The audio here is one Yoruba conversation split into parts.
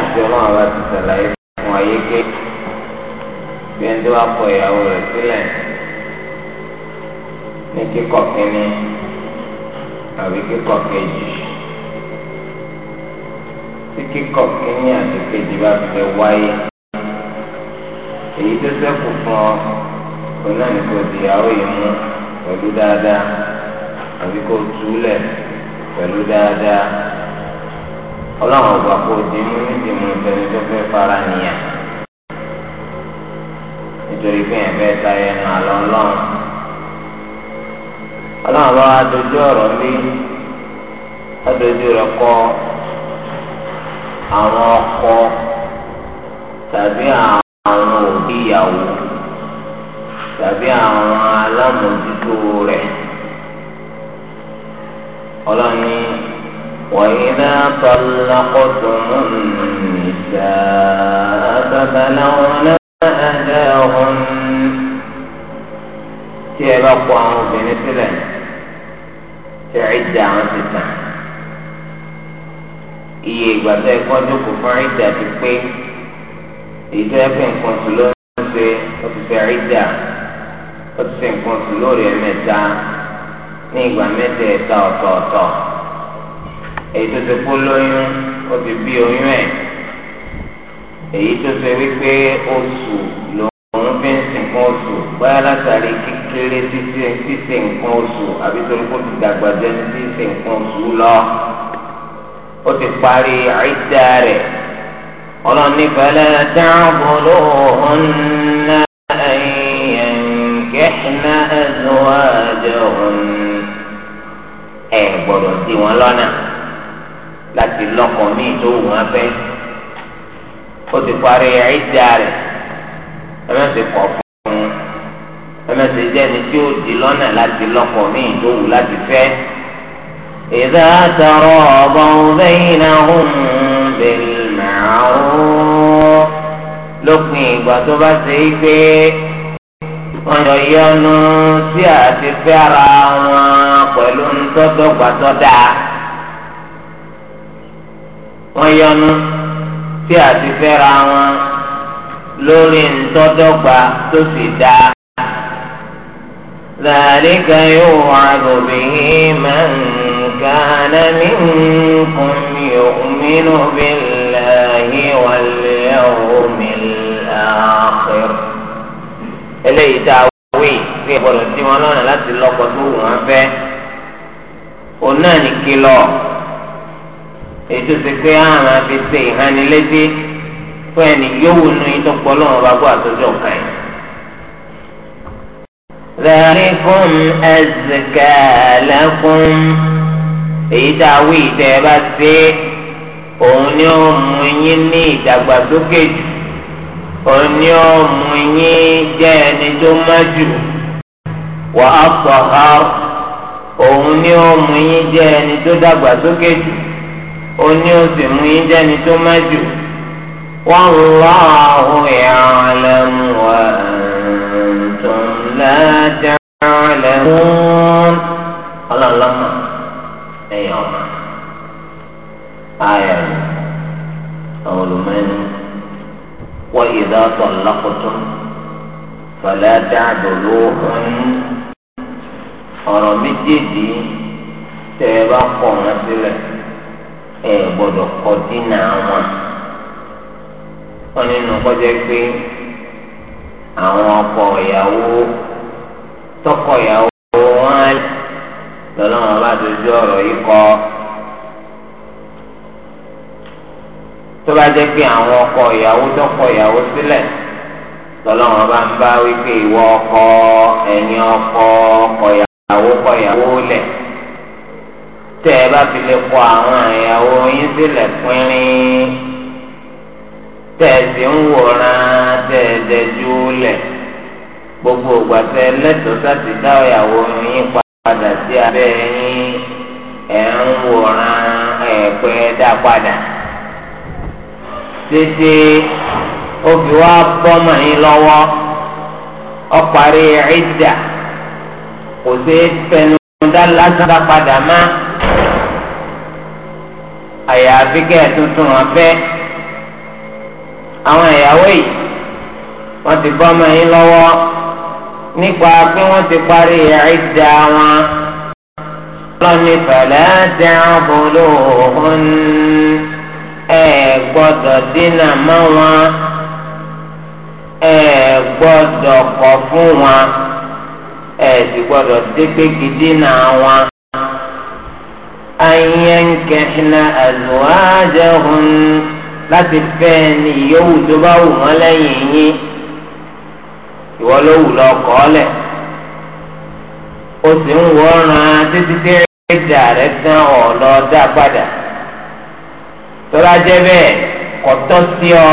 àti ọlọ́run bá ti sàlàyé fún ayé pé bí ẹni tó bá kọ ìyàwó rẹ̀ sílẹ̀ ní kíkọ̀ kínní àbí kíkọ̀ kejì tí kíkọ̀ kínní àti kejì bá fẹ́ wáyé èyí tó ṣẹ́kù fún ọ kò náà ní kò di ìyàwó yìí mú pẹ̀lú dáadáa àbí kò túlẹ̀ pẹ̀lú dáadáa ọlọ́run ọba kò di mú nídìí mú tẹni tó fẹ́ fara nìyà nítorí pé yẹn fẹ́ ta ẹnu àlọ́ ọlọ́run ọlọ́run bá wa dojú ọ̀rọ̀ bí ọdójú rẹ̀ kọ àwọn ọkọ tàbí àwọn òbí ìyàwó tàbí àwọn alámòjútó rẹ̀ ọlọ́run ní. وإذا طلقتم النساء فبلغن أجاهن tí ẹ bá kó àwọn obìnrin sílẹ̀ tẹ ìdá àwọn ti tàn iye ìgbà tẹ ẹ̀kọ́ jókòó fún ìdá ti pé èyí tẹ ẹ̀kọ́ nǹkan sùn ló ń ṣe ó ti fẹ́ ìdá ó ti ṣe nǹkan sùn lórí ẹ̀mẹ́ta ní ìgbà mẹ́tẹ̀ẹ̀ta ọ̀tọ̀ọ̀tọ̀ èyí tó ṣe kó lóyún ó ti bí oyún ẹ̀ èyí tó ṣe wípé oṣù lòun fi ń sìn kan oṣù báyà látàrí kékeré ṣíṣe nǹkan oṣù àbí torí kó ti dàgbà jẹ ṣíṣe nǹkan oṣù lọ ó ti parí àìsà rẹ̀ ọlọ́run ní fẹlẹ́ dáàbò lóhùn náà ẹ̀yìn kẹ́hìnà ẹ̀zọ́ àjọ ẹ̀ gbọ́dọ̀ sí wọn lọ́nà láti lọ́kọ míì tó wù wọ́n fẹ́ ó ti parí ẹ̀ẹ́dà rẹ̀ ẹ má ti kọ̀ fún un ẹ má ti tí ó di lọ́nà láti lọ́kọ míì tó wù láti fẹ́. إذا تراضوا بينهم بالمعروف lópin ìgbà tó bá ṣe é pé wọ́n yọ yọnu sí àti fẹ́ra wọn pẹ̀lú ńtọ́dọ̀gbàtọ́dà wọ́n yọnu tí àti fẹ́ra wọn lórí ntọ́dọ́gba tó sì dáa. ذلك يوعظ به من كان منكم يؤمن بالله واليوم الآخر eléyìí tá a wí fi gbọdọ̀ sí wọn lọ́nà láti lọ́kọ̀ tó wù wọ́n fẹ́ òun náà ní kí lọ́ọ̀ èyí tó ti pé àwọn àfi ṣe ìhánilétí fún ẹni yówù nu yín tó pọ̀ lọ́wọ́ bá gbọ́ àtọ́jọ́ kan yìí. ذلكم أزكى لكم èyí tá a wí ìtẹ́ ẹ bá ṣe é òun ni ó mú yín ní ìdàgbàsókè jù òun ni ó mú yín jẹ́ ẹni tó má jù wà á sọ̀rọ̀ òun ni ó mú yín jẹ́ ẹni tó dàgbàsókè jù oní oṣù mú yín jẹ́ni tó má jù wallahu ya'lamu wa antum la ta'lamun. ọlọ́lọ́mọ ẹ̀yìn ọ̀mà ayọ̀ àwọn olùmọ̀ẹ́ni wa idha tallaqtum fala ta'duluhun ọ̀rọ̀ méjèèjì tẹ̀ ẹ bá kọ̀ wọ́n sílẹ̀ ẹ gbọ́dọ̀ kọ dínà wọn wọn nínú kọjá pé àwọn ọkọ ìyàwó tọkọ ìyàwó wọn lọ́lọ́run bá dojú ọ̀rọ̀ yìí kọ tó bá jẹ́ pé àwọn ọkọ ìyàwó tọkọ ìyàwó sílẹ̀ lọ́lọ́run bá ń bá wípé ìwọ ọkọ ẹ̀yin ọkọ ọkọ ìyàwó kọ ìyàwó lẹ̀. tẹ ẹ bá fi lè kọ àwọn àyàwó yín sílẹ̀ pínrín tẹ́ ẹ sì ń wòran ẹ gbogbo ìgbà tẹ́ ẹ dá ìyàwó yín padà sí abẹ́ yín ẹ̀ ń wòran dá padà títí bọ́mọ̀ yín lọ́wọ́ Àyà kẹ́ tuntun wọn àwọn ìyàwó yìí wọ́n ti bọ́ ọmọ yín lọ́wọ́ nípa pé wọ́n ti parí ìdá wọn lọ́ni fẹ̀lẹ́ tẹ àbúrò ọ̀hún ẹ̀ gbọ́dọ̀ dínà mọ́ wọn ẹ̀ gbọ́dọ̀ kọ̀ fún wọn ẹ̀ sì gbọ́dọ̀ dé pé kìdínà wọn. an yankihna azwajahun láti fẹ́ ni ìyówù tó bá wù wọ́n lẹ́yìn yín ìwọ ló wù lọ kọ́ lẹ̀ o sì ń wọ́ran títí tí ẹ̀dà rẹ̀ tán ọ̀lọ́ dá padà tọ́lá jẹ́ bẹ́ẹ̀ kọ́tọ́ sí ọ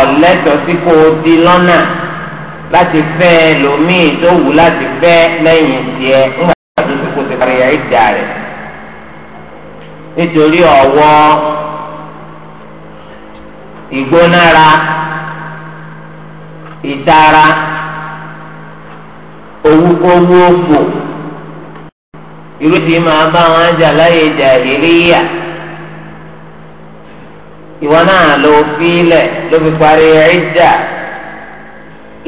ọ̀lẹ́tọ̀ sí kó o di lọ́nà láti fẹ́ lòmíì tó wù láti fẹ́ lẹ́yìn tiẹ̀ ńgbà. bẹ̀rẹ̀ ìdá rẹ̀ nítorí ọ̀wọ́ ìgbónára ìtara owó ògbò irú tí máa bá wọn jà láyé jàhílíyà ìwọ náà lo fi ló fi parí ìdá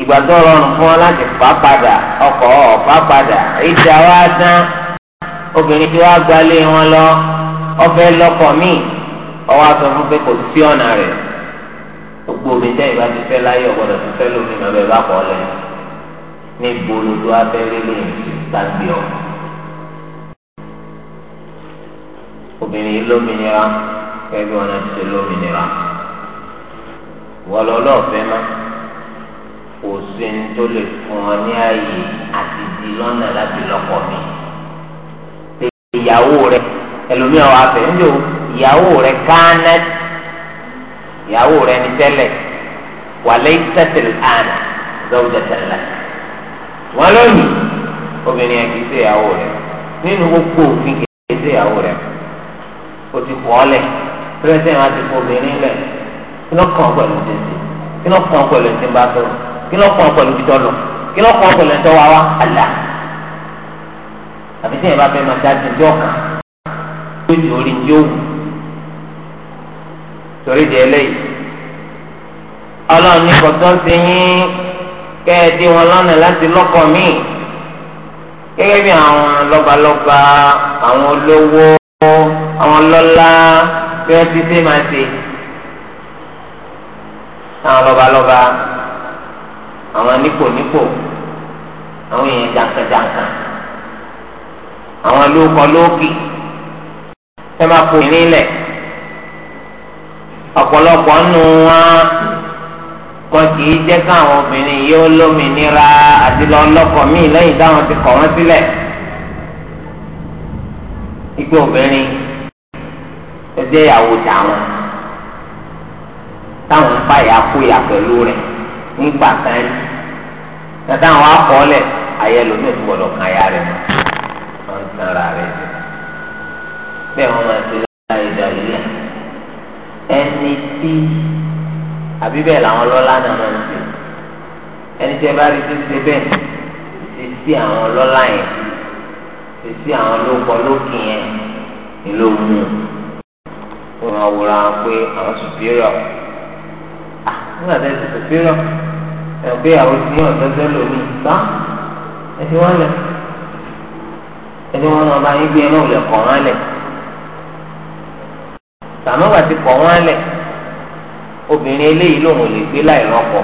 ìgbà fún ọ láti fà padà ọkọ̀ ọ̀fà padà wa dán. obìnrin tí wàá gbalé wọn lọ ọfẹ lọ́kọ míì ọwọ́ àtọ fún pé kò sí ọ̀nà rẹ̀ gbogbo omi tẹ́ ìbá ti fẹ́ láyé ọ̀gbọ́dọ̀ ti fẹ́ lómi ìmọ̀ bẹ́ẹ̀ bá kọ́ lẹ̀ ní gbólódó abẹ́rẹ́ lóyún gbàgbé ọ̀. obìnrin lómìnira fẹ́ẹ́ bí wọn náà ti ṣe lómìnira wọlọ lọfẹ má kò sí ní tó lè fún ọ ní ààyè àti di lọ́nà láti lọ́kọ mi ìyàwó rẹ ẹlòmíràn wà fẹ ńlò ìyàwó rẹ kánẹt ìyàwó rẹ ní tẹ́lẹ̀ wàlẹ tẹsílì àná lọ́wọ́dẹ tẹ́lẹ̀ wọn lónìí obìnrin yẹn kì í ṣe ìyàwó rẹ nínú gbogbo òfin kì í ṣe ìyàwó rẹ o ti pọ̀ ọ́lẹ̀ pírẹsẹ̀ wọn ti fọ obìnrin lẹ̀ kí ló kàn pẹ̀lú tẹ̀sí kí ló kàn pẹ̀lú tẹ̀sí bá sọ̀rọ̀ kí ló kàn pẹ̀lú títọ́ kí ló kàn pẹ̀lú tọ́wá wá àlà àbí tí yẹn bá fẹ́ máa dá sí ẹjọ́ kan yóò di orí ní òwú torí di ẹlẹ́yìí ọlọ́run ní kọ̀tọ́ sí yín kẹ́ẹ̀dé wọn lọ́nà láti lọ́kọ̀ mí gẹ́gẹ́ bí àwọn lọ́balọ́ba àwọn olówó àwọn lọ́lá bí wọ́n ti ṣe máa ṣe àwọn lọ́balọ́ba àwọn nípònípò àwọn èèyàn jàǹkàjàǹkà àwọn lóko lókì ẹ máa kó ìrìn lẹ̀ ọ̀pọ̀lọpọ̀ nù wọn wọn kì í jẹ́ káwọn obìnrin yìí ó lómìnira àti lọ lọ́kọ̀ míì lẹ́yìn táwọn ti kọ̀ wọ́n sílẹ̀ igbó obìnrin ó jẹ́ ìyàwó tàwọn táwọn ń bá ìyá kó ìyá pẹ̀lú rẹ̀ nígbà kan yìí tàtàwọn akọọ́lẹ̀ ayẹlòmíì tó kan ìyá rẹ̀ ara rẹ̀ jẹ bẹ́ẹ̀ wọ́n máa ti lára ìdá ilé ẹni tí àbí bẹ́ẹ̀ làwọn lọ́lá náà máa ń ṣe ẹni tí ẹ bá rí tó ṣe bẹ́ẹ̀ ti sí àwọn lọ́lá yẹn ti sí àwọn lóko lókè yẹn ni ló mú un wọ́n wúra wọn pé àwọn superior ah nígbà tí ẹ ti superior ẹ̀ pé àwọn ti ní ọ̀dọ́dọ́ lómi gbá ẹ ti wọ́n lẹ̀ ẹni wọn náà bá yín gbé ẹni òwúlẹ̀ kọ̀ wọ́n lẹ̀ tàmí wà ti kọ̀ wọ́n lẹ̀ obìnrin eléyìí lòun ò lè gbé láì rọ́pò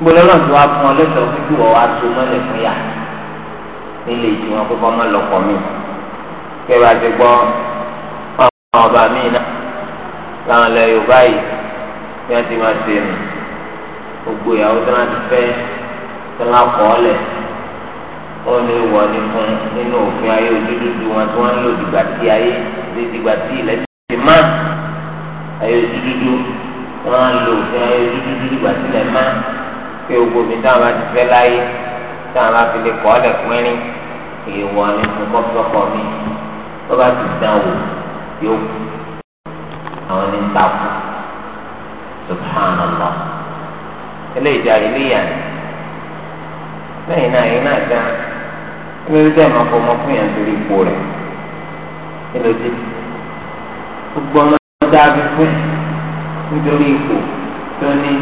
gbọ́dọ̀ náà tó wá fún ọ lẹ́sọ̀ọ́ fífi wọ́n wá so mọ́lẹ̀ fún yà nílé ìtumọ̀ pé kọ́ mọ́ lọ́kọ̀ mi kẹ́rọ àti gbọ́ àwọn ọba mi náà láwọn ilẹ̀ Yorùbá yìí bí wọ́n ti máa ṣe nù gbogbo ìyàwó tí wọ́n ti fẹ́ tí wọ́n á ọ lẹ̀ ó lè wọlé fún nínú òfin ayé ojú dúdú wọn tí wọn ń lò dìgbà tí ayé dìgbà tí ilẹ̀ ti má ayé ojú dúdú wọn ń lò òfin ayé ojú dúdú dìgbà tí ilẹ̀ má pé gbogbo mi táwọn bá ti fẹ́ láyé táwọn bá fi lè kọ́ ọ́lẹ̀ pínrín èèwọ̀ ni mo kọ́ sọ́kọ mi tó bá ti dán wò yóò kú àwọn ní ń takò subhanallah eléyìí jà ilé yàrá lẹ́yìn náà yìí náà dá lórí dẹ́ máa fọmọ fún yàn torí ipò rẹ̀ nílòdì gbogbo ọmọ tó dábí fún nítorí ipò tó ní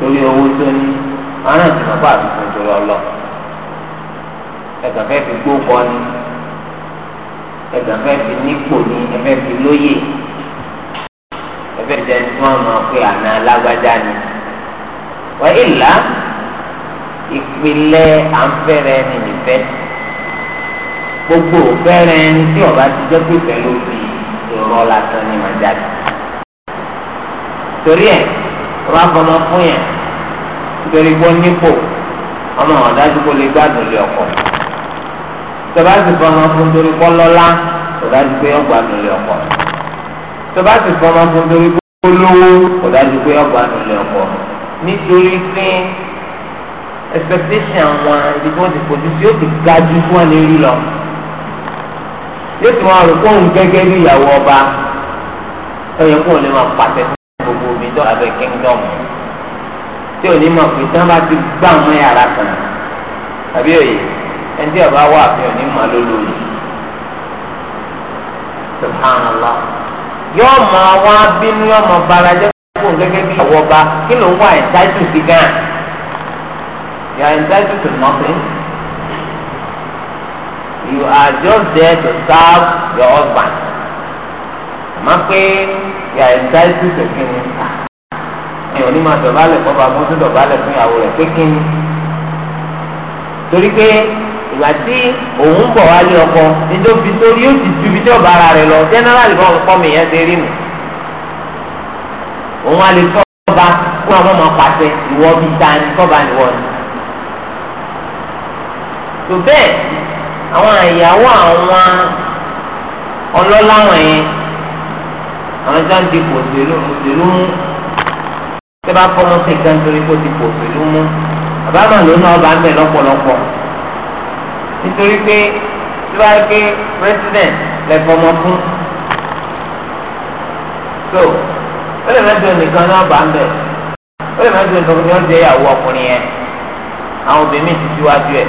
torí owó tó ní ọ̀ràn tí wọ́n bá àtúntò torí ọlọ́ ẹ̀gbọ́n fẹ́ fi gbó kọ́ ni ẹ̀gbọ́n fẹ́ fi nípò ni ẹ̀fẹ́ fi lóyè ẹ̀fẹ́ fi dẹ́ni wọ́n máa pé àná alágbájá ni wọ́n ìlà ìpìlẹ̀ àǹfẹ̀rẹ̀ ni nìfẹ́ gbogbo òfẹ́rẹ́ tí ọba ti jẹ́ pé pẹ̀lú bí ìrọ̀ lásán ni màá jáde torí ẹ̀ ọba fọmọ fún yẹn nítorí gbọ́ nípò ọmọ ọ̀dájú kò lè gbádùn lé ọkọ tọba ti fọmọ fún torí kọ́ lọ́lá ọ̀dájú pé ọgbàdùn lé ọkọ tọba ti fọmọ fún torí kọ́ lówó ọ̀dájú pé ọgbàdùn lé ọkọ nítorí pé expectation wọn ibi tí wọ́n ti fojú sí yóò ti ga ju fún wọn lè rí lọ yóò ti wọn rò fóun gẹ́gẹ́ bí ìyàwó ọba ẹ̀yẹ fóun lè máa pàṣẹ fún gbogbo omi dọ́ abẹ́ kingdom tí ò ní mọ̀ pé tí wọ́n bá ti gbà mọ́ yàrá kan àbí òye ẹni tí ọba wà fi òní mọ̀ lólórí subhanallah yóò mọ àwọn abínú yóò mọ barajẹ́ fóun gẹ́gẹ́ bí ìyàwó ọba kí ló ń wá ẹ̀dájú sí gan You are entitled to nothing. You are just there to serve your husband. Àmọ́ you are entitled to kíni. Ẹ̀yìn onímọ̀ àdọ̀bálẹ̀ kọ́ bá mọ́tò dọ̀bálẹ̀ fún ìyàwó rẹ̀ pé kíni. Torí pé ìgbà tí òun bọ̀ wálé ọkọ nítorí torí yóò ti ju ibi tí ọba ara rẹ̀ lọ jẹ́nẹ́rálì bọ́ọ̀lù pọ́ọ̀mù yẹn ti rí nù. Òun á lè tọ́ ọba fún àwọn ọmọ pàṣẹ ìwọ ta ni kọ́ba ni wọ́n tó bẹ́ẹ̀ àwọn àyàwó àwọn ọlọ́lá wọ̀nyẹn àwọn tí wọ́n ti pò òṣèlú òṣèlú mú tí wọ́n bá kọ́ wọn sí gan torí kó ti pò òṣèlú mú bàbá àmà ló ná ọba ń bẹ̀ lọ́pọ̀lọpọ̀ nítorí pé tí wọ́n á gbé president lẹ́kọ̀ọ́ ọmọ fún so ó lè mẹ́jọ nìkan náà bá ń bẹ̀ ó lè mẹ́jọ nìkan ní ọjọ́ ìyàwó ọkùnrin yẹn àwọn obìnrin ti síwájú ẹ̀.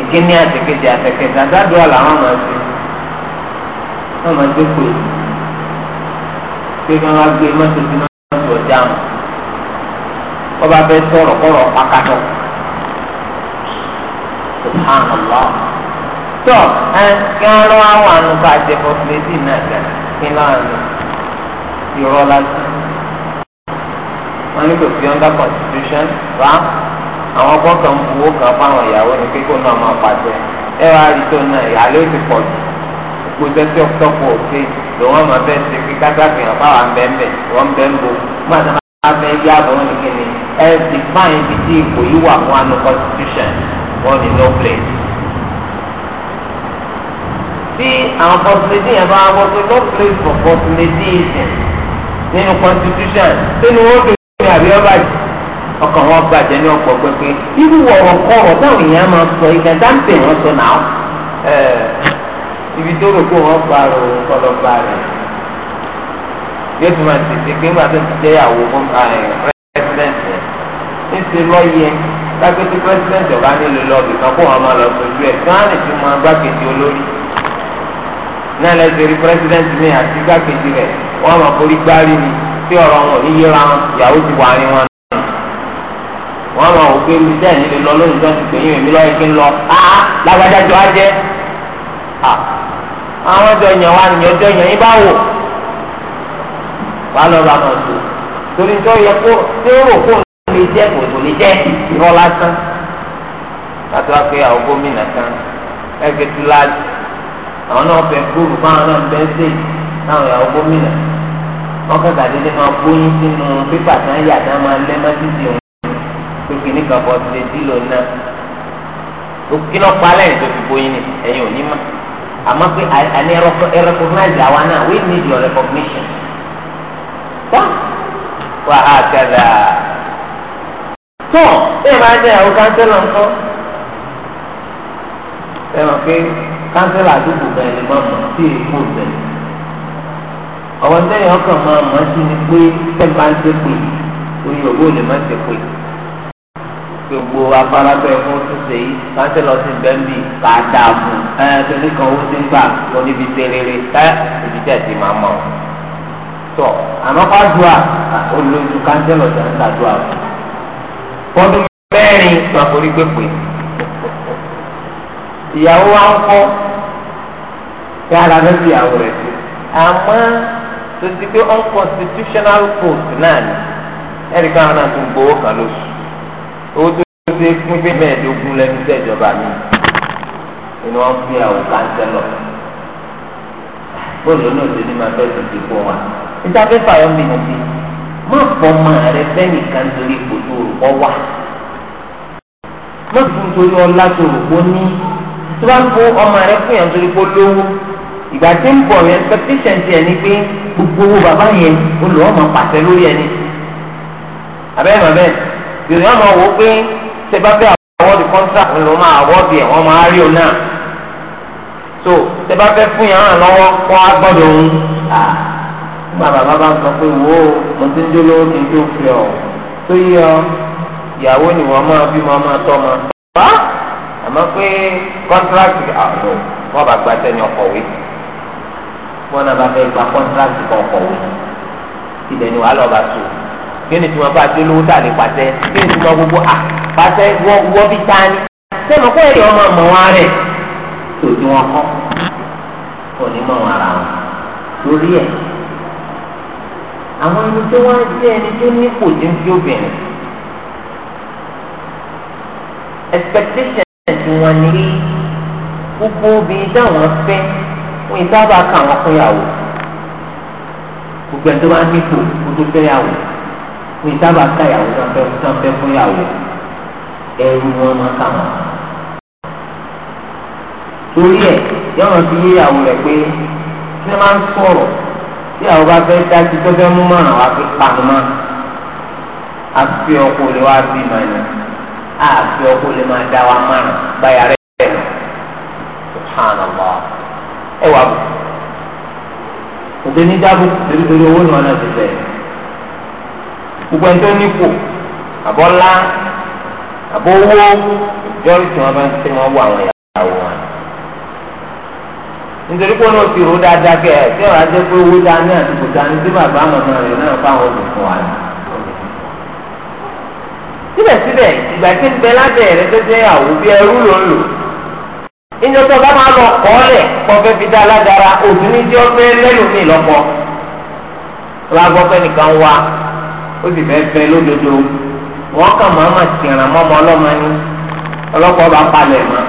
ìkíní àtẹkẹjẹ àtẹkẹjẹ àdádùá làwọn máa ṣe wọn máa gbé pè pé kí wọn gbé mọ́tò tí wọn sọ jáàmù wọn bá fẹ́ sọ̀rọ̀ kọrọ pàkàtọ subhanallah tó ẹ kí wọn lọ àwọn ànúkà jẹ fọfúlẹsì náà jẹ kí náà lọ ìrọ lásán wọn ní kò sí under constitution right àwọn ọgbọ́n kan ń fowó kan fáwọn ìyàwó ní kíkó náà máa pàṣẹ ẹ wá rí tó náà ìyàlẹ́ òtí pọ̀ jù gbogbo ẹsẹ̀ tọ́pọ̀ òfin lòun ọmọ bẹ́ẹ̀ ṣe kí kásáfì hàn fáwọn abẹ́ńbẹ́ wọ́n ń bẹ́ẹ̀ ń bo gbọ́dọ̀ abẹ́ yá bọ̀ ní kíni ẹ ti fáyín ti di ipò yìí wà fún àánú constitution wọ́n ní no place. tí àwọn possibility yẹn bá wọ́n tó no place for possibility nínú constitution sínú wọ́n tó ọkàn wọn bàjẹ́ ní ọ̀pọ̀ pẹ́pẹ́ irú ọ̀rọ̀ kọ̀ọ̀rọ̀ táwọn èèyàn máa sọ ìgbà dáńpẹ̀ wọn sọ náà ibi tó rò pé wọn gba rò kọlọ gba rẹ yóò tún máa tètè pé nígbà tó ti jẹ́ ìyàwó fún president rẹ níṣẹ́ lọ́yẹ lágbètì president ọ̀gá nílò lọ́ọ̀bì kan kó wọn máa lọ sójú ẹ̀ gánà tí wọn gbàgbèjì olórí náà lẹ́sẹ̀ rí president mi àti gbàgbèjì rẹ̀ wọ́n máa forí gbárí ni tí ọ̀rọ̀ wọn wọ́n máa wò pé mi dẹ́ nílé lọ lónìí tó ti pè yín èmi lọ́yẹ̀ kí n lọ áá lágbájá jọ á jẹ́ àwọn ọjọ́ yẹn wà nìyẹn ọjọ́ yẹn yín bá wò wà lọ́ọ́ bá wọn sọ torí tó yẹ kó tí ó rò kó lè jẹ́ kò tó lè jẹ́ irọ́ lásán láti wá pé àwọn gómìnà kan ẹgbẹ́ tó láti àwọn náà bẹ̀ gbóòrò fáwọn náà bẹ́ẹ̀ sè táwọn ìyàwó gómìnà wọn kàn sàdédé máa gbóyún sínú pépà tán yà tán máa lẹ́ mọ́tìsì òun pé kìnnì kan bọ́ ti lè dí lò náà kí lọ́ọ́ pa lẹ́yìn tó fi bóyin ni ẹ̀yin ò ní mọ̀ àmọ́ pé àní ẹ recognize àwa náà we need your recognition tó wà á gàdà tó ẹ máa jẹ àwọn kánsẹ́lọ̀ nǹkan ẹ mọ̀ pé kánsẹ́lọ̀ àdúgbò bẹ́ẹ̀ lè máa mọ̀ sí èkó bẹ́ẹ̀ ọ̀wọ́n tẹ́yìn ọkàn máa mọ̀ sí ni pé tẹ́ẹ̀ bá ń ṣe pé oyè owó lè má ṣe pé gbogbo afárá tó ẹ̀kọ́ tó ṣe yìí láti lọ sí bẹ́ńbì ká dáa fún ẹ torí kan ó ti ń gbà lọ níbi tẹ́rẹ́rẹ́ ẹ ibi tẹ̀ sí máa mọ̀ tọ̀ àmọ́ ká dùà olójú káńtẹ́lọ̀ tẹ̀ ń gbàdúrà fún fọdún mẹ́rin tó àforí pépè ìyàwó wa ń kọ́ kí ara fẹ́ fi ìyàwó rẹ̀ sí àmọ́ tó ti pé unconstitutional court náà ni ẹ̀rí káwọn náà tún gbowó kan lóṣù owó tó ṣe pínpín mẹ́ẹ̀ẹ́dógún lẹ́nu iṣẹ́ ìjọba mi ni wọ́n fi àwọn káńsẹ́lọ̀ bóòlù náà ṣe ní máa fẹ́ sùn sí fún wa níta fẹ́ fààyàn mi nìyí má pọ̀ mọ́ rẹ fẹ́nìkan torí ipò tó rò wá má tún torí ọlá tó rò pọ̀ ní tó bá kó ọmọ rẹ fún yàn torí pọ̀ lówó ìgbà tí ń bọ̀ yẹn expectation tiẹ̀ ni pé gbogbo owó bàbá yẹn olùwọ́ máa pàṣẹ lórí ẹni abẹ́rẹ́ bàbá yorùbá máa wò ó pé tẹ́bàfẹ́ àwọ́dì contract ló máa àwọ́dì ẹ̀ wọ́n máa rí o náà so tẹ́bàfẹ́ fún yàrá hàn lọ́wọ́ wọ́n á gbọ́dọ̀ òun à nígbà bàbá bá ń sọ pé wò ó mo ti ń dólówó kí n tó fi ọ tó yí ọ ìyàwó ni wọ́n máa bí wọ́n máa tọ́ ma bá àmọ́ pé contract àlọ́ wọ́n bá gba sẹ́ni ọ̀kọ̀wé wọ́n náà bá fẹ́ gba contract kọ̀ọ̀kọ̀wé ibẹ̀ ni wàá lọ́ọ́ bá kí ni tí wọn bá dé lówó tà ní pàṣẹ kí ni tí wọn gbogbo à ah, pàṣẹ wọ wọ bí tani sẹ́mi kọ́ èrè ọmọ ọmọ wọn rẹ̀ tó di wọn kọ́ onímọ̀ wọn ara wọn lórí ẹ̀ àwọn ẹni tó wá jẹ́ ẹni tó nípò tí ń fi obìnrin expectation tí wọ́n gbogbo obìnrin táwọn fẹ́ wọ́n ìsábà kà wọ́n fún yàwó gbogbo ẹni tó bá nípò kó tó fẹ́ yàwó ní sábà ká ìyàwó sanfẹ́ sanfẹ́ fún ìyàwó ẹrú wọn máa kà wọn. torí ẹ yọ̀ràn fi yé ìyàwó rẹ̀ pé ṣé máa ń sọ̀rọ̀ tí ìyàwó bá fẹ́ dá sí tó fẹ́ mú márùn wá fi pàmò má àfi ọkọ lè wá bí màá ní àfi ọkọ lè máa dá wa márùn báyà rẹ̀ bẹ̀ lọ. ẹ wà bù òbí ní dábò torí owó ni wọn náà ti bẹ̀rẹ̀. gbogbo ẹni tó nípò àbọ̀ ńlá àbọ̀ owó ìjọ́rì tí wọ́n bá ń tẹ́ wọn wọ àwọn ìyàwó wọn. nítorí pé wọn ti rò dáadáa kẹ ẹ tí ọ̀rọ̀ ajẹ́ pé owó dání àti kò dání tí bàbá màmá rẹ̀ náà fáwọn òbí fún wa síbẹ̀síbẹ̀ ìgbà tí ń bẹ lábẹ́ rẹ̀ tó jẹ́ àwò bí ẹrú ló ń lò. ìjọ bá máa lọ kọ́ lẹ̀ kọ́ fẹ́ fi dá òtún ó sì fẹ́ẹ́ fẹ́ lódodo wọ́n kà màmá tìrànà mọ́mọ́ ọlọ́mọ ni ọlọ́pàá bá palẹ̀ mọ́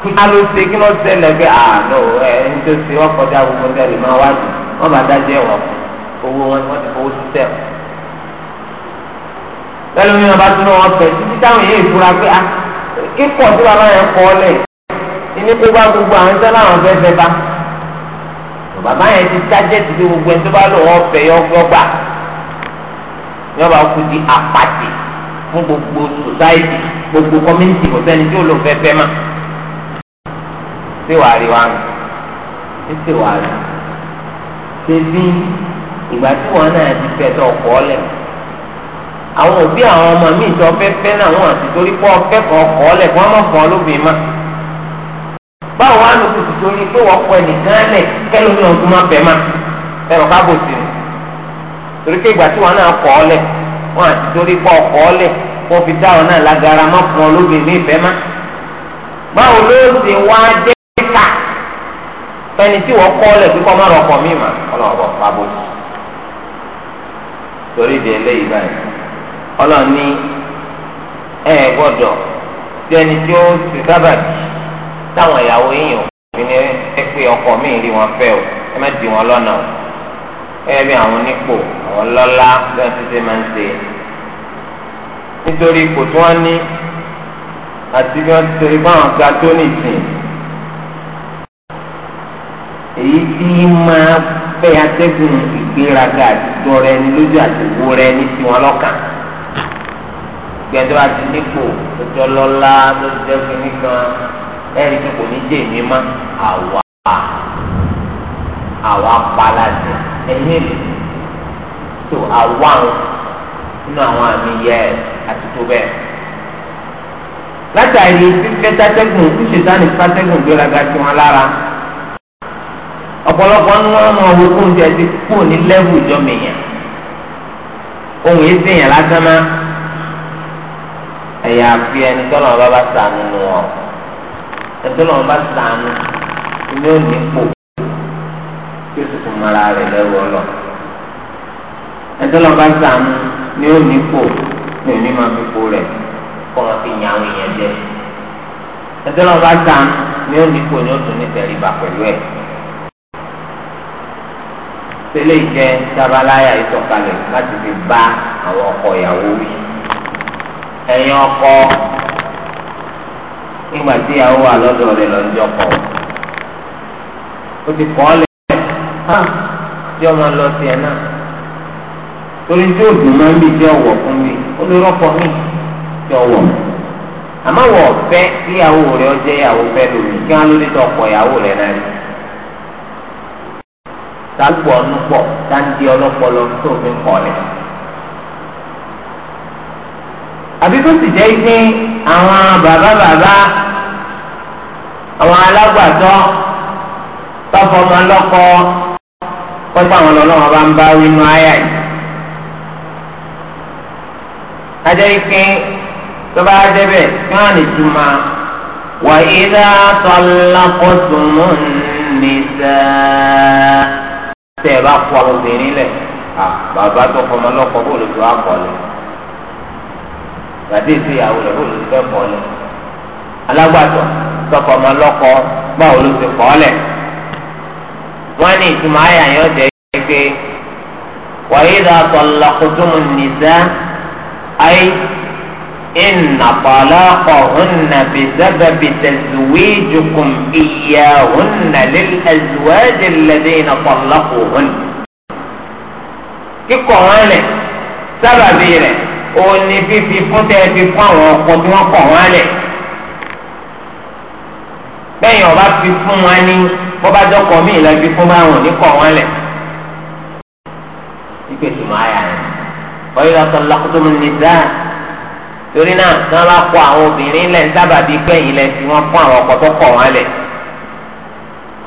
kí á ló ṣe kí wọ́n ṣẹlẹ̀ pé àánú ẹ ń tó ṣe wọ́n kọjá gbogbo tẹ̀lé máa wá wọ́n bá ẹ̀wọ̀n owó wọn wọ́n ti fowó sí mi tún wọn títí táwọn èèyàn ìfura pé a kíkọ̀ tí kọ́ bá bàbá yẹn ti ti gbogbo ẹ̀ tó bá yóò bá kú di àpàtì fún gbogbo sòsáìtì gbogbo kọ́míntì kò sẹ́ni tí ó lò fẹ́fẹ́ mà. ṣé wàá rí wa ń ṣe wàá rí ṣe bí ìgbà tí wọn náà ti fẹ́ tó ọkọ̀ ọ̀lẹ̀ àwọn òbí àwọn ọmọ mi ìjọ fẹ́fẹ́ náà wọn àti torí pé ọfẹ́ kan ọkọ̀ ọ̀lẹ̀ kí wọ́n mọ̀ fún ọ lóbìnrin mọ́. báwo wá lóko tuntun ni pé wọ́n kọ ẹnìkan lẹ̀ kẹ́lómi ọdún má bẹ̀ má ẹ̀rọ kábòsì ni. torí ìgbà tí wọn náà kọ́ ọ lẹ̀ wọn àti torí pé ọkọ̀ ọ lẹ̀ kó fi dá wọn náà lágara má fún ọ ní ìfẹ́ má. báwo ló ti wá dé ká fẹni tí wọ́n kọ́ ọ lẹ̀ kíkọ́ má rọkọ̀ mí mà ọlọ́ọ̀bọ̀ pàbó torí ìdí eléyìí báyìí ní ẹ gbọ́dọ̀ tí ẹni tí ó ti sábàbí táwọn ìyàwó yìnyín òfin ni ẹ pé ọkọ̀ mi rí wọn fẹ́ o ẹ má di wọn lọ́nà o. ẹbí àwọn onípò àwọn lọ́lá bí wọ́n ti ṣe máa ń ṣe nítorí ipò tí wọ́n ní àti bí wọ́n ti ṣe rí báwọn ga tó nìsín èyí tí máa fẹ́ atẹ́gùn ìgbéraga àti dọ̀rọ̀ ẹni lójú àti wúrẹ́ ní tiwọn lọ́kàn gbẹdọ àti nípò tọjọ lọ́lá tó jẹ fún mi kan ẹni tí kò ní jẹ mí mọ́ àwa àwa pa láti. ẹ̀yìn tó àwọn nínú àwọn àmì yẹ àti tó bẹ́ẹ̀. látàrí fífẹ́ tátẹ́gùn tí ṣètánì tátẹ́gùn gbéraga sí wọn lára ọ̀pọ̀lọpọ̀ ń wọ́n mọ owó kó ń jẹ ti kú ní lẹ́wù ìjọmìyàn ohun yìí sèyàn lásán ẹ̀yà àfi ẹni tọ́lọ̀ bá bá nù ọ́ tọ́lọ̀ bá mara rẹ̀ lẹ́wọ̀ lọ. ẹ̀tọ́ lọ́ba sàánú ni ó nípò ni òní máa fi po rẹ̀ kọ́ máa fi yàn àwọn èèyàn jẹ. ẹ̀tọ́ lọ́ba sàánú ni ó nípò ni ó tún ní tẹ̀ríba pẹ̀lú ẹ̀. tẹ́lẹ̀ jẹ́ sábàláyà ìtọ̀kalẹ̀ láti fi bá àwọn ọkọ ìyàwó wí. ẹ̀yin ọkọ nígbà tí ìyàwó wà lọ́dọ̀ rẹ̀ lọ́jọ́ kọ̀ ó ti kọ́ ha tí ọmọ lọ sí ẹ náà torí tí òdùn máa ń bí tí ọwọ fún mi ó lè rọpò mí tí ọwọ àmọ́ wọ ọfẹ tí ìyàwó rẹ ọjẹ ìyàwó fẹ lómi kí wọn lórí tọpọ ìyàwó rẹ náà rí tágbọ ọnu pọ táǹdí tó fi ń kọ rẹ àbí tó sì jẹ́ pé àwọn bàbá bàbá àwọn alágbàtọ́ tọfọmọlọkọ kọ́tà àwọn ọlọ́wọ́n bá ń bá wínú ayà yìí. ajẹ́ ike tó bá débẹ̀ kí wọ́n lè túmọ̀ wà ìdá tọ́lákọ́tùmọ̀ nìta tẹ̀ bá fọ obìnrin lẹ̀ bàbá tó fọmọ lọ́kọ̀ bó lè tó akọ̀lẹ̀ gbàdé ìsìyàwó rẹ̀ bó lè tó fẹ́ kọ̀lẹ̀ alágbàtọ̀ tọkọ̀ ọmọ lọ́kọ̀ báwo ló ti wọ́n ní ìtumọ̀ àyà yóò jẹ́ pé wàyí dà tọ̀lá kutumu nìdá ayé ìnà pàlà ọ̀húnà bìsẹ́bẹ̀ bìtẹ̀síwìjùkùm ìyá ọ̀húnà lẹ́lẹ́síwájì lẹ́dẹ̀ ìnà pàlà ọ̀hún. kíkọ̀ wọn lẹ̀ sábàbí rẹ̀ ó ní fífi fún tẹ́ fún àwọn ọkọ tí wọ́n kọ̀ wọn lẹ̀. bẹ́ẹ̀ yẹn ọba fi fún wọn ní bọ́bá jọkọ̀ mí ìlànà fi fún márùn ní kọ̀ wọ́n lẹ̀ ìpè tùmọ̀ àyà rẹ̀ wọ́n yóò sọ lọ́kùtùmù nìdá torí náà tí wọ́n bá kọ àwọn obìnrin lẹ̀ ń sábà bíi pé ilẹ̀ tí wọ́n fún àwọn ọkọ̀ tó kọ̀ wọ́n lẹ̀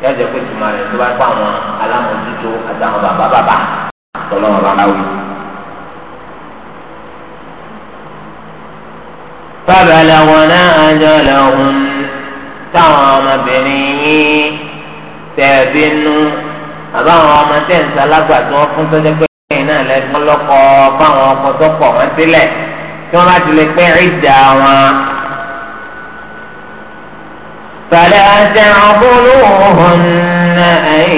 yóò jẹ́ pé tùmọ̀ rẹ̀ tó bá kọ àwọn alámọ̀jútó àtàwọn bàbá bàbá tọ́lọ́wọ́n bá láwùjọ. فبلغنا أجلهم تعام بنيه tẹ̀bínú àbá àwọn ọmọ tẹ̀ ń salágbà tí wọ́n fún sọ́jọ́ pé ẹ̀yìn náà lẹ́nu lọ́kọ́ báwọn ọkọ̀ tó kọ̀ wọ́n sílẹ̀ tí wọ́n bá ti lè pín ìjà wọn. فلا تعضلوهن أن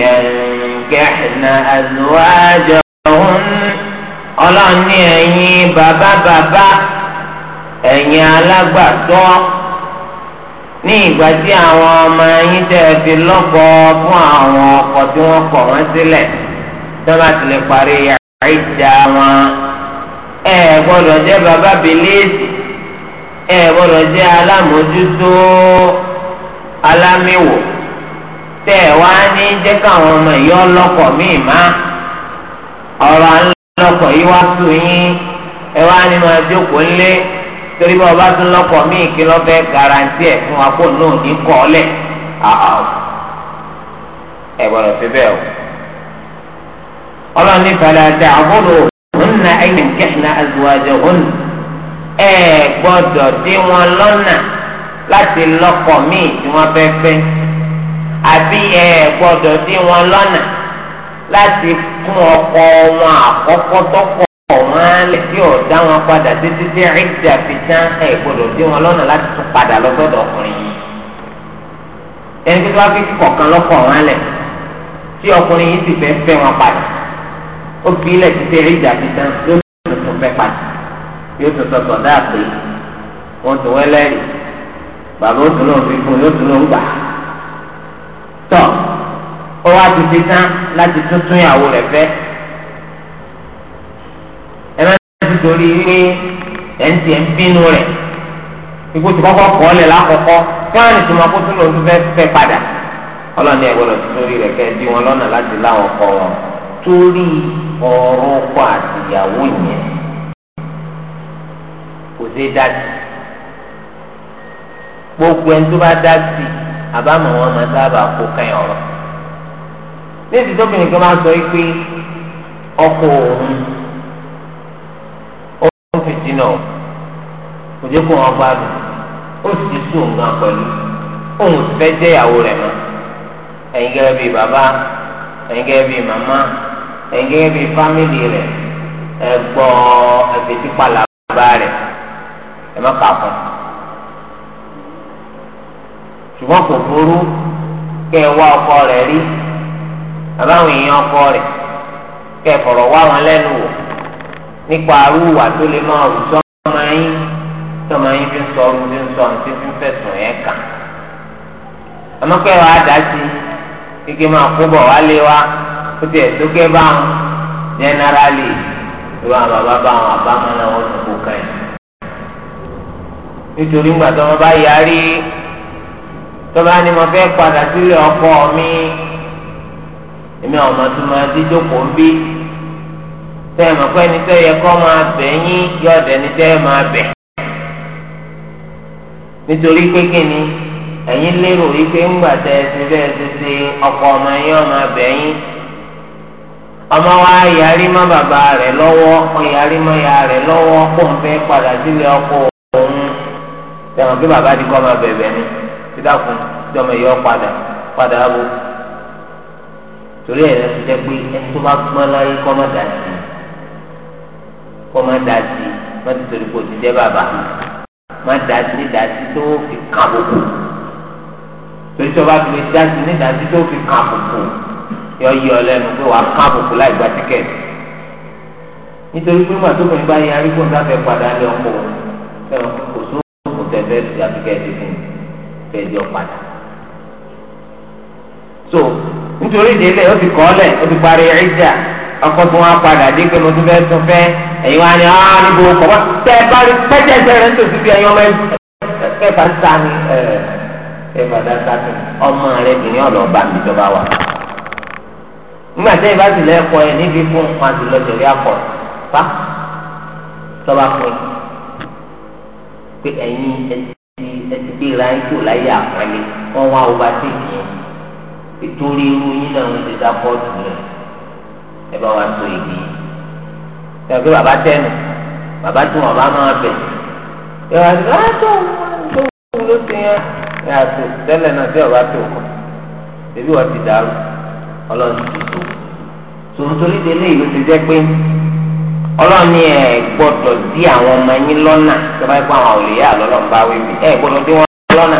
ينكحن أزواجهن ọlọ́ọ̀ni ẹ̀yin bàbá bàbá ẹ̀yin alágbàtọ́. ní ìgbà tí àwọn ọmọ yín tẹ́ fi fún àwọn ọkọ tí wọ́n kọ̀ wọ́n sílẹ̀ tọ́ba wọn. ẹ gbọ́dọ̀ jẹ́ bàbá bìlíìsì ẹ gbọ́dọ̀ jẹ́ alámòójútó alámìwò tẹ́ wá ní jẹ́ káwọn ọmọ ìyọ́ lọ́kọ̀ míì má ọ̀rọ̀ àńlọ́kọ̀ yìí wá sùn yín ẹ wá ní torí bá ọba tún lọ́kọ̀ míì kí lọ́ garanti ẹ̀ fún wa kó nù ní kọ́ọ̀lẹ̀ ẹ gbọ́dọ̀ fi bẹ́ẹ̀ o. ọlọ́run ní balẹ̀ àbúrò ẹ̀yìn kẹ́hìnà ẹ dí wọn lọ́nà láti tí àbí ẹ ọ̀mọ́ alẹ́ tí ò dá wọn padà títí tí ẹ̀ẹ́dà fi tán ẹ̀ gbọ́dọ̀ dé wọn lọ́nà láti tún padà lọ́sọ̀dọ̀ ọkùnrin yìí. ẹni tí wọ́n fi kọ̀ọ̀kan lọ́kọ̀ wọn alẹ̀ tí ọkùnrin yìí sì fẹ́ fẹ́ wọn padà ó fi ilẹ̀ títí ẹ̀ẹ́dà fi tán yóò tún tún fẹ́ padà yóò tún sọ̀tọ̀ dáa pé wọ́n tún wọ́n lẹ́rìí bàbá ó tún lọ́n fi fún yóò tún lọ́n gbà. tọ́ ó wá ti fi tán láti tuntun ìyàwó rẹ̀ fẹ́ nítorí pé ẹ̀ǹtì ẹ̀ ń bínú rẹ̀ ikú ti kọ́kọ́ kọ́ lẹ̀ lákọ̀ọ́kọ́ fúlàní tó máa kó tó lòun tó fẹ́ fẹ́ padà ọlọ́ni ẹ̀ gbọ́dọ̀ tó torí rẹ̀ kẹ́ ẹ dí wọn lọ́nà láti láwọn kọ́ wọn torí ọ̀rọ̀ ọkọ àtìyàwó yẹn kò sí dá sí gbogbo ẹni tó bá dá sí àbámọ̀ wọn máa sábà kó kẹ́yìn ọ̀rọ̀ ní ìdíjọ́bìnrin kan máa sọ pé ọkọ òun sínú ọ kò jẹ́ kó wọn na ó sì sùn gan pẹ̀lú òun fẹ́ jẹ́ ìyàwó rẹ̀ mọ́ ẹ̀yin gẹ́gẹ́ bíi bàbá ẹ̀yin gẹ́gẹ́ bíi màmá ẹ̀yin gẹ́gẹ́ bíi fámìlì rẹ̀ ẹ̀gbọ́ bá rẹ̀ má kà fún un ṣùgbọ́n kò burú kẹ́ ọkọ rẹ̀ rí àbáwọn èèyàn ọkọ rẹ̀ kẹ́ ẹ fọ̀rọ̀ nípa arúwà tó lè máa rù sọ́mọ yín sọ́mọ yín fi ń sọ ọrùn fi ń sọ ọ̀hún tí fi ń fẹ̀sùn yẹn kàn. ọmọkẹ́ wa dá kíkẹ́ máa kó bọ̀ wálé wa tiẹ̀ ìwà bàbá kó nítorí ńgbà tó tẹ́ ẹ̀ mọ̀ pé ẹni tẹ́ yẹ kọ́ máa bẹ̀ yín yọ̀dẹ̀ ni bẹ̀. ni ẹ̀yin lérò wípé ńgbà tẹ́ ẹ ti bẹ́ẹ̀ ti ṣe ọkọ̀ ọmọ yín ọmọ bẹ̀ yín. ọmọ wa yarí mọ́ bàbá rẹ̀ lọ́wọ́ ya rẹ̀ lọ́wọ́ kó ń fẹ́ padà sílé òun. pé bàbá ti kọ́ máa bẹ̀bẹ̀ ni tí ọmọ padà padà torí ẹ̀ ti jẹ́ pé ẹni tó bá láyé kọ́ kọ́ má da sí má ti torí kò ti jẹ́ bàbá má da sí da sí tó fi kàn bùkù torí tí o bá fi lè da sí ní da sí tó fi kàn bùkù yọ yí ọ lẹ́nu pé wàá kàn bùkù láì gba tíkẹ́ẹ̀tì nítorí pé màtó kan bá yẹ arígbó ń dáfẹ́ padà lé ọkọ̀ ẹ̀rọ kò sóògùn tẹ̀fẹ́ ti àfikẹ́ẹ̀tì fún fẹ́ẹ́dì ọ̀padà so nítorí ìdílé ó ti kọ́ ọ́ lẹ̀ ó ti parí ẹ̀ríjà akọ́tún wa padà dé pé mo tún fẹ́ tún fẹ́ ẹ̀yin wa ni aa ah, níbo kọ̀ wá tẹ́ ẹ bá rí pẹ́jẹsẹ rẹ̀ nítorí bí ẹ̀yin ọmọ ẹ bá ta ni ẹ ẹ bá dá ta ni ọmọ rẹ kìíní ọ̀dọ̀ bá mi jọba wa. nígbà tẹ́ ẹ bá sì lẹ́kọ̀ọ́ ẹ níbi fún nǹkan àti lọ́jọ́ rí akọ̀ fa tọ́ba pín pé ẹ̀yin ẹtì ẹtì gbéra ń kò láyé àpọ́nlé wọ́n wá ọba tí ìyẹn ètò orí irú yín náà ń ṣe dákọ́ jù lọ ẹ bá wa so igi yìí kí bàbá tẹnu bàbá tún bàbá máa bẹ ẹ wá sọ ah tó tó wù ló ti yẹn ẹ à tó tẹ́lẹ̀ náà tí ọba tó kọ ebi wọn ti dàrú Ọlọ́run ti tó tòǹtòrí délé ìlú ti jẹ pé Ọlọ́run ni ẹ gbọ́dọ̀ dí àwọn ọmọ yín lọ́nà tí wọ́n bá gbọ́ àwọn olùyà lọ́lọ́run bá wí ẹ gbọ́dọ̀ dí wọn lọ́nà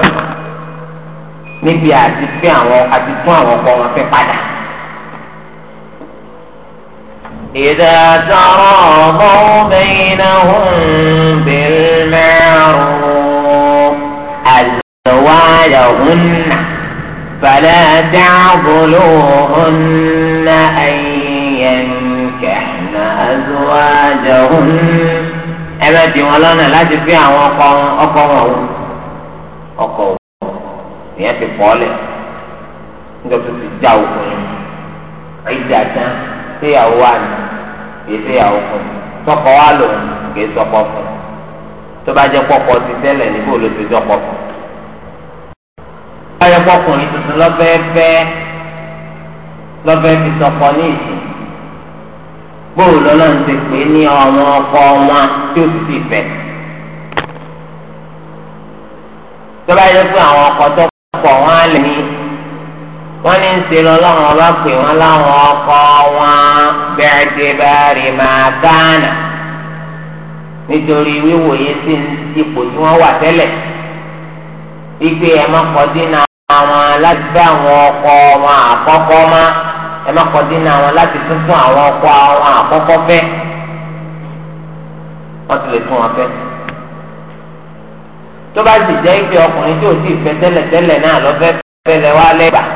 níbi àti fún àwọn àti fún àwọn ọkọ wọn fẹ́ padà. إذا تراضوا بينهم بالمعروف أزواجهن فلا تعضلوهن أن ينكحن أزواجهن ẹbẹ tí wọn lọ́nà láti fi àwọn ọkọ ọkọ wọn wò ọkọ wò ìyẹn ti pọ̀ lẹ̀ nígbà tó ti já òkun ẹ̀dá tán síyàwó wa ni kìí ṣe ìyàwó fún sọkọ wa lò kìí sọkọ fún tó bá jẹ pọpọ ti tẹ́lẹ̀ níbo ló ti sọkọ fún. báyọ̀ pọkùnrin tuntun lọ́fẹ́ẹ́fẹ́ lọ́fẹ́ẹ́ fi sọkọ ní ìsìn bóòlù lọ́lọ́run ti pè ní àwọn ọkọ wọn tí ó ti fẹ́. tó bá yẹ pé àwọn ọkọ tó kọ̀ wọ́n á lè ní. wọ́n ní ṣe lọ́lọ́run ọba pè wọ́n láwọn ọkọ wọn bẹ́ẹ̀ ti bá máa gánà nítorí wíwòye sí ipò tí wọ́n wà tẹ́lẹ̀ wípé ẹ má kọ́ dínà àwọn láti bá àwọn ọkọ wọn àkọ́kọ́ má ẹ má kọ́ dínà àwọn láti tún fún àwọn ọkọ wọn àkọ́kọ́ fẹ́ wọ́n ti lè fún wọn fẹ́ tó bá sì jẹ́ ìpè ọkùnrin tí ò sì fẹ́ tẹ́lẹ̀ tẹ́lẹ̀ náà lọ́fẹ́ fẹ́lẹ̀ wá lẹ́gbàá.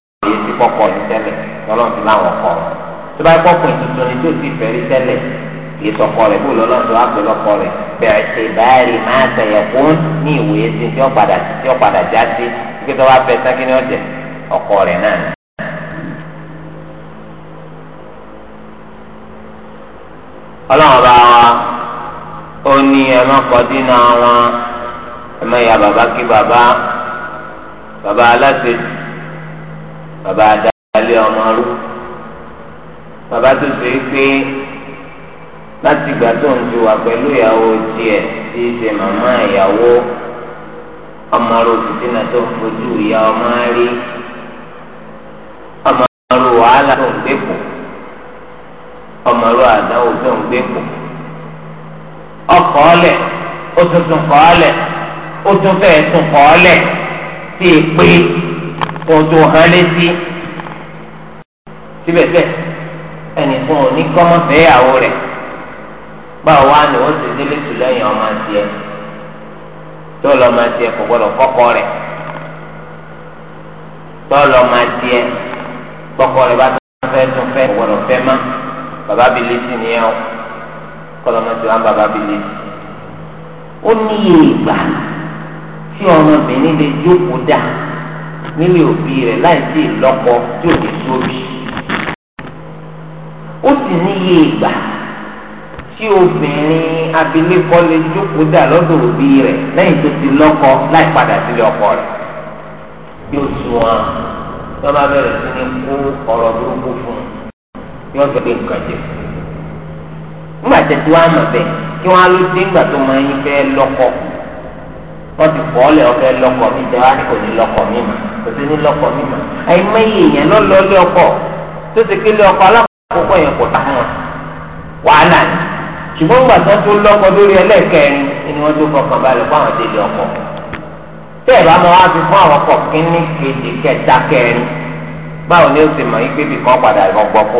kọ́kọ́ ní tẹ́lẹ̀ lọ́lọ́run ti láwọn kọ́ tó bá kọ́kọ́ tuntun ni tó ti fẹ́rí tẹ́lẹ̀ kìí sọkọ rẹ̀ bóòlù ọlọ́run tó wá pè lọ́kọ rẹ̀ bẹ̀rẹ̀ ṣe báyìí máa tẹ̀yẹ̀ fún ní ìwòye sí tí ó padà tí ó padà já sí pé tó wá fẹ́ sákì ní ọkọ rẹ̀ náà ni. ọlọ́run bá wa ó ní ẹ̀mọ́kọ̀dínà wọn ẹ̀mọ́ ìyá bàbá kí bàbá bàbá aláṣẹ Baba adalẹ ọmọ rú Baba tó ṣe pé láti ìgbà tó ń ti wà pẹ̀lú ìyàwó tiẹ̀ tí ṣe màmá ìyàwó ọmọ rú fìtínà tó fojú ìyá ọmọ rí ọmọ rú wàhálà tó ń gbé kù ọmọ rú àdáwò tó ń gbé ohun tó hàn létí síbẹ̀síbẹ̀ ẹnìkan ò ní kọ́ mọ́ fẹ́yàwó rẹ̀ báwo wá ni wọ́n ti délé tù lẹ́yìn ọmọ àti ẹ̀ tó lọ́ọ́ máa tiẹ̀ kò gbọ́dọ̀ kọ́kọ́ rẹ̀ tó lọ́ọ́ máa tiẹ̀ kọ́kọ́ rẹ̀ bá tó fẹ́ tó fẹ́ kò gbọ́dọ̀ fẹ́ má bàbá bi létí nìyẹn o kọ́lọ́ máa ti wá bàbá bi létí. ó níye ìgbà tí ọmọbìnrin lè jókòó dáa nílé òbí rẹ̀ láì sí ìlọ́kọ tí ò ní sóbì ó sì níye ìgbà tí obìnrin abilékọ lè jókòó dà lọ́dọ̀ òbí rẹ̀ lẹ́yìn tó ti lọ́kọ láì padà sílé ọkọ rẹ̀ yóò sùn wọn tí wọ́n bá bẹ̀rẹ̀ sí ní kó ọ̀rọ̀ burúkú fún un yóò fẹ́ gbé nǹkan jẹ fún un. nígbà tẹ̀síwájú àmọ̀ bẹ́ẹ̀ kí wọ́n á ló dé ńgbà tó máa ń fẹ́ lọ́kọ wọ́n ti kọ́ ọ́lẹ̀ ọ̀fẹ́ lọ́kọ̀ mi jẹ́ wá ní kò ní lọ́kọ̀ mi mà kò sí ní lọ́kọ̀ mi mà àìmọye èèyàn ló lọ lé ọkọ̀ tó ti kéde ọkọ̀ alákòókò yẹn kò tán wọn wàhálà ni ṣùgbọ́n gbà tó tó lọ́kọ̀ lórí ẹlẹ́ẹ̀kẹrin ni wọ́n tó fọkàn balẹ̀ fún àwọn délé ọkọ̀ tẹ́ ẹ̀ bá mọ wá fi fún àwọn ọkọ̀ kínní kejì kẹta kẹrin báwo ni ó ti mọ̀ yí pé ibì kan padà ìbọn gbọ́ fò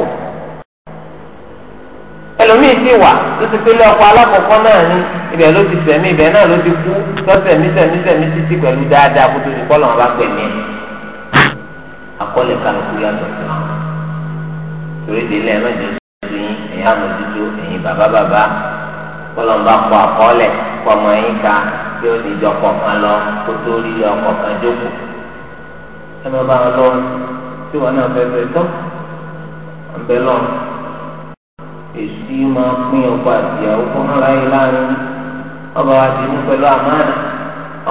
ẹlòmíì sì wà tó ti pélé ọkọ alákọ̀ọ́kọ́ náà ní ibẹ̀ ló ti sẹ̀mí ibẹ̀ náà ló ti kú lọ́sẹ̀mí sẹ̀mí sẹ̀mí títí pẹ̀lú dáadáa kó tó ti kọ́ lọ́wọ́ bá pẹ̀ ní ẹ̀. akọ́lẹ̀ kálukú yàtọ̀ sí wọn torí délé ẹ̀mẹ́jọ sí ẹ̀yìn àmójútó ẹ̀yìn bàbá bàbá kọlọmba kọ àkọọ́lẹ̀ kọmọ yín ká bí ó ti jọ kọ̀ọ̀kan lọ kó tó rí ọkọ̀ọ̀kan jókòó ẹ má bá wọn lọ tí wọn náà fẹ́ fẹ́ tọ́ ọ̀bẹ lọ́rùn èsì máa pín ọkọ àti ìyàwó fún ọ̀rọ̀ ayé láàrin ọba àti inú pẹ̀lú àmàlà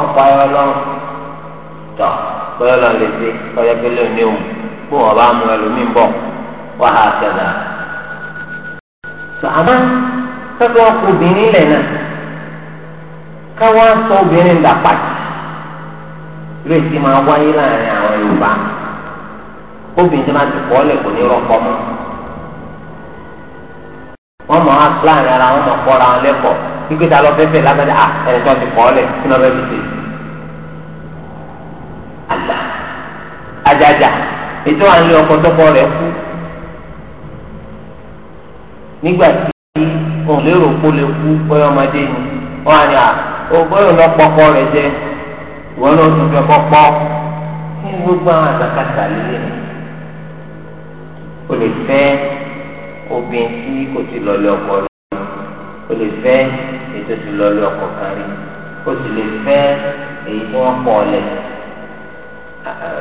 ọkọ̀ ayé ọlọ́run tọ̀ bóyá ọlọ́run lè ṣe ọyọ pẹ̀lú òní òun kó wọn bá mú ẹlòmíì bọ̀ wá ha ṣẹlẹ̀. àmọ́ kẹ́kọ̀ọ́ obìnrin lẹ̀ náà káwọn sọ obìnrin dà pàtì ìrètí máa wáyé láàrin àwọn Yorùbá obìnrin tí máa ti kọ́ ọ́ lẹ̀ kò ní rọ́pọ̀ mọ́ wọ́n mọ̀ á plan ara wọn mọ̀ kọ́ra wọn lẹ́kọ̀ọ́ gbígbé ta lọ fẹ́fẹ́ lágbàdá à ẹ̀rẹ̀ tó ti kọ́ lẹ̀ kí lọ́ bẹ́ẹ̀ fi ṣe. àgbà àjàjà ètò à ń lé ọkọ tọkọ rẹ̀ kú nígbà tí òun lérò kó lè kú bóyá ọmọdé ni wọ́n á ní à ó bóyá lọ pọkọ rẹ̀ jẹ ìwọ́n ló tún fẹ́ kọ́kọ́ ní gbogbo àwọn àtàkàtà lílé o lè fẹ́ obìnrin tí kò ti lọlé ọkọ rí o lè fẹ́ èyí tó ti lọlé ọkọ kan rí o sì lè fẹ́ èyí tí wọ́n kọ́ ọlẹ̀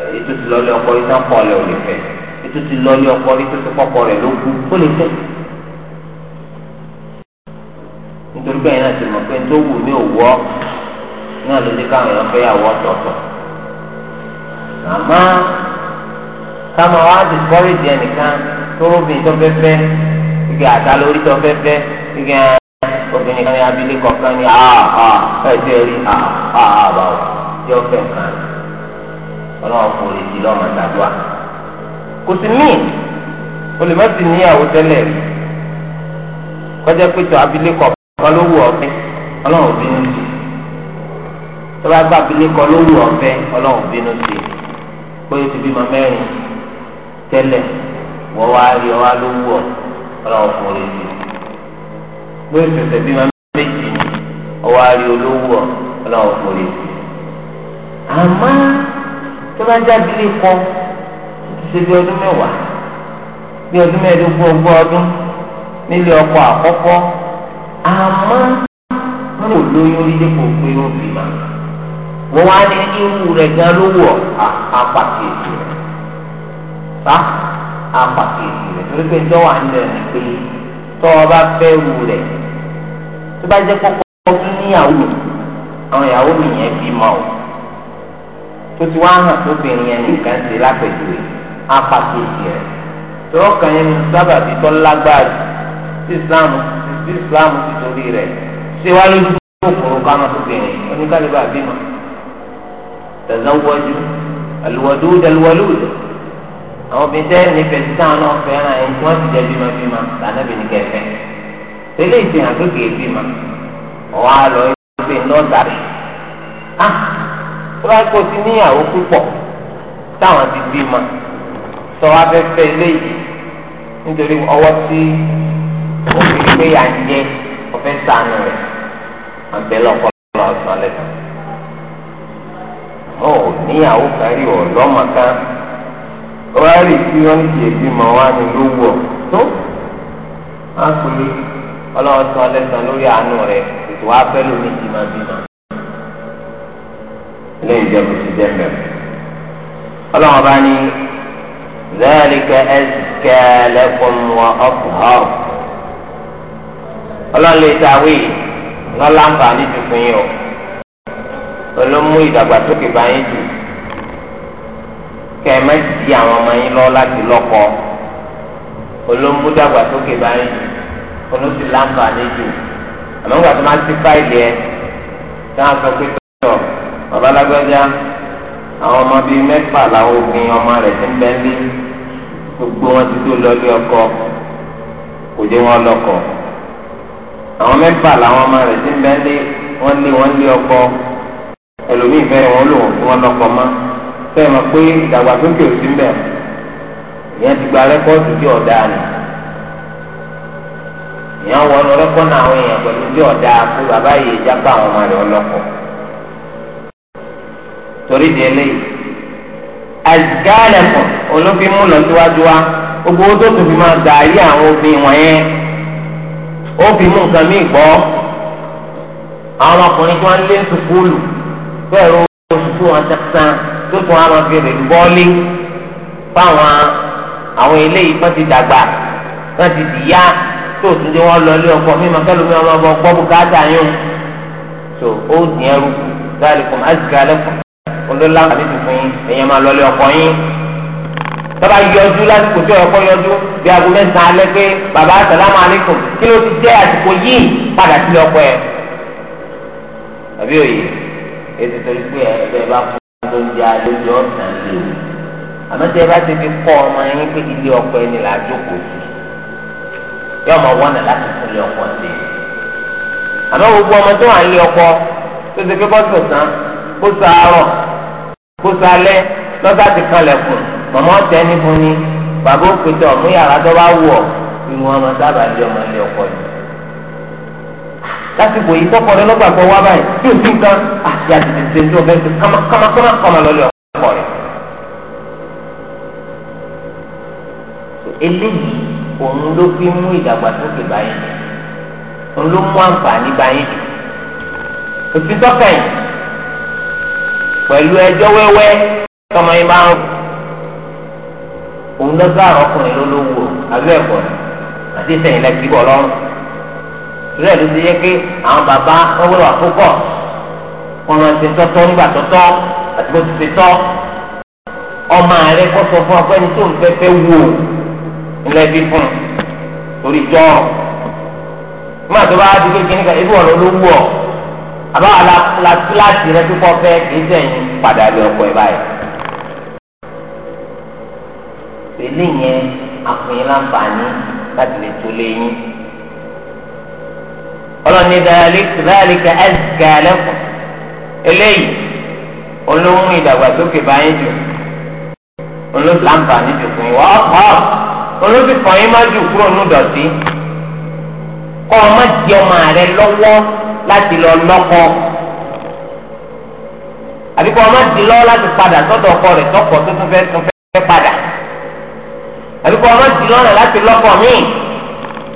èyí tó ti lọlé ọkọ rí tí wọ́n kọ́ ọlẹ̀ o lè fẹ́ èyí tó ti lọlé ọkọ rí tó ti kọ́kọ́ rẹ̀ ló kú o lè fẹ́. nítorí bẹ́ẹ̀ náà ti mọ̀ pé tó wù ní òwò náà ló ní káwọn èèyàn fẹ́ yàwó ọ̀tọ̀ọ̀tọ̀ àmọ́ káwọn wá dìkọ́rìdì ẹnìkan tóbi tó fẹ́fẹ́ igi àtà lórí tó fẹ́fẹ́ igi obìnrin kan ní abilé kọ̀ọ̀kan ní àhà ẹ̀jẹ̀ rí àhà àbáwò tí ó fẹ́ nǹkan ọlọ́run kò lè di lọ́mọ tàdúrà kò sí míì olùmọ̀sí níyàwó tẹ́lẹ̀ rí kọjá pé tó abilé kọ̀ọ̀kan ló wù ọ̀fẹ́ ọlọ́run bínú sí tó bá gbà abilé kọ̀ ló wù ọ̀fẹ́ ọlọ́run bínú sí pé ó ti bímọ mẹ́rin tẹ́lẹ̀ rí wọ́n wá rí ọ wá ló wù ọ́ ọlọ́wọ́ fún orí sí i pé ìfẹsẹ̀ bí wọn méjì ni ọ wá rí olówó ọ ọlọ́wọ́ fún orí sí i. àmọ́ tó bá jáde lè kọ́ ṣe bí ọdún mẹ́wàá bí ọdún mẹ́ẹ̀ẹ́dógún ọgbọ́n ọdún nílé ọkọ àkọ́kọ́ àmọ́ wọn ò lóyún orí dípò pé ó bì má wọ́n wá ní irú rẹ̀ gan lówó àpàkì ètò rẹ̀ apàkèsì rẹ̀ torí pé dọ́wà ń lẹ̀ ní pé tọ́ ọ bá fẹ́ wù rẹ̀ tó bá jẹ́ kọ́kọ́ tún níyàwó àwọn ìyàwó nìyẹn bí mọ́ ọ tó ti wá hàn sóbìnrin yẹn nìkan ṣe lápẹ̀jùwe apàkèsì rẹ̀ tọ́wọ́ kan yẹn sábà fi tọ́ lágbára sí Islam sí Islam ti torí rẹ̀ ṣé wá lójú kòkòrò kámọ́ sóbìnrin oníkálíbà bímọ tazawwaju alwadud alwalud. àwọn obìnrin tẹ́ nífẹ̀ẹ́ sí táwọn náà fẹ́ràn ẹni tí wọ́n ti jẹ́ bímọ bímọ lànàbì ní kẹfẹ́ tẹ́lẹ̀ ìsìn àgbègbè bímọ ọ̀wá lọ ìgbé lọ́dà rẹ̀ á ó bá kó sí níyàwó púpọ̀ táwọn ti bímọ sọ wá fẹ́ fẹ́ léyìí nítorí ọwọ́ tí ó fi yà ń jẹ ọ̀fẹ́ sànù rẹ̀ àgbẹ̀ lọ́kọ́ lọ́sàn-án lẹ́sàn níyàwó kárí ọ̀lọ́mọ kan. wọ́n á rí i tí wọ́n ti èbí mọ̀ wá ní lówó ọ̀ tó á pè é ọlọ́run tán lẹ́sàn-án lórí àánú rẹ̀ ètò wa fẹ́ lómi ti máa bímọ. ilé ìjẹun ti dẹ́ mẹ́rin. ọlọ́run bá ní ذلك أزكى لكم وأطهر ọlọ́run lè tàwé lọ́la ń bà ní tuntun yìí o olómú ìdàgbàsókè bá yín jù kẹ ẹ má di àwọn ọmọ yín lọ láti lọ́kọ olómúdàgbà sókè báyìí olóṣù láǹfààní jù àmọ́ nígbà tó máa ti fáìlì ẹ tí wọ́n sọ pé tọ́ babalágbájá àwọn ọmọ bíi mẹ́fà làwọn obìnrin ọmọ rẹ̀ ti ń bẹ́ẹ̀ ní gbogbo wọn ti tó lọ lé ọkọ kò dé wọn lọ́kọ àwọn mẹ́fà làwọn ọmọ rẹ̀ ti ń bẹ́ẹ̀ ní wọ́n lé wọn lé ọkọ ẹlòmíì fẹ́ wọn lòun fún wọn lọ́kọ mọ́. fẹ́ mọ̀ pé ìdàgbàsókè ò sí ń ìyẹn ti gba rẹ́kọ́ọ̀dù tí ọ̀dà ni ìyẹn wọ ọ lọ́kọ́ náà àwọn èèyàn pẹ̀lú tí ọ̀dà pé bàbá yìí àwọn ọmọ rẹ̀ ọlọ́kọ̀ torí di eléyìí lọ síwájú wa gbogbo owó tó tún fi máa gbà ayé àwọn wọ̀nyẹn ó tó tún wá máa fi rìn bọ́ọ̀lì fáwọn àwọn eléyìí wọ́n ti dàgbà wọ́n ti dìyà tó tún dé wọ́n lọ ilé ọkọ mi máa kẹ́lu mi ọmọ ọmọ gbọ́ bùkátà yún so ó dì ẹrú dáàlìkùn àzìkà lẹ́kùn olólà àti tuntun yín èèyàn máa lọ ilé ọkọ yín tọ́ba yọjú lásìkò tí ọkọ yọjú bí aago mẹ́sàn-án alẹ́ pé bàbá asàlámù alaykum kí ló ti jẹ́ àsìkò yìí padà sílé ọkọ ẹ̀ àbí òye ètò ìtọ́jú pé ẹ̀ ẹ̀ bá kú ló ń jẹ alójú ọ̀sán lé o àmọ́ tẹ́ ẹ bá ti fi kọ́ ọmọ yín pé ilé ọkọ ẹni là á jókòó sí yọ ọmọ wọnà láti fún ilé ọkọ sí i àmọ́ gbogbo ọmọ tó wà ń lé ọkọ tó ti fi bọ́sùn sàn kó sàárọ̀ kó sàálẹ̀ lọ́sà ti kanlẹ̀ fún mọ̀mọ́ tẹ́ ní fún ni bàbá òkúta ọ̀mú yàrá tó bá wù ọ́ ìwọ̀n ọmọ sábà lé ọmọ ilé ọkọ yìí lásìkò yìí kọ́kọ́ rẹ lọ́gbàgbọ́ wá báyìí tí o ah, ti kan àti àtìtìtì ní ọ̀fẹ́ tó kámákámá kọ́má lọ́lẹ́ ọ̀pọ̀ rẹ̀. eléyìí òun ló fi mú ìdàgbàsókè báyìí òun ló mú àǹfààní báyìí òfin tọ́kàn yìí pẹ̀lú ẹjọ́ wẹ́wẹ́ tọmọ yìí máa ń òun lọ́gbà ọkùnrin ló ló wù ọ́ àbí ẹ̀kọ́ àti ìsẹ̀yìn lẹ́sìn bọ̀ lọ́rùn rẹ̀ ló ti yẹ pé àwọn bàbá ọwọ́lọ́ àkókò ọmọ ti tọ́tọ́ nígbà tọ́tọ́ àti bó ti ti tọ́ ọmọ rẹ kọ́ sọ fún ọgbẹ́ni tó ń fẹ́fẹ́ wò ńlẹ́bí fún torí jọ́ nígbà tó bá di pé kíníkà ebi ọ̀rọ̀ ló wù ọ́ àbáwá la kíláàsì rẹ kíkọ́ fẹ́ kìí sẹ́yìn padà lé ọkọ̀ ẹ̀ báyìí. pèlè yẹn àpòyìn láǹfààní láti lè tó lé yín ọlọ́ni dàlíkà ẹ̀zìkà lẹ́kọ̀ọ́ eléyìí olóhùn ìdàgbàsókè báyìí jù olóhùn láǹfààní jù fún ìwà ọ̀pọ̀ olóhùn kàn yín má jù kúrò ní dọ̀tí kọ́ ọ má di ọmọ rẹ lọ́wọ́ láti lọ lọ́kọ àbí kọ́ ọ má di lọ́wọ́ láti padà sọ́dọ̀ ọkọ rẹ̀ tọkọ tó tún fẹ́ padà àbí kọ́ ọ má di lọ́rẹ̀ láti lọ́kọ míì.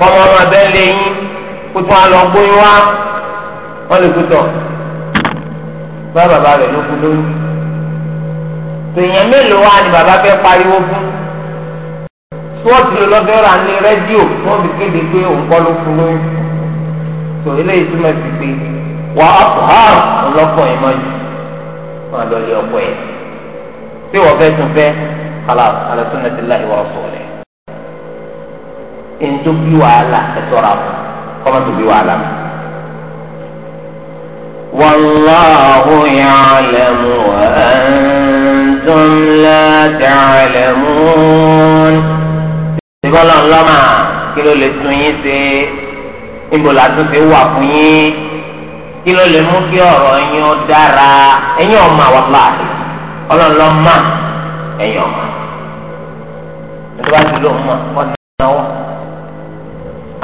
kọ́mọ ọmọ abẹ́ lé yín kó tún alọ gbóyún wá wọ́n lè kútọ̀ bá bàbá rẹ̀ ló kú lóyún. tèèyàn mélòó wá ni bàbá fẹ́ pariwo fún sọ́ọ̀tì ló lọ́fẹ́ rà ní rédíò tó fi kéde pé òun kọ́ ló kú lóyún. tó eléyìí túmọ̀ sí pé wà á kọ́ àrùn ọlọ́kọ̀ yẹn mọ́ yìí wọ́n lọ lé ọkọ̀ yẹn. tí wọ́n fẹ́ tún fẹ́ kálá alẹ́ sọ́nà ti láyé wọ́n sọ̀rọ̀ ntó bí wàhálà ẹtọra fún kọ́mọ́ tó bí wàhálà. wàlláhu yàlẹ̀mú ẹ̀ńtọ́m látàlẹ̀mú. ìbọn lọ́mà kí ló lè tún yín ṣe níbo látúnṣe wà fún yín kí ló lè mú kí ọ̀rọ̀ yín ó dára ẹ̀yin ọ̀ma wàhálà ọlọ́lọ́mà ẹ̀yin ọ̀ma. ìjọba ti lóun mọ̀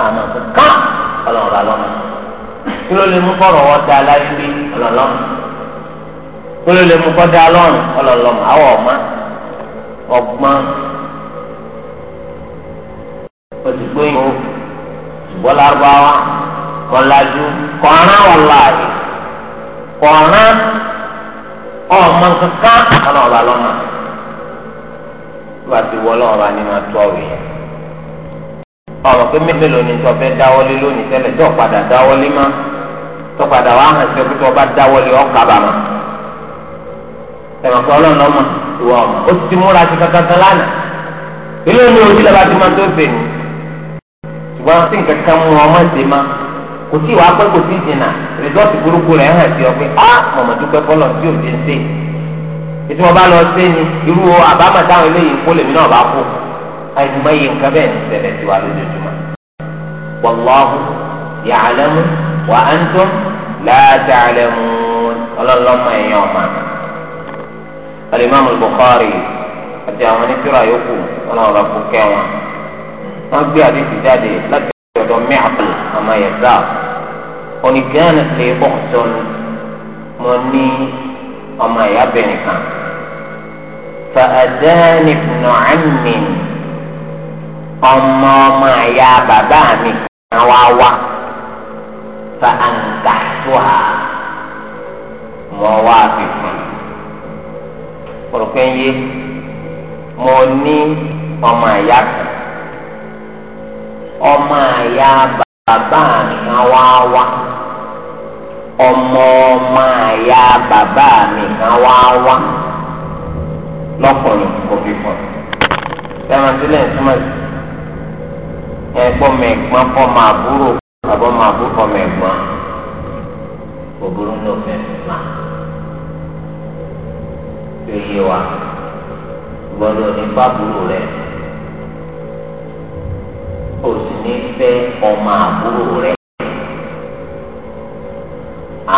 àmọ́ kán ọlọ́run bá lọ́mọ kí ló lè mú kọ́rọ̀ wọ́n da aláyé bí ọlọ́lọ́mọ kí ló lè mú kọ́ da lọ́rùn ọlọ́lọ́mọ àwọ̀ ọ̀ma ọgbọ́n òtùgbò yìí ó ṣùgbọ́n lárúbáwá kọ́lájú kọ́ọ̀rán wọ̀láyé kọ́ọ̀rán ọmọ kankan ọlọ́run bá lọ́mọ wọ́n ti wọ́ ọlọ́run bá ní ma tó ọ̀rọ̀ yẹn ọ̀rọ̀ pé mélòó ni tó fẹ́ dáwọ́lé lónìí tẹ́lẹ̀ tó padà dáwọ́lé má tó padà wá hàn sí ọkùnrin tó bá dáwọ́lé ọ̀kà bàmà. ẹ̀rọ kan ọlọ́run lọ́mọ ìwọ ọmọ ó ti múra sí kankan lánàá ilé mi ò sí lọ́ba tí máa tó fè ní. ṣùgbọ́n tí nǹkan kan mú ọmọ ṣe má kò tí wàá pẹ́ kò tí jìnnà rìsọ́ọ̀tì burúkú rẹ̀ hàn sí ọ pé á mọ̀mọ́dúpẹ́ kọ́lọ̀ tí ò àìmọye nǹkan bẹ́ẹ̀ ní ṣẹlẹ̀ sí wa lójoojúmọ́. wàláhù ya'lamu wa antum la ta'lamun ọlọ́lọ́mọ ẹ̀yàn ọ̀mà. alimami Bukhari àti àwọn onítìrọ àyókù wọn lọ kó kẹwọn wọn gbé àdéhùn jáde láti ọ̀dọ̀ mẹ́àkùn ọmọ yẹ̀dá lè bọ́ọ̀tọ́ mo ní ọmọ ìyá bẹ̀rẹ̀ kan. فأذان ابن عم ọmọ ọmọ àyà bàbá mi àwọn awa fa àǹkà tó a mọ wá fífún kọ̀rọ̀kọ́ yé mo ní ọmọ àyà kan ọmọ àyà bàbá mi àwọn awa ọmọ ọmọ àyà bàbá mi àwọn awa lọ́kùnrin kò fi fún un. sẹ́wọ̀n sílẹ̀ ń túmọ̀ ẹ̀gbọ́n mẹ̀gbọ́n kọ́ máa búrò àbọ̀ máa bú kọ́ mẹ̀gbọ́n kò burú ní òfin mà tó yé wa gbọ́dọ̀ ní bábúrò rẹ o sì ní fẹ́ ọmọ àbúrò rẹ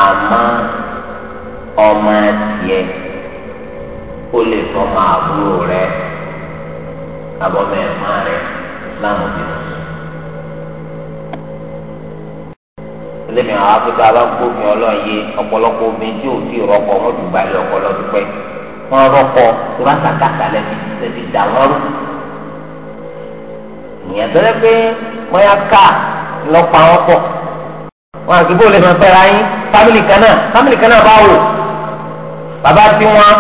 àmọ́ ọmọ tiẹ̀ ó lè fọmọ àbúrò rẹ àbọ̀mọ̀ ẹ̀fọn láwọn òbí ẹlẹ́mi àwọn afẹ́fẹ́ alágbófin ọlọ́ọ̀yẹ ọ̀pọ̀lọpọ̀ obìnrin tí ò fi rọ́pò wọn ti gbà yọ ọ̀pọ̀lọ dúpẹ́ wọn rọ́pò tó bá sàkàtà lẹ́bi lẹ́bi dà wọ́n rú. ìyẹn tó lẹ́ pé wọ́n yá ká lọ́pàá wọn pọ̀ wọn àti bóòlù ẹ̀fọn fẹ́ra yín fámìlì kan náà fámìlì kan náà bá wò bàbá tí wọn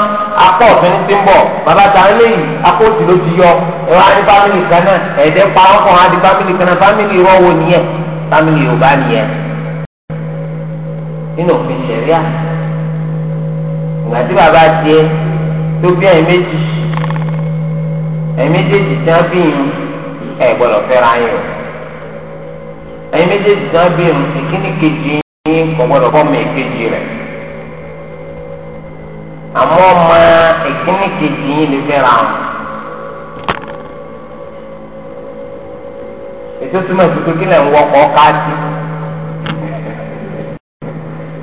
akọ ọ̀fìn ti ń bọ̀ bàbá ta eléyìí akóòtù ló ti yọ ẹ wá ní fámìlì kan náà ẹ̀ẹ́dẹ́gbà wọn á di fámìlì kan náà fámìlì wọn wò nìyẹn fámìlì Yorùbá nìyẹn. nínú òfin ṣẹ̀ríà ìgbà tí bàbá tiẹ̀ tó bí ẹ̀yìn méjì ẹ̀yìn méjèèjì tí wọ́n bí yín ẹ̀ gbọ́dọ̀ fẹ́ra yín o ẹ̀yìn méjèèjì tí bí yín ìkíní kejì yín kò gbọ́dọ̀ mi kejì ọmọ kejì yín lè ètò kí lè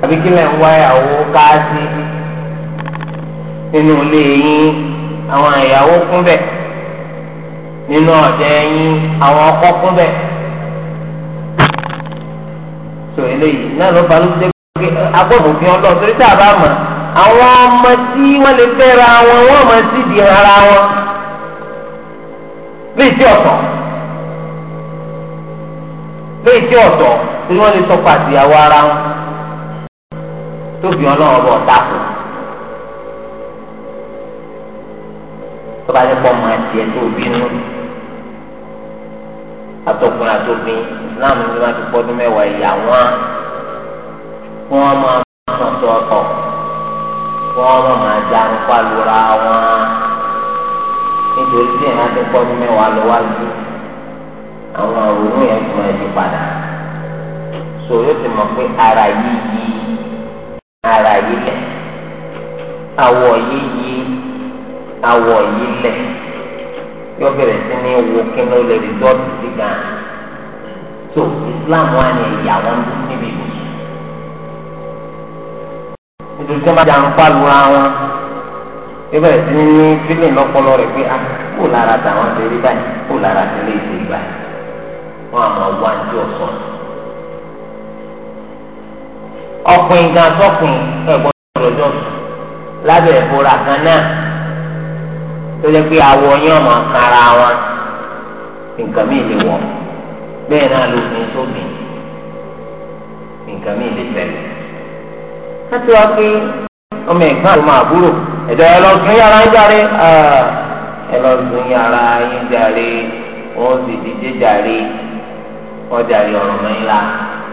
àbí kí lẹ́yìn wáyàwó káàsì nínú ilé yín àwọn ìyàwó kún bẹ̀ nínú ọ̀dẹ̀ yín àwọn ọkọ kún bẹ̀ tó eléyìí náà ló balùwẹ̀ dé pé agbófinfin ọlọ́ torí tá a bá mọ̀ àwọn ọmọ tí wọ́n lè fẹ́ra wọn wọ́n mọ̀ sí di ara wọn léyìí tí ọ̀tọ̀ léyìí tí ọ̀tọ̀ tí wọ́n lè sọ pàtìyàwó ara wọn tóbi ọlọ́run ọba ọ̀tá kù. tọ́ba ní kọ́ máa tiẹ̀ tó bínú atọkùnrin àtòbìn islam ní wọn ti pọ́dún mẹ́wàá ìyá wọn kí wọ́n máa sàn tó ọkọ̀ kí wọ́n máa já nípa lura wọn nítorí tí ìrántí pọ́dún mẹ́wàá lọ wá ju àwọn àwòrán yẹn fún ẹ ti padà sọ yóò ti mọ̀ pé ara yìí yìí. ara yìí lẹ̀ awọ yìí yí awọ yìí lẹ̀ yóò bẹ̀rẹ̀ sí ní wo kínú lè rí dọ́ọ̀tù sí gan so Islam ni wọn nítorí tí bá jà ń wọn ní fílẹ̀ lọ́pọlọ rẹ pé a ah, kò lára tàwọn ti rí báyìí kò lára ti ọkùnrin gan sọkùnrin ẹ̀gbọ́n ìrọ̀jọ́ lábẹ́ ìbora kan náà tó pị, awọ yín ọmọ kára wọn nǹkan mi lè wọ̀ bẹ́ẹ̀ náà ló fi sóbì nǹkan mi lè tẹ̀lé. láti wá pé ọmọ ẹ̀gbọ́n àti ọmọ àbúrò ẹ̀dọ̀ ẹ lọ sùn yàrá ẹ lọ sùn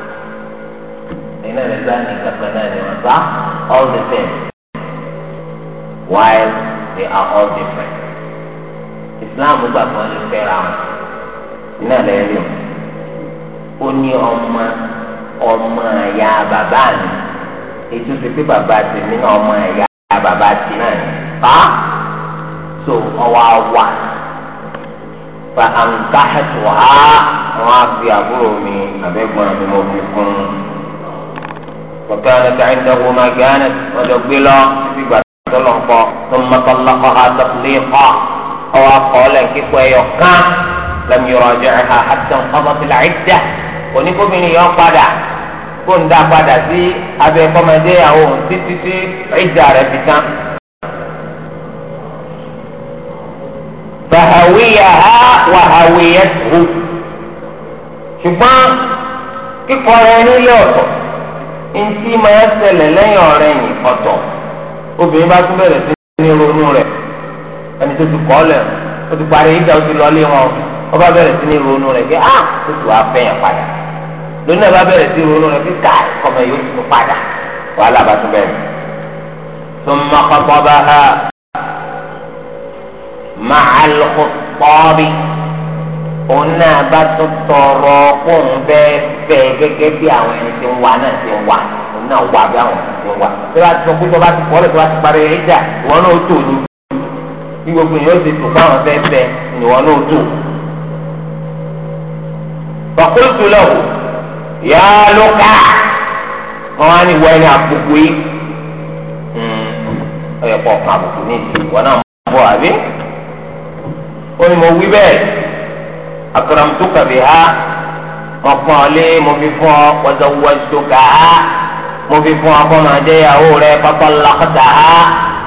iná rẹ̀ bá ní kankan náà ni wọ́n all the same while they are all different. Islam gbà kan lè fẹ́ra wọn iná rẹ̀ rí o ó ní ọmọ ọmọ ẹ̀yà bàbá mi ètò ti pé bàbá ti ní ọmọ ẹ̀yà bàbá ti náà ni pa so ọwọ́ àwa fa àǹkáhẹ̀tù ha wọ́n á fi àbúrò mi àbẹ́gbọ́n mi mo fi kún un. وكانت عنده ما كانت وجبلا في بعض بعد ثم طلقها تطليقا أو أقول كيف يقام لم يراجعها حتى انقضت العدة ونقوم من يقعد كن دا قعد سي أبي قم دي أو تتتي عدة ربكا فهويها وهويته شبان كيف يعني يوسف ntí máa ṣẹlẹ̀ lẹ́yìn ọ̀rẹ́ yìí ọ̀tọ̀ obìnrin bá tún bẹ̀rẹ̀ sí ní ronú rẹ̀ ẹni tó ti kọ́ lẹ̀ ó ti parí ìjà ó ti lọlé wọn ó bá bẹ̀rẹ̀ sí ní ronú rẹ̀ pé ah ó ti wá fẹ́yàn padà lónìí náà bá bẹ̀rẹ̀ sí ronú rẹ̀ pé káì kọ́mọ yóò tún padà wàhálà bá tún bẹ̀rẹ̀ tó ń mọ́kọ́kọ́ bá ha máa lọ́kọ́ pọ́ọ́bì. òun náà bá tún tọrọ fóun bẹ́ẹ̀ efe gẹ́gẹ́ bí àwọn ẹni tí ń wá náà ti ń wá òun náà wá bí àwọn ẹni tí ń wá tí wọ́n ti sọ pé tọ́ba ti kọ́lẹ̀ tí wọ́n ti parí ìjà ìwọ náà ó tò ní bí gbogbo ya wọn ní ìwọ ẹni yìí ní hmm. ìsìn ìwọ náà akọ̀rọ̀mùtúkà bí ha mo fún ọ lé mo fi fún ọ wọ́dọ̀wọ́dọ̀kà ha mo fi fún ọ kọ́mọ adéyàwó rẹ pápá lakọ́tà ha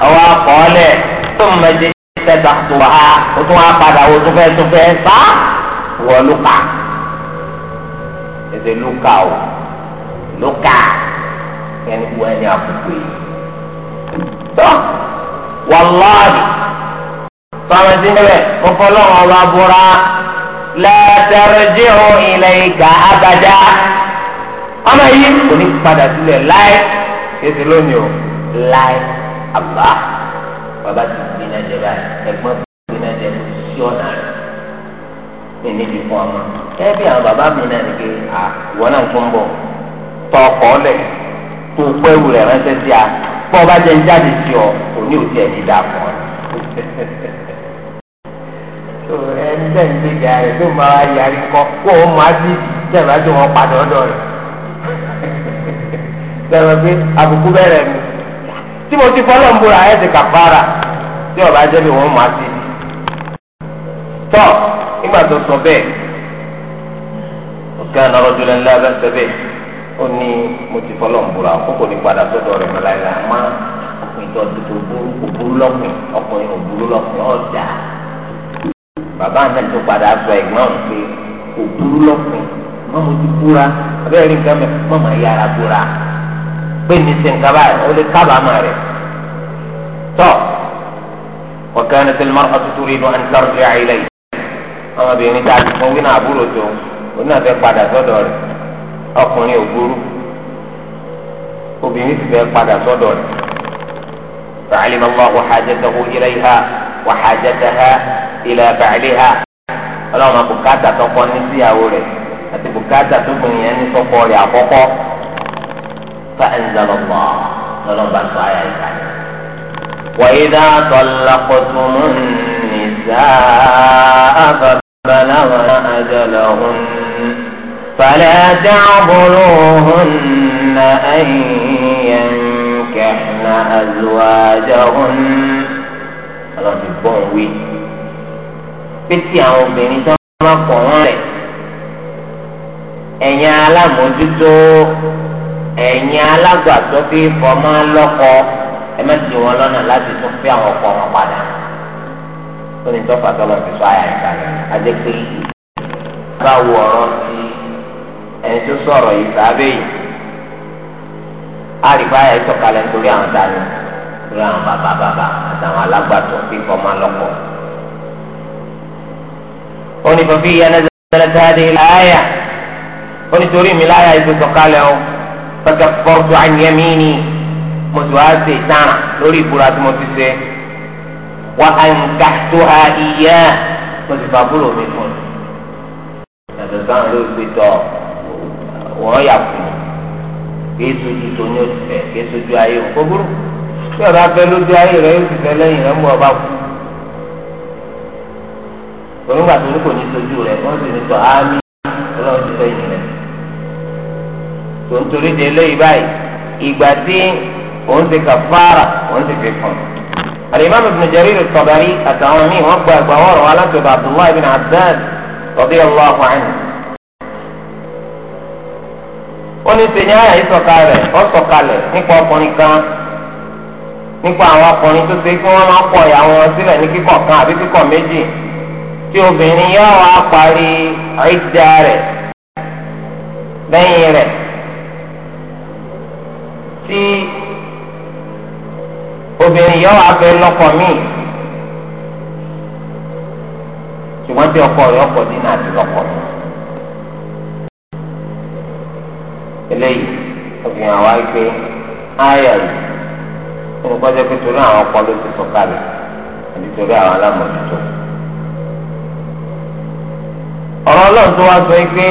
ọwọ́ akọ́ọ́lẹ̀ tó mẹ́jẹ tẹ̀dà tó ha o tún wá padà o tún fẹ́ tún fẹ́ sá wọ́n lùkà èdè lùkà o lùkà yẹni wọ́n ẹni àbùkù yìí. tó wàláàbì tó àwọn ẹni ń bẹ̀rẹ̀ mo fọ́ búra látàrẹ́jẹ́ ò ilẹ̀ ìgbà abàjá ọmọ yìí kò ní padà sílẹ̀ láì èsì lónìí o láì àbá bàbá ti gbìnà jẹ báyìí ẹ̀gbọ́n gbìnà jẹ kò sí ọ̀nà rẹ̀ ní níbi fún ọmọ ẹ bí àwọn bàbá mi náà nìke à ìwọ náà tún bọ̀ tọ ọkọ lẹ tó pẹ́ wù rẹ̀ ránṣẹ́ sí a bọ́ọ̀ bá jẹ ń jáde sí ọ òní òtí ẹ̀ ti dà pọ̀ tẹ̀ ń gbé jà rẹ̀ tó máa yàrí kọ́ kó o máa bí tẹ̀lá tó wọn padà ọ̀dọ̀ rẹ̀ tẹ̀lá pé àbùkù bẹ̀rẹ̀ mi tí mo ti fọlọ́ ń bora ẹ̀ ti kàfàrà tí ọba jẹ́ bí wọ́n máa bí. tọ́ nígbà tó sọ bẹ́ẹ̀ ọ̀gá náà rọ́jò lẹ́nu lábẹ́ sọ bẹ́ẹ̀ ó ní mo ti fọlọ́ ń bora kókò ní padà sọ́dọ̀ rẹ̀ mọ́láyà máa bàbá anabi tó padà sọ ẹ̀gbọ́n òun pé kò burú lọ́pìn mọ́mú ti búra abẹ́rẹ́ rí nǹkan mẹ́ mọ́mú ayára búra pé mi ṣe nǹkan báyìí ó lè kábàámọ̀ rẹ̀ tọ́ ọ̀kan ẹ̀sẹ̀ lọ́mọ́ ọ̀tútù rí inú ẹ̀ńtọ́rọ̀ fi àyè lẹ́yìn ọmọbìnrin tá a ti fún wínà àbúrò tó òun náà padà sọ́dọ̀ rẹ̀ ọkùnrin ò burú obìnrin sì fẹ́ padà sọ́dọ̀ rẹ̀ fàálì mọ́mọ́ wàhájẹ́tẹ̀ ìlà bàálẹ̀ ha ọlọ́run àbùkátà tọkọ ní síyàwó rẹ̀ àti bùkátà tó bìnrin yẹn ní sọ́kọ rẹ̀ àkọ́kọ́ fa ẹnzalọ́pọ̀ lọ́lọ́run bá tó ayà ìka rẹ̀. wàyídà tọ́lákọ̀tùmù nìza àfàbàláwọn àjọlọ́hún fàlẹ́ dábòlóhùn ẹ̀yìn kẹ̀hìn àzùwájọ́hún. ọlọ́run ti bọ̀ wí pé tí àwọn obìnrin tó máa kọ̀ wọ́n rẹ̀ ẹ̀yin alámòójútó ẹ̀yin alágbàtọ́ bí fọmọ́ lọ́kọ ẹ má ti wọn lọ́nà láti tún fẹ́ àwọn ọkọ wọn padà ó ní tọ́fà tọ́lọ̀ fi sọ àyà ìkàlẹ̀ adé pé báwo ọ̀rọ̀ ti ẹni tó sọ̀rọ̀ yìí sábẹ́ yìí àríkọ́ àyà ìtọ́kalẹ̀ nítorí àwọn dání nítorí àwọn bàbá bàbá àtàwọn alágbàtọ́ bí fọmọ́ lọ́kọ òní fàfi yà nà zẹlẹtẹ àdé láyà òní torí mi láyà ìgbé sọ̀kalẹ̀ o pẹkẹ fọtò ànyẹmí ni mo tó a ṣe tán lórí ìbúra tí mo ti ṣe wà á ń ká tó a ìyá mo ti fà búrò mi fún un yàtọ̀ sáà ló gbé tọ̀ wọ́n yà fún un kìí sojú tó ní oṣù fẹ kìí o kó burú bí ọba fẹ lójú ayé rẹ yóò sì fẹ lẹ́yìn rẹ mú ọba kú onígbà tó ní kò ní sojú rẹ̀ wọ́n sì ní sọ ámì ọlọ́run ti fẹ́ yìí rẹ̀ tó ń torí de lẹ́yìn báyìí ìgbà tí òun ti kà fara òun ti fi fún un. الإمام ابن جرير الطبري التعامي وقع بوار وعلمت عبد الله بن عباس رضي الله عنه oníṣẹ́yìn àyà ìsọ̀kalẹ̀ ọ̀sọ̀kalẹ̀ nípa ọkùnrin kan nípa àwọn ọkùnrin tó ṣe kí wọ́n máa ń ìyàwó wọn sílẹ̀ ní kíkọ̀ kan àbí kíkọ̀ méjì tí obìnrin yóò wá parí ìdá rẹ̀ lẹ́yìn rẹ̀ tí obìnrin yóò wá fẹ́ lọ́kọ míì ṣùgbọ́n tí ọkọ rẹ̀ ọkọ dínà àti lọ́kọ mi. eléyìí obìnrin àwa gbé ayà yìí olùkọ́jọ́ pé torí àwọn ọkọ ló ti sọ kalẹ̀ àti torí àwọn alámọ̀tútù ọ̀rọ̀ ọlọ́run tó wá sọ pé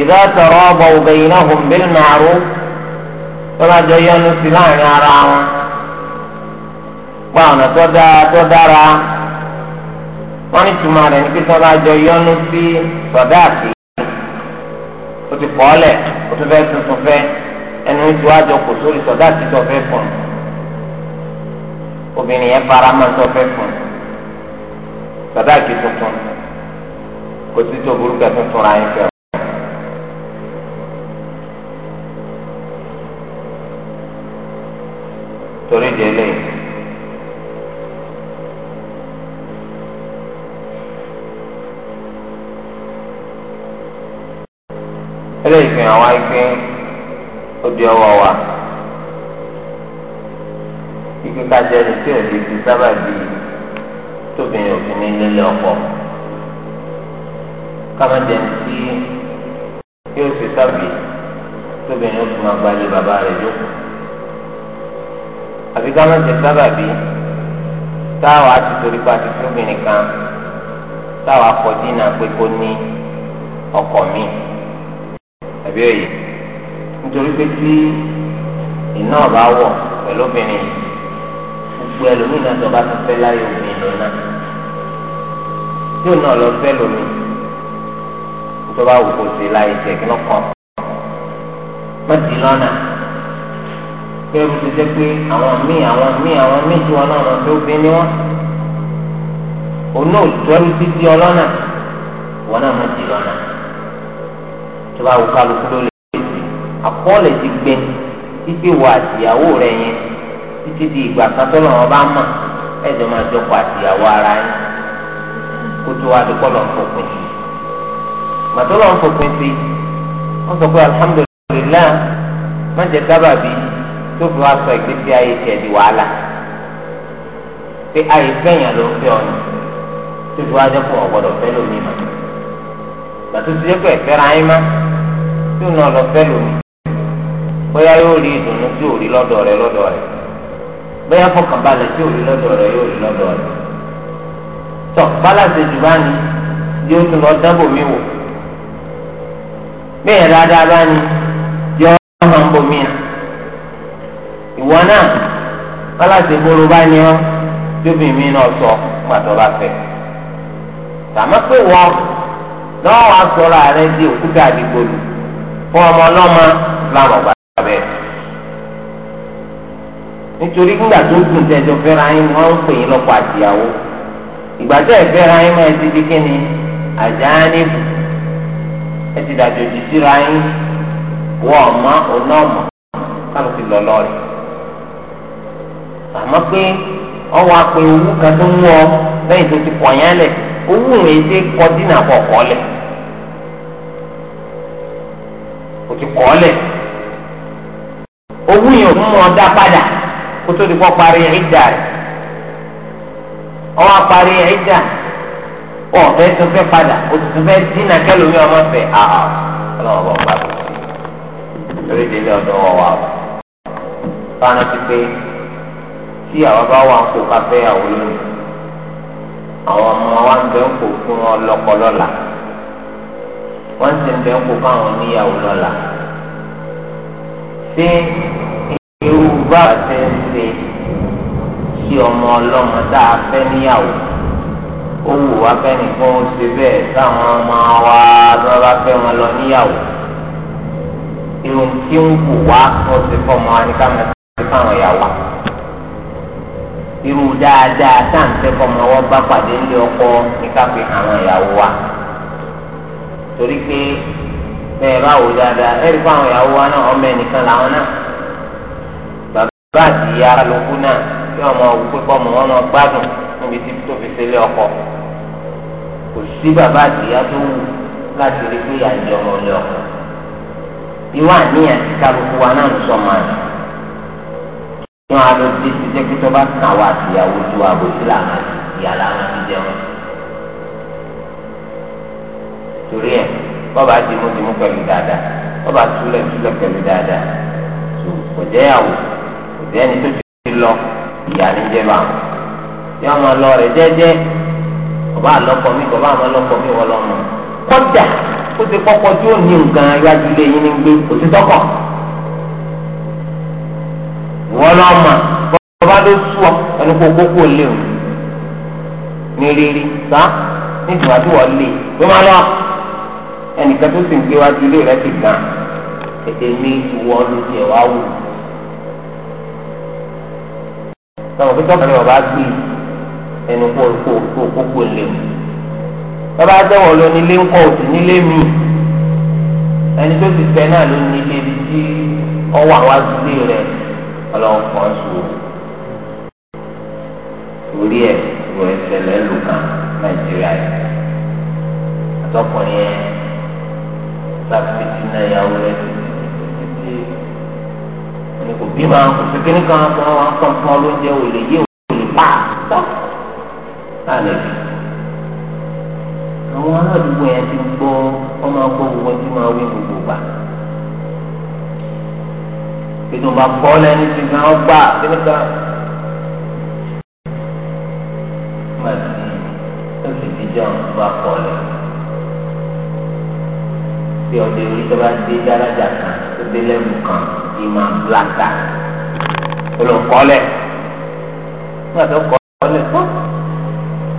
idha tarabaw baynahum bil ma'ruf tó bá jọ yọnu sí láàrin ara wọn pa ọ̀nà tó dáa tó dára wọ́n ní tùmọ̀ rẹ̀ ní pé tó bá jọ yọnu sí sọ̀dáàkì ó ti pọ̀ ọ́lẹ̀ ó tún fẹ́ tuntun fẹ́ ẹnu tí wàá jọ kò sórí sọ̀dáàkì tó fẹ́ fún un obìnrin yẹn fara mọ́ tó fẹ́ fún un sàdáàkì tuntun kò sí tó burúkú tuntun ra yín fẹ́ o. torí délé eléyìí fi hàn wá pé ó di ọwọ́ wa kíkíkà jẹ́ ẹni tí ò lè fi sábà bíi. tóbìnrin òfin ní lélẹ̀ ọ̀pọ̀ dem tí sábì tóbìnrin máa gbalẹ̀ bàbá rẹ̀ sábàbí táwa kan táwa kọ dínà pé kó ní ọkọ mi ọba pẹ̀lú gbogbo ẹlòmíì náà tó bá ti fẹ́ láyé obìnrin náà yóò náà lọ fẹ́ lómi tó bá wù kó ṣe láyé tẹ̀ kí wọ́n kàn wọ́n ti lọ́nà pé o ti jẹ́ pé àwọn míì àwọn míì àwọn míì tí wọn náà wọn tó bí ní wọn òun náà tọ́lu títí ọlọ́nà wọn náà wọ́n ti lọ́nà tó bá wù kálukú ló lè ṣe àkọọ́lẹ̀ ti gbẹ ipe wà àtìyàwó rẹ̀ yẹn títí di ìgbà kan tọ́lọ̀ wọn bá mọ̀ ẹ̀jọ̀ máa jọkọ̀ àtìyàwó ara yín kó tó wá dúpọ̀ lọ́n fòpin sí gbàtọ́ lọ́n fòpin sí wọ́n sọ pé alhamdulilayi má jẹ sábàbí tó fi wá sọ ìgbésí ayé tiẹ̀ di wàhálà pé ayé fẹ́yàn ló ń fẹ́ ọ̀nà tó fi wá jẹ́ fún ọ̀gbọ́dọ̀ fẹ́ lómi mọ́ gbàtọ́ ti jẹ́ pé ẹ̀fẹ́ ra yín má tó nà ọ fẹ́ lómi bóyá yóò rí ìdùnnú tí ò rí lọ́dọ̀ rẹ lọ́dọ̀ rẹ bẹ́ẹ̀ fọkànbalẹ̀ tí ò rí lọ́dọ̀ rẹ̀ yóò rí lọ́dọ̀ rẹ̀ tọ́ balance jù bá ní yóò tún lọ dábò mi wò bẹ́ẹ̀ dáadáa bá ní yọ hàn bò mí à ìwọ náà balance gbòòrò bá ní ọ tóbi mi náà sọ pàtó bá fẹ́ tàmá pé wọ lọ́wọ́ asọ̀rọ̀ ààrẹ di òkúta àdìgbòlù fún ọmọ ọlọ́mọ làwọn gbàgbẹ́. nítorí nígbà tó gùn tẹ̀sán fẹ́ra yín ni wọ́n ń pè yín lọ́kọ àtìyàwó ìgbà tẹ́ ẹ̀ fẹ́ra yín máa ti di kíni àjánìfù ẹ ti dàbí òjì síra yín wọ́n ọ̀mọ́ ọ̀nà ti lọ lọ́ọ̀rì àmọ́ pé ọwọ́ apẹ owó kan tó ń wọ lẹ́yìn tó ti pọ̀ yẹn lẹ̀ owó rẹ̀ ṣe kọ́ dínà kọ́ lẹ̀ kò ti kọ́ lẹ̀ owó yẹn ò mú ọ dá padà. kótó di kọ́ parí ìdá rẹ̀ ọwọ́ parí ìdá ọ̀ fẹ́ tó fẹ́ padà òtútù fẹ́ dínà kẹlòmí ọmọ fẹ́ àhà ọlọ́wọ́ bọ̀ bá tó lórí délé ọ̀dọ́ wọ̀ wá o. fáwọn ti pé tí àwọn bá wà ń kó káfẹ́ àwọn olóyún àwọn ọmọ wa ń bẹ ń kó fún wọn lọ́kọ wọ́n ti ń bẹ ń kó fáwọn oníyàwó lọ́la ṣé irú bá ṣe ń ṣe sí ọmọ ọlọ́mọ tá a fẹ́ níyàwó ó wù wá kẹ́nìkan ó ṣe bẹ́ẹ̀ táwọn ọmọ wa tó bá fẹ́ wọn lọ níyàwó irun tí ń wù wá ó ṣe fọmọ anìkàmọ́ ṣe fáwọn ìyàwó irú dáadáa tá à ń tẹ́ fọmọ wọn bá pàdé ńlé ọkọ ní káfí àwọn ìyàwó wa torí pé bẹ́ẹ̀ bá wò dáadáa ẹ̀rí fáwọn ìyàwó wa náà ọmọ ẹnìkan làwọn náà bá àti ìyá ara lókù náà tí wọn máa wú pé kọ́ ọmọ wọn máa gbádùn níbi tí tó fi sílé ọkọ kò sí bàbá àti ìyá tó wù láti rí pé ìyá ìjọ ọmọ ilé ọkọ ìwà àníyàn ti kálukú wa náà ń sọ máa ní wọn á lọ sí ti jẹ́ pé tó bá kàn wá àti ìyàwó ju àbòsí làwọn àti ìyá làwọn ti jẹun torí ẹ bọ́ba dìmú dìmú pẹ̀lú dáadáa bọ́ba túlẹ̀ túlẹ̀ pẹ̀lú dáadáa tó kọjá yàwó ìyá ẹni tó ti lọ ìyá ni jẹba yọ ọmọ lọ rẹ jẹjẹ ọba àlọkọ mi ọba àmọ lọkọ mi wọ lọmọ kọjá ó ti kọkọ tí ó ní nǹkan iwájú ilé yín ní gbé kò sí tọkọ wọ lọmọ bọba ló sú ọ ẹni kó kókó lé o ní rírí sá ní ìdùnnàdù wọ lé ló máa lọ ẹnìkan tó sì ń gbé iwájú ilé rẹ ti gbà ètè mi ìwọ ló tiẹ̀ wá wù. sọ̀rọ̀ pé tọ́kùnrin ọba gbé ẹnu kó kó kó kó kó lé o bàbá dẹ́wọ̀ lọ nílé ńkọ́ òtún nílé mi ẹni tó ti fẹ́ náà ló nílé ibi tí ọwọ́ àwọn àdúgbò rẹ̀ ọlọ́run kan sùn orí ẹ̀ ìwọ ìṣẹ̀lẹ̀ ló kàn nàìjíríà yìí àtọkùnrin yẹn sáfìtì náà yàwó rẹ̀ títí títí èmi kò bí ma kíní kan fún wa kàn fún ọ lóúnjẹ ò lè yé ò lè pa tọ́ láàlẹ́ fi. àwọn aládùúgbò yẹn ti gbọ́ ọmọ akọ gbogbo tí máa wí gbogbo gbà. ètò bá bọ́ lẹ́ni tí kan ó gbà kíní kan. má ti ó sì ti jẹun tó bá ọdẹ orí tó bá dé dáradà tó dé lẹ́nu kan ìmọ̀ blaka olùkọ́lẹ̀ nígbà tó kọ́lẹ̀ fún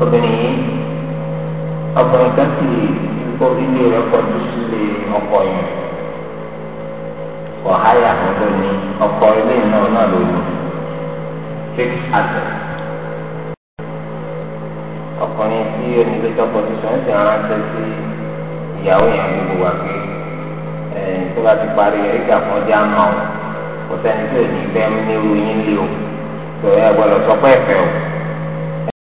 obìnrin yìí ọkùnrin kan sì kó ilé rẹ̀ kọjú sílé ọkọ yẹn kò háyà ọdọ ní ọkọ ilé náà náà ló lò fix asset ọkùnrin tí onílé tọkọ tó sọ ń sè ránṣẹ́ sí ìyàwó yẹn gbogbo wa pé. Eh, tó bá ti parí ẹ̀ríkà fún ọjà àmà o kò sẹ́ni tí ò ní fẹ́ nírú yín lé o tó ẹ gbọ́dọ̀ sọ pé ẹ̀fẹ́ o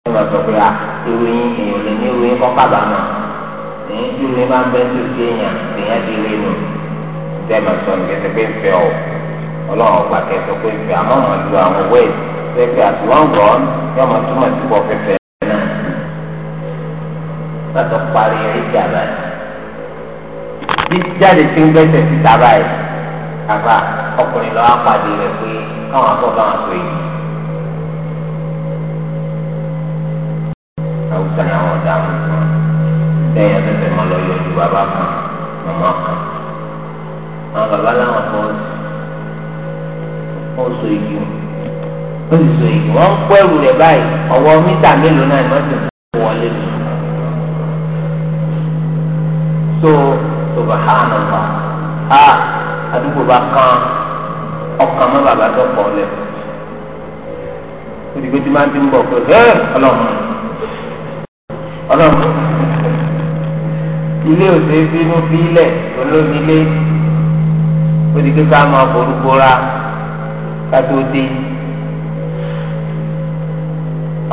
ẹ gbọ́dọ̀ sọ pé ah, irú yín èèyàn lè ní irú yín kọ́ kábàámọ̀ èyí tí irú yín máa ń bẹ́ tó sí èèyàn èèyàn ti rí nu ìjẹ́ máa sọ ní kẹsẹ̀ pé ìfẹ́ o ọlọ́run ọgbà kẹsẹ̀ pé ìfẹ́ àmọ́ mọ̀ lu àwọn wẹ́ẹ̀ pẹ́pẹ́ àti wọ́n gbọ́ yọmọ túmọ̀ sí pọ̀ pẹ́pẹ́ náà látọ̀ parí ẹ̀ríkà náà jíjáde tí ń gbẹ́sẹ̀ síta báyìí àbá ọkùnrin lọ́wọ́ apàdé rẹ̀ pé káwọn àbọ̀ bá wọn pè é. àwùjọ ni àwọn ọ̀dà àwọn kan lẹ́yìn ẹgbẹ́ máa lọ yọjú bàbá kan màmá kan. àwọn bàbá láwọn kan ó so igi ó sì so igi wọ́n ń kó ẹrù rẹ̀ báyìí ọwọ́ mítà mélòó náà ni wọ́n ti kó wọlé lọ subhanallah a àdúgbò bá kan ọkàn mọ́ bàbá tó pọ̀ lẹ̀ olùgbé tí máa ń ti ń bọ̀ pé ẹ ọlọ́run ọlọ́run ilé òde bínú bílẹ̀ olómilé olùgbé ká máa borúkọ ra ká dé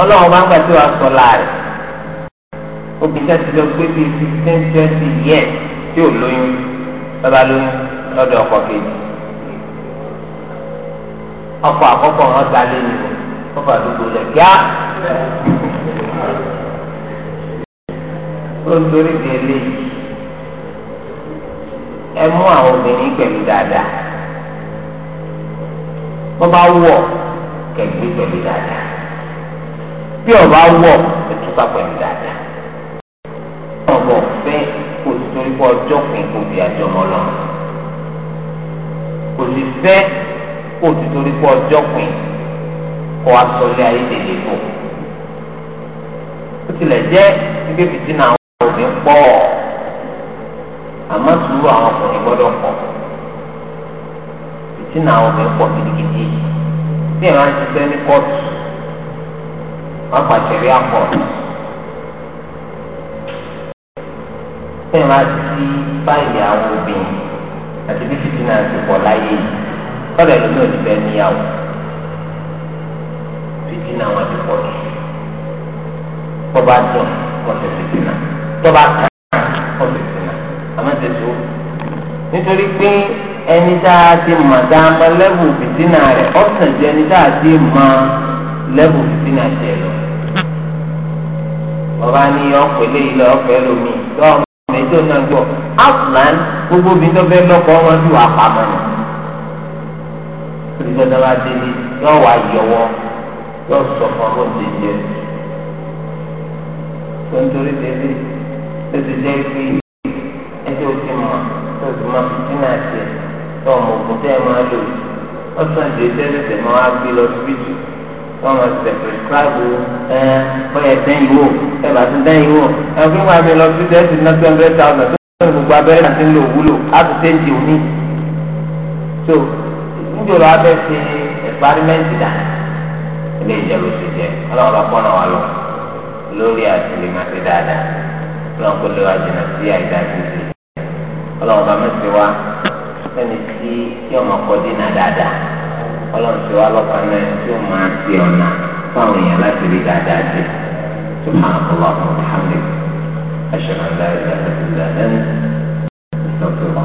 ọlọ́run bá ń gbà tí wàá sọ láàrin obìnrin tí a ti lọ gbé bíi fifteen twenty years tí ò lóyún bàbá lóyún lọ́dọ̀ ọkọ kejì ọkọ àkọ́kọ́ wọn gba lẹ́nu ọkọ àdúgbò lẹ̀ kíá ó ń torí di eléyìí ẹ mú àwọn obìnrin pẹ̀lú dáadáa wọ́n bá wọ̀ kẹ̀gbẹ́ pẹ̀lú dáadáa bí ọba wọ̀ ẹ̀túpa pẹ̀lú dáadáa. kó ọjọ́ kan kó di àjọmọ́ lọ kò sì fẹ́ kó ti kó ọjọ́ kan kó asọlé ayédèlé tó ó tilẹ̀ jẹ́ ibi fìtínà àwọn pọ̀ àmọ́ sùúrù àwọn ọkùnrin gbọ́dọ̀ pọ̀ fìtínà àwọn pọ̀ gidigidi bí ìrántí sẹ́ni kóòtù wọ́n pàṣẹ rí àpọ̀ fẹ́ẹ̀ máa ti sí báyìí àwọn obìnrin àti bí fìtínà ti pọ̀ láyé yìí lọ́dọ̀ ẹ̀dùn náà ti bẹ́ẹ̀ níyàwó fìtínà wọn ti pọ̀ jù tọ́ba dùn ọ̀sẹ̀ fìtínà tọ́ba kàn ọ̀sẹ̀ fìtínà àmọ́ ti tó nítorí pé ẹni tá a ti mọ̀ tá a mọ̀ lẹ́bù fìtínà rẹ̀ ọ̀sẹ̀ jẹ́ ẹni tá a ti mọ̀ lẹ́bù fìtínà jẹ́ lọ bàbá ní ọ̀pẹ̀lẹ̀ ilẹ̀ ọ̀pẹ̀ lómi lọ́ọ̀ obìnrin tó náà gbọ́ afúlán gbogbo obìnrin tó fẹ́ lọ́kọ ọmọ ju àpamọ́ ni torí gbọ́dọ̀ bá dé ní yọ wá yọwọ́ yọ sọ fún ọmọ ti jẹ tó ń torí délé tó ti jẹ́ pé ẹjọ́ òkè mọ́ tó ti mọ́ fìtínà tiẹ̀ tó ọmọ òkú tẹ́ máa lò ọ̀sán ìdè tẹ́lẹ̀ tẹ̀ máa gbé lọ síbí jù wọn mọ ṣe prescribe ẹ bóyá dẹ́n ìwò ẹ bá ti dẹ́n ìwò ẹ fún wa mi lọ sí dẹ́sí ná two hundred thousand tó ń gbogbo abẹ́rẹ́ náà ti ń lò wúlò á ti dé di òní. so níjọba abẹ́ ṣe experiment dà ilé ìjẹun ṣe jẹ ọlọ́run bá pọ́nà wa lọ lórí àti lè máa ṣe dáadáa ọlọ́run kò lè wá jìnnà sí àìdá ṣíṣe ọlọ́run bá mẹ́sẹ̀ wá sẹ́ni tí yọ̀ọ́ ọlọ́run ti wá lọ́kàn náà tí ó máa ti ọ̀nà fáwọn èèyàn láti rí dáadáa jẹ tó máa ń bọ̀ wá fún muhammed aṣọ́nà láìpẹ́ àtàkùnlé àdáni ìtọ́jú wa.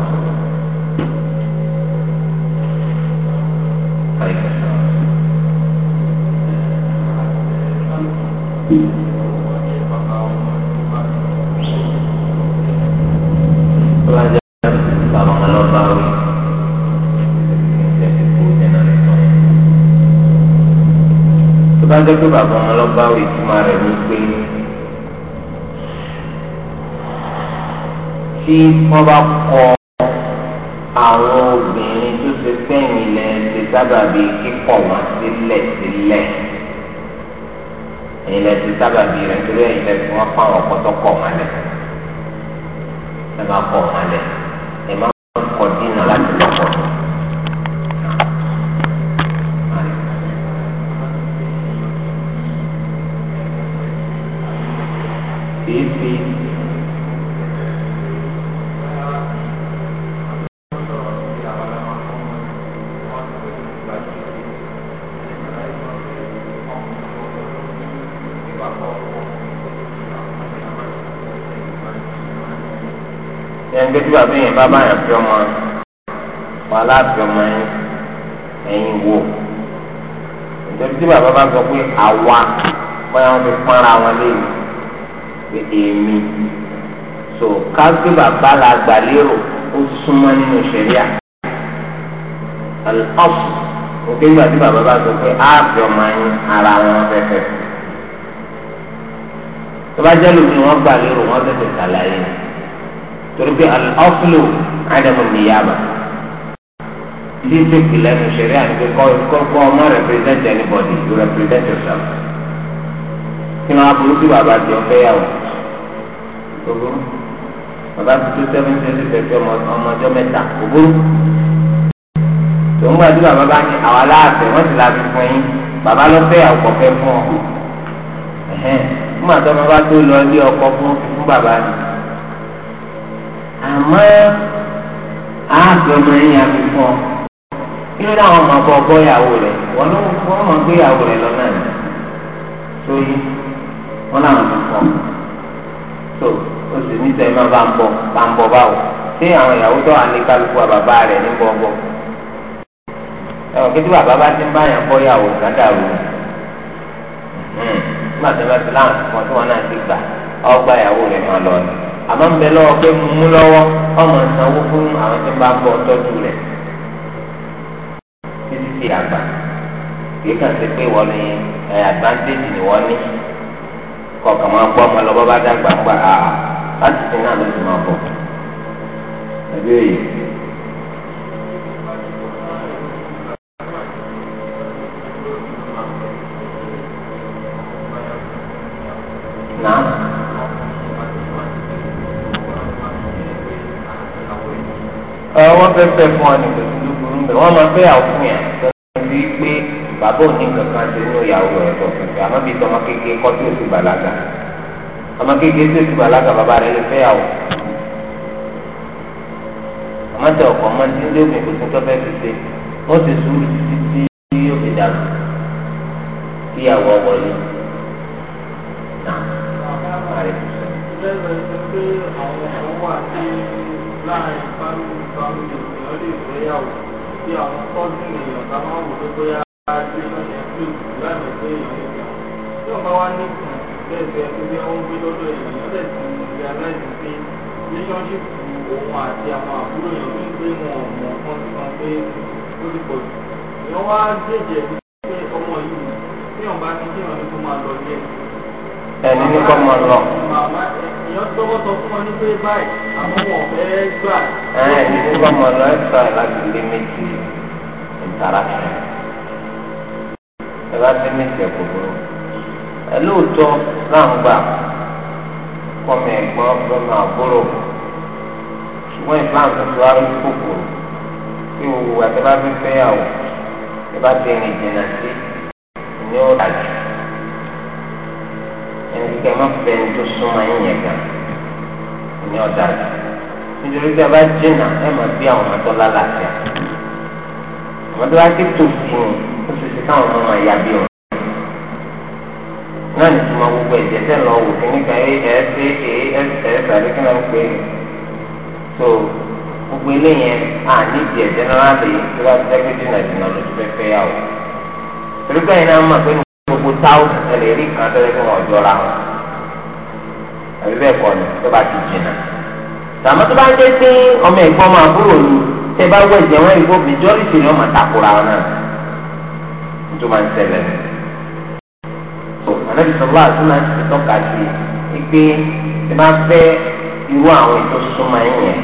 Thank you. pé bàbá wọn lọ bá ìtumọ̀ rẹ̀ ní pé tí wọ́n bá kọ àwọn obìnrin tó ṣe pẹ́yìn lẹ̀ ṣe sábàbí kíkọ̀ wọn sílẹ̀ sílẹ̀ ẹ̀yin lẹ̀ ṣe sábàbí rẹ̀ torí ẹ̀yin lẹ̀ fún wọn pa àwọn ọkọ tó kọ̀ wọn lẹ̀ ẹ̀ máa kọ̀ wọn lẹ̀ ẹ̀ máa kọ̀ dínà láti lọ́kọ̀. bàbá yẹn bá báyà fi ọmọ wọn aláàfi ọmọ yẹn ẹ̀yin wò nítorí tí bàbá bá sọ pé àwa báyà wọn fi pọ́nra wọn léyìn pé èmi so káàkiri bàbá la gbà lérò ó súnmọ́ nínú ìṣẹ̀lẹ̀ ọ̀sùn òkè ìgbà tí bàbá bá sọ pé ààfi ọmọ yẹn ara wọn fẹ́fẹ́ tó bá jẹ́ lómi wọn gbà lérò wọn tètè kàlàyé ni torí pé al-aslu adamu niyaba basic lẹ́nu ṣẹ̀rí àti kọ́kọ́ ọmọ represent anybody you represent yourself. kí ló wá burú sí bàbá tí ọ̀fẹ́ yà wò gbogbo bàbá ti tó seven twenty fẹ̀fẹ́ ọmọdé mẹ́ta gbogbo tòun gbàdú bàbá bá ní àwọn aláàfẹ wọn ti láti fún yín bàbá ló fẹ́ àwọn kọfẹ fún ọ ẹhẹn fún àtọmọ bá tó lọ àmọ́ ààfin ọmọ yẹn yà fi kí ló dáwọn ọmọ bọ bọ́yàwó rẹ̀ wọ́n ló wọ́n mọ̀ gbéyàwó rẹ̀ lọ́nà rẹ̀ na wọ́n làwọn fi tó o sì ní sẹ́yìn máa bá ń bọ̀ bá ń bọ̀ báwo ṣé àwọn ìyàwó tó wà ní kálukú ní kí tí bàbá bá ti ń bá yàn hmm, nígbà bá ti láwọn ọ tí àmọ́ ń bẹ lọ́wọ́ pé mú lọ́wọ́ ọmọ ìsanwó fún àwọn tí ń bá bọ̀ tọ́jú rẹ̀ títí ti àgbà kìí kàn sí pé wọ́n ní advantage ni wọ́n ní kọ̀ọ̀kan máa gbọ́ ọmọ lọ́wọ́ bá dàgbà gbà á láti fi náà ló máa bọ̀ ẹ̀bí èyí. wọ́n fẹ́ fẹ́ fún ọ ní pẹ̀lú dúkúrú bẹ̀ wọ́n máa fẹ́ àwọn fún yà lórí pé bàbá òní kankan ti nú ìyàwó rẹ̀ tó fẹ́ àmọ́ bíi tọmọ kékeré kọ́ tí oṣù bàlágà ọmọ kékeré tí oṣù bàlágà bàbá rẹ̀ lè fẹ́ yàwó àmọ́ tẹ ọkọ̀ ọmọ tí ilé omi kò tún tó fẹ́ fi ṣe ó ti sùúrù títí tí yóò fi dàgbà ìyàwó wọlé náà má rẹ̀ tó sọ ìgbéyàwó bí àwọn tọ́jú èèyàn ká máa wò pé bóyá tí ó ṣe tú láàmì pé èèyàn lè jà tí ó bá wá ní kùn bẹ́ẹ̀ bẹ́ẹ̀ tó bí ó ń gbé lọ́dọ̀ èèyàn lẹ̀ sí ìgbé aláìsí pé relationship òun àti àwọn àbúrò èèyàn ń gbé wọn ọ̀mọ̀ kan sí kan pé ó ti pọ̀ jù èèyàn wá jẹ́jẹ́ pé ọmọ yìí tí òun bá ní kí èèyàn ní kó máa lọ ilé ẹni ní kó máa lọ èèyàn tọwọ́ sọ fún wọn ní pé báyìí àwọn ọ̀fẹ́ gbà. ẹ ẹ ní tí wọn mọ lọ ẹsọ láti lé méjì ìtàràkì ẹ bá lé méjì ẹ̀kọ́ bọ ẹ lóòótọ́ láǹgbà kọmi ẹ̀gbọ́n lọnà àbúrò ṣùgbọ́n ìfúlàn tuntun arúgbó kòkòrò tí òwò àti bá fi fẹ́ yà wò ẹ bá ti rìn jìnnà sí ní ó dájú ẹni kẹ́ má fẹ́ ẹni tó súnmọ́ ẹ̀yìn yẹn gan ní ọ̀dà jù nítorí tí a bá jìnnà ẹ máa bí àwọn ọmọ tó lálàáfíà àwọn tó bá ké tó fún un ó sì ti káwọn ọmọ máa yá bí wọn. náà ní tí mo gbogbo ẹ̀jẹ̀ tẹ̀ lọ wò kí nígbà ass àbí kí náà ń pè é so gbogbo eléyẹn à nídìí ẹ̀jẹ̀ náà láti tó bá ti dẹ́gbẹ́ jìnnà jìnnà lójú pẹ́pẹ́ yà wò. torí bẹ́ẹ̀ náà mà pé two thousand ẹ lè rí kan tó yẹ kí wọn jọra wọn àbí bẹ́ẹ̀ kọ́ ni tó bá ti jìnnà tàmí tó bá ń jẹ́ pé ọmọ ẹ̀gbọ́n máa búrò ni tẹ́ bá wọ ẹ̀jẹ̀ wọn ìbò majority ni wọ́n máa takora wọn náà nítorí máa ń ṣẹlẹ̀ so anabi sọlá àtúnà ti tọ́ka sí i pé ẹ máa fẹ́ irú àwọn ètò súnmọ́ yẹn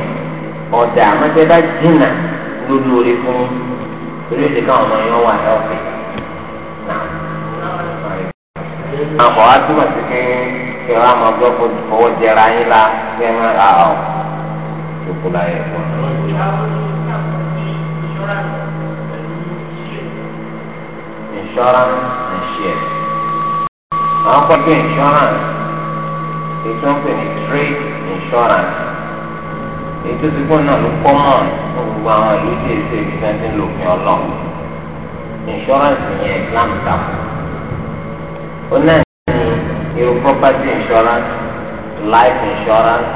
ọ̀dà àmọ́tẹ́dá jìnnà lórí orí fún orí èdè ọmọ yẹn wà lọ́fẹ̀ẹ́. àbọ̀ wá túmọ̀ sí pé kí wọ́n á máa gbọ́ fọwọ́ jẹra yín la kí ẹ máa rà ọ́ ṣòkò láyé fún un. insurance and share àwọn kọ́ bí insurance ètò ń pè ní trade insurance ètò ti gbọ́n náà ló pọ́ mọ́ fún gbogbo àwọn ìlú tí èsì èyí fẹ́ ti lò fún ọlọ́run insurance yẹn islam ó náà irú property insurance life insurance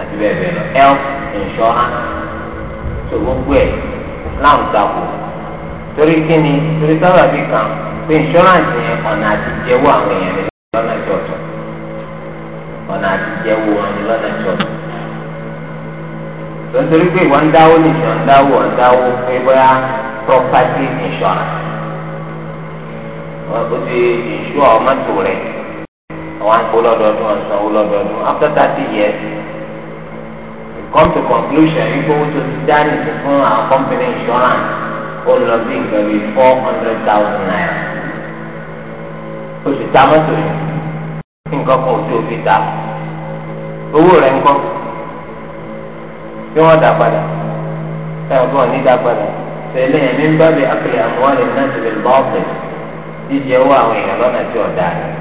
àti bẹ́ẹ̀ bẹ́ẹ̀ lọ health insurance tó gbogbo ẹ̀ láwọn gbàgbọ́ torí kíni torí sábà bí kan pé insurance yẹn ọ̀nà àti jẹ́wọ́ àwọn èèyàn ní lọ́nà tí ọ̀tọ̀ ọ̀nà àti jẹ́wọ́ wọn ní lọ́nà tí ọ̀tọ̀ lọ́sọ̀rí pé ìwọ ń dáwó nìṣọ́ ń dáwó ń dáwó pé bóyá property insurance wọ́n ti insure mọ́tò rẹ̀ àwọn àǹkó lọ́dọọdún àwọn sanwó lọ́dọọdún after thirty years we come to conclusion wípé owó tó ti dání ti fún àwọn company insurance ó lọ sí nǹkan bíi four hundred thousand naira oṣù tá mọ́tò yìí nǹkan kan ò tó fi ta owó rẹ̀ ńkọ́ bí wọ́n dà padà táwọn kan ní dà padà tẹ̀lé ẹ̀mí ń bá bẹ àpèlè àwọn ọ̀rẹ́ náà ti bẹ̀ lọ́ọ̀tẹ̀ jíjẹ owó àwọn èèyàn lọ́nà tí ọ̀dà rẹ̀.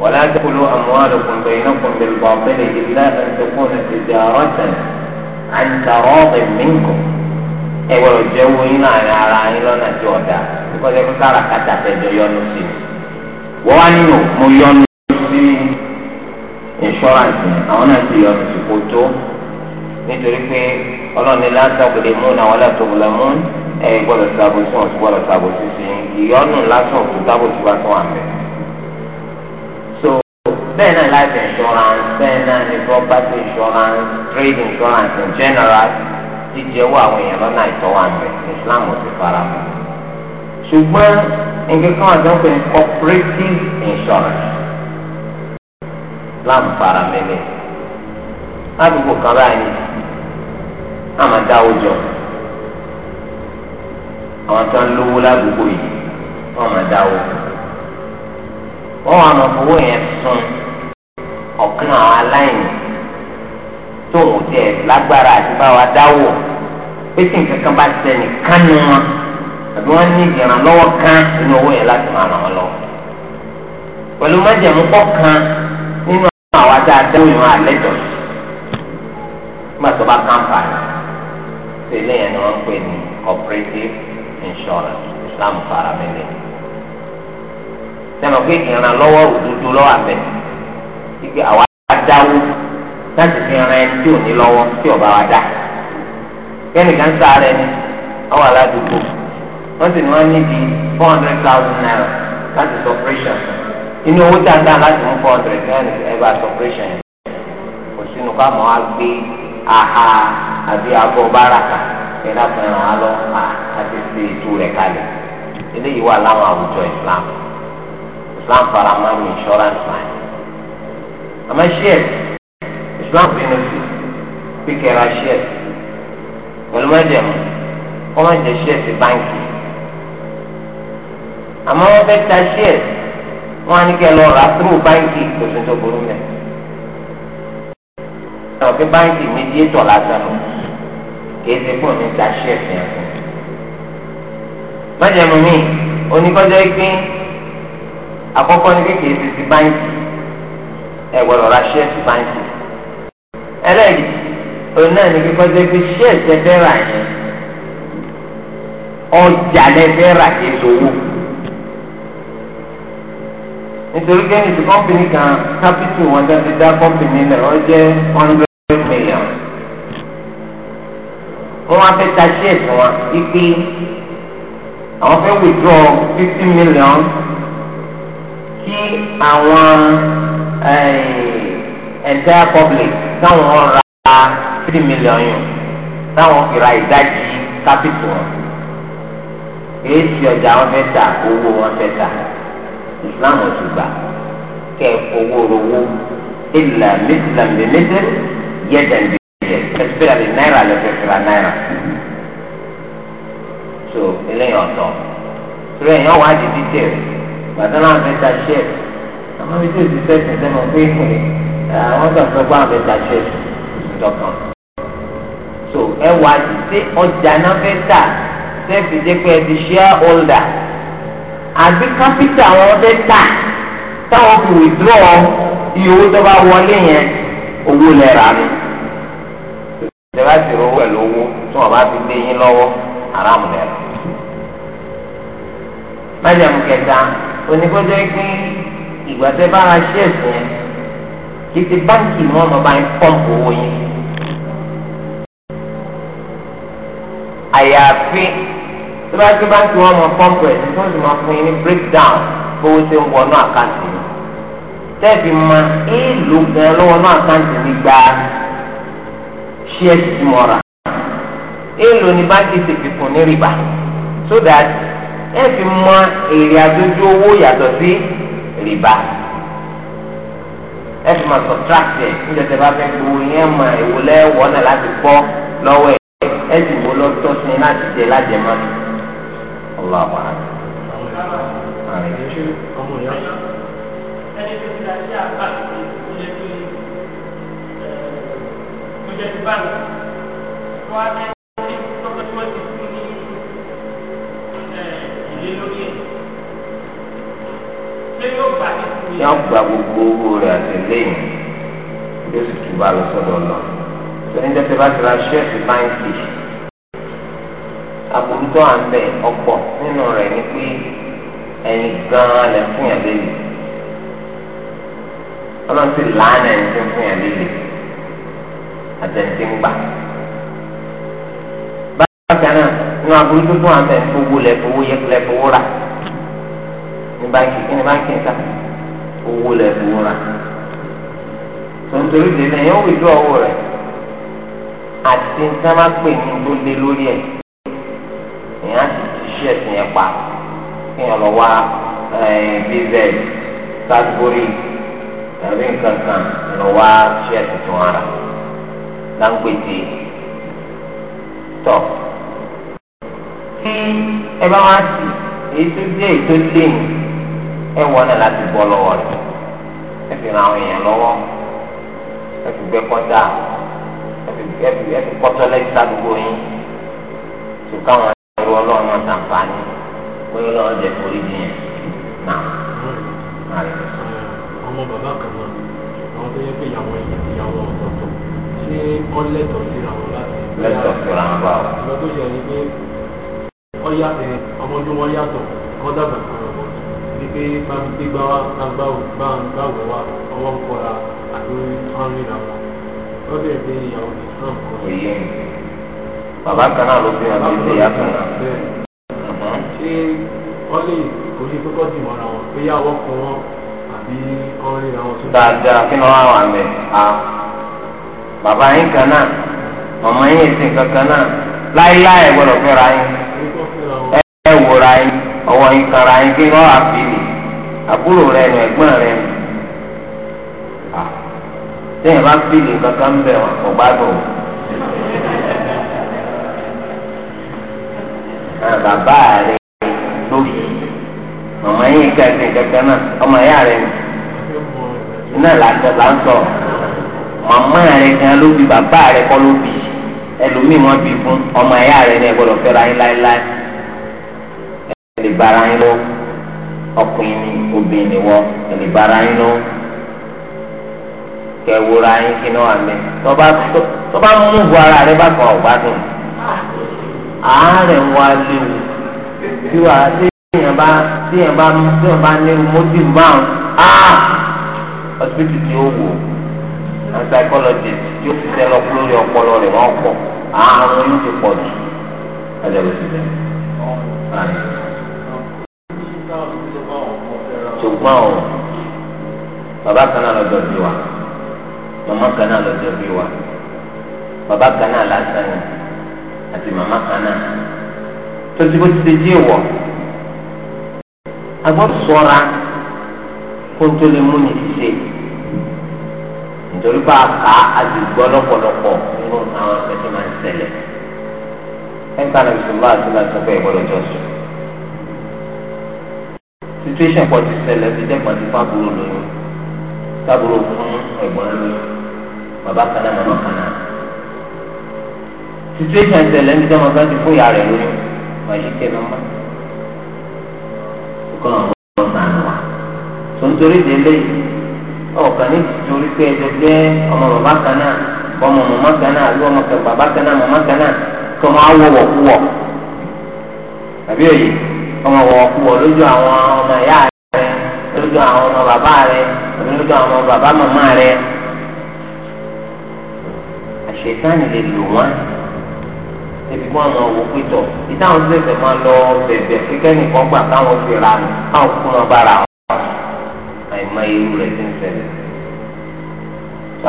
ولا تأكلوا أموالكم بينكم بالباطل إلا أن تكون تجارة عن تراض منكم ẹwọ́rọ̀ jẹ́ owó yín náà ní ara yín lọ́nà tí ọ̀dà nípasẹ̀ kó sára kàtà fẹ̀jọ yọnu sí i. wọ́n wá nínú mo yọnu sí insurance àwọn náà ti yọnu sí kó tó nítorí pé ọlọ́ni lásàbòlè mú náà wọ́n lẹ́tọ̀ mú ẹ̀ gbọ́dọ̀ sàbòsí wọn gbọ́dọ̀ sàbòsí sí i ìyọnu lásán bá tún àmì bẹ́ẹ̀ náà life insurance bẹ́ẹ̀ náà ni property insurance trade insurance in general jíjẹ owó àwọn èèyàn lọ́nà àìtọ́ wà ní Islam ò ti fara mọ́. ṣùgbọ́n nǹkan kan àti ọ̀pẹ̀ cooperative insurance Islam fara mẹ́lẹ̀ ládùúgbò kan báyìí náà máa dáwọ́ jọ àwọn tó ń lówó ládùúgbò yìí wọ́n máa dáwọ́ wọ́n wà máa fowó yẹn sùn ọ̀kan àwọn aláìní tóun tiẹ̀ lágbára àti báwa dáwò pé tí nǹkan kan bá tẹnì kánú wọn àbí wọn ní ìrànlọ́wọ́ kan nínú owó yẹn láti máa ràn wọn lọ. pẹ̀lú májẹ̀mú kọ̀ọ̀kan nínú àwọn àti àdáwò yẹn alẹ́ dọ̀ nígbà tó bá kàǹfààní tó ilé yẹn ni wọ́n ń pè ní cooperative insurance Islam faramẹ́lẹ̀. sẹ́mi pé ìrànlọ́wọ́ òdodo lọ́wọ́ àbẹ̀tẹ̀ ìgbé àwa dáwó láti fi ran ẹni tí ò ní lọ́wọ́ tí ọba wa dá kẹ́nìkan sáré ni àwọn aládùúgbò wọ́n sì ní wọ́n ní di four hundred thousand naira láti sọpẹ́ṣọ̀ inú owó tá a dá láti mú four hundred naira ẹ bá sọpẹ́ṣọ̀ yẹn kò sínú ká mọ́ á gbé aha àbí abọ́ báràkà ẹ dákun ẹ̀ràn á lọ àti ṣe ètò rẹ̀ kalẹ̀ eléyìí wà láwọn àwùjọ Islam Islam faramá ní insurance line àmọ́ ṣíẹ̀ islam pinnu sí pé kẹra ṣíẹ̀ pẹ̀lú mẹ́jẹ̀mú wọ́n máa ń jẹ ṣíẹ̀ sí báńkì àmọ́ wọ́n fẹ́ ta ṣíẹ̀ wọ́n á ní kẹ́ lọ rà through báńkì kò sí tó burú mẹ́. àwọn pé báńkì méjì ètò lásán lọ kì í ṣe fún mi ta ṣíẹ̀ sí ẹ̀fọ́. mẹ́jẹ̀mú mi oníkọ́jọ́ ìpín àkọ́kọ́ ní kékeré ti ti báńkì ẹ gbọ́dọ̀ ra ṣẹ́ẹ̀sì báńkì ẹlẹ́yìn òun náà ní kíkọ́ jẹ́ pé ṣẹ́ẹ̀sì ẹgbẹ́ rà yẹn ọjà lẹ́gbẹ́ rà yẹn lówó nítorí pé ní ti kọ́mpìnì kan kápítù wọn tó ti dá kọ́mpìnì náà ó jẹ́ hundred million wọ́n wá fẹ́ ta ṣẹ́ẹ̀sì wọn ipe àwọn fẹ́ withdraw fifty million kí àwọn. Eh, entire public táwọn wọn ra three million yìí táwọn fi ra ìdajì capital wọn èyí tí ọjà wọn fẹ́ tà owó wọn fẹ́ tà islam ọ̀tún gbà kẹ́ owó rówó ilà mísìlámì mísìlì yẹ́dẹ̀ẹ́dẹ́ especially náírà lẹ́fẹ̀ẹ́ fira náírà so eléyìí ọ̀tọ̀ torí ẹ̀yàn wá di detail gbàdúrà fẹ́ ta share àmọ́ mi tó ti sẹ́sìn sí mo pé àwọn kan sọ pé àwọn ẹ̀ka ṣe ìdọ̀kan. so ẹ wà sí ọjà náà fẹ́ tà sẹ́ẹ̀fì jẹ́ pé ẹ ti shareholder àti kápítà wọn fẹ́ tà táwọn fi withdraw iye owó tó bá wọlé yẹn owó lẹ́ra mi. ìjọba ti rówó ẹ̀ lówó tí wọ́n bá fi dé yín lọ́wọ́ àràmù lẹ́ra. májàmú kẹta onígbọ́dọ̀ ẹgbẹ́ ìgbà tẹ bá ra shares yẹn kí ti báńkì mọ́ ọmọ bá ń pọ́ǹpù owó yẹn. àyàfi tí bá ti báńkì wọn mọ pọ́ǹpù ẹ̀ tí wọ́n sì máa fún yín ní breakdown owó tí ń wọnú àkáǹtì yẹn. tẹ́ẹ̀bì ma èèlò gan lọ́wọ́ náà àkáǹtì mi gba shares tí mo rà. èèlò ni báńkì ti fi kún ní rìbá so that ẹ fi mọ èrè àjọjú owó yàtọ̀ sí. Si, rìbá ẹ fi máa subtract ẹ̀ níjọ́ tẹ bá fẹ́ gbowó yẹn mọ èwo lẹ́wọ̀ náà láti gbọ́ lọ́wọ́ ẹ̀ ẹ sì wo lọ tó sin láti jẹ láti mọ́ ni. ọlọ́wọ́ àwọn ọmọ ìyá. yọ gba gbogbo owó rẹ̀ àtìlẹ́yìn yóò sì tún bá lọ sọ́dọ̀ lọ onídẹ́sẹ̀ bá ti ra ṣẹ́ẹ̀tì báńkì àbùrútọ́ à ń bẹ̀ ọ̀pọ̀ nínú rẹ̀ ni pé ẹ̀yin gan-an lẹ̀ fún yàn lélẹ̀ ọlọ́run sì lánà ẹni tó ń fún yàn lélẹ̀ àtẹ̀ǹtì ń gbà. bákan náà nínú àbùrútọ́ tó à ń bẹ̀ ń fowó lẹ̀ fowó yẹ lẹ̀ rà ní báńkì kí ni báńkì ń ta owó lẹ̀ fi wúra tòǹtòrí dèlè yẹn ó wìdú ọwọ́ rẹ̀ àti sábàpè ní tó lé lórí ẹ̀ èèyàn ti ṣí ẹ̀sìn yẹn pa kí èèyàn lọ wá bz sasori tàbí nǹkan kan lọ wá ṣí ẹ̀sìn tó hàn rà láǹgbèjì tọ̀ tí ẹ bá wá sí èyí tó dé èyí tó lé yìí ẹ wọ́n náà láti bọ́ lọ́wọ́ rẹ̀ ẹ fi ran àwọn èèyàn lọ́wọ́ ẹ fi gbẹ́ kọ́ńtà ẹ fi ẹ fi kọ́tọ́ lẹ́yìn sádùúgbò yín tó káwọn ẹrú ọlọ́run náà sàǹfààní pé ọlọ́run jẹ forí bí yẹn náà máa rẹ̀. ọmọ bàbá kan náà àwọn tó yẹ pé ìyàwó ìyàwó ọ̀tọ̀ọ̀tọ̀ ṣé wọ́n lẹ́tọ̀ọ́ síra wọn láti. lẹ́tọ̀ọ́ síra wọn báwo. ìgbà tó ṣe ẹni pé ọ yàtọ̀ ọmọ wọn yàtọ̀ kọ́ dàgbà kan ti pé máa ń gbé gbá wá gbá gbá gbá wọ̀ wá ọwọ́ ń kọ́ra àti ọ̀rìn àwọn lọ́dẹ̀ pé ìyàwó ní trump kọ́. òye bàbá kan náà ló fi hàn bí ìṣe yàtọ̀ náà. ṣé wọ́n lè kò ní kókó dì mọ́ra wọn pé yá ọwọ́ kan wọn àbí ọ̀rìn àwọn dáadáa kí ni wọ́n wà mẹ́ a bàbá yín kan náà màmá yín ìsìn kankan náà láíláí gbọ́dọ̀ fẹ́ra yín ẹ wòra yín ọwọ́ yín kara yín kí wọ́n ni. àbúrò rẹ̀ nù ẹ̀gbọ́n rẹ̀ nù. sẹ́yìn bá fìlì kankan bẹ̀ wọ́n kò gbádùn. bàbá rẹ̀ lóbi màmá yín ká ẹsẹ̀ kankan náà ọmọ ẹ̀yà rẹ̀ nù. iná là ń sọ màmá rẹ̀ kan lóbi bàbá rẹ̀ kọ́ lóbi ẹlòmíì wọn bí fún ọmọ ẹ̀yà rẹ̀ ní ẹ̀gbọ́dọ̀ fẹ́ra yín láéláé lè bára yín lọ ọkùnrin ni obìnrin ni wọ lè bára yín lọ kẹwòrán yín kí náà àmì tọba tọba mú bu ara rẹ bá kan ọgbà dùn àárẹ̀ wa léwu tí wàá dé tíyàn bá tíyàn bá tíyàn bá léwu mọ́tì márùn á ọsibítù tí ó wò and psychologist tí ó fi sẹ́lọ lórí ọpọlọ rẹ̀ wọ́n pọ̀ àrùn yóò ti pọ̀ jù ẹ lẹ́rù sílẹ̀. ṣùgbọ́n o bàbá kan náà lọ́jọ́ bí wa màmá kan náà lọ́jọ́ bí wa bàbá kan náà lásán ni àti màmá kan náà tó ti bó ti wọ̀ agbọ́dọ̀ kó tó lè mú ní nítorí bá a kà á àdìgbọ́ lọ́pọ̀lọpọ̀ nínú àwọn máa ń ìgbọ́dọ̀ situation for ti ṣẹlẹ̀ fi dẹ́gbọ̀n ti fún àbúrò lóyún tábúrò fún ẹ̀gbọ́n lóyún bàbá kan náà kana situation ṣẹlẹ̀ fi dẹ́gbọ̀n kan ti fún ìyá rẹ̀ lóyún wà yí kẹ́ mọ́mọ́ kọ́ ọ̀rọ̀ ọ̀sán wa tó ń torí délé ọ̀kan ní torí pé ẹ̀jẹ̀ jẹ́ ọmọ bàbá kana ọmọ màmá kan náà ọmọ kú àbí ọmọ wọ̀ kú wọ̀ lójú àwọn ọmọ ìyá rẹ lójú àwọn ọmọ bàbá rẹ lójú àwọn ọmọ bàbá màmá rẹ àṣetánì lè lò wọn ebi kí wọn mọ owó pítọ ìdáhùn sẹsẹ máa lọ bẹ̀bẹ̀ kíkẹ nìkan gbà káwọn fi ra nù káwọn kú wọn bára wọn àìmọ̀ irú rẹ ti ń ṣẹlẹ̀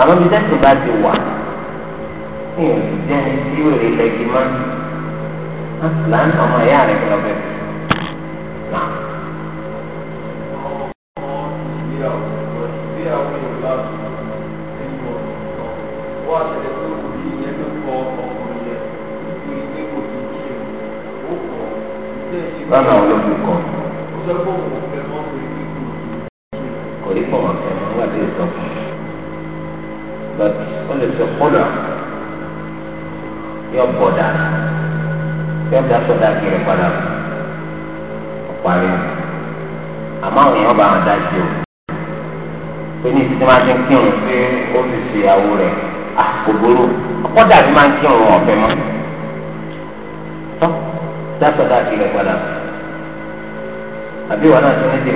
àwọn ibi bá ti wà ní òsì jẹ ní tí yóò lè lẹgi láǹtà ọmọ ẹ̀yà rẹ kí lọ lọ́nà olójú yọ bọ̀ yọ dá sọ̀dá kiri padà parí ni àmọ́ àwọn èèyàn bá wọn dá sí o pé ní ìsinmi máa ti ń kírun ọkọ dàbí máa ń kírun ọ̀fẹ́ mọ́ dáṣọ dáṣì rẹ̀ padà àbí wọn náà ní sí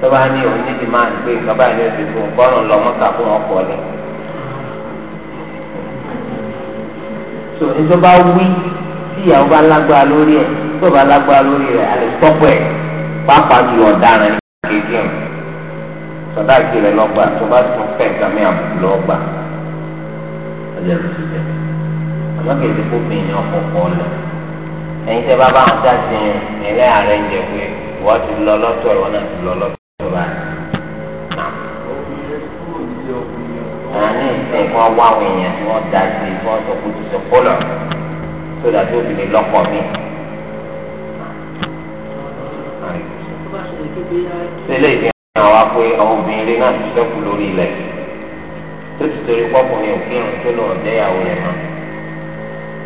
sọ́dáàkì ní òun ní nǹkan báyìí lọ fún ọkọ̀ so tó tí ìyàwó bá lágbára lórí ẹ̀ tó bá lágbára lórí rẹ̀ àlè tọ́pọ̀ ẹ̀ pàápàá ju ọ̀daràn ní kéèké ẹ̀ sọdá ìkìlẹ̀ lọ́gbà tó bá tún fẹ́ kàmí àbùkù lọ́gbà ọjọ́ ìlú ti bẹ̀. àmọ́ kèsì kó bí ìyàn ọ̀pọ̀pọ̀ lọ ẹ̀yin tẹ́ bá bá wọn sáàsì nílẹ̀ ààrẹ ń jẹ pé ìwọ́n ti lọ lọ́tọ̀ ìwọ́n náà ti lọ lọ́tọ̀ báyìí. àwọn ní ìsìn kí wọ́n wá àwọn èèyàn tí wọ́n da sí kí wọ́n sọ kó ti sọ kó lọ tó dà tó obìnrin lọ́kọ̀ mi. sílẹ̀ ìdí àwọn apẹ àwọn obìnrin náà ti sẹ́kù lórí ilẹ̀ tó ti torí pọ́kùnrin òkèrùn tó lọ́ọ́ jẹ́yàwó rẹ̀ mọ́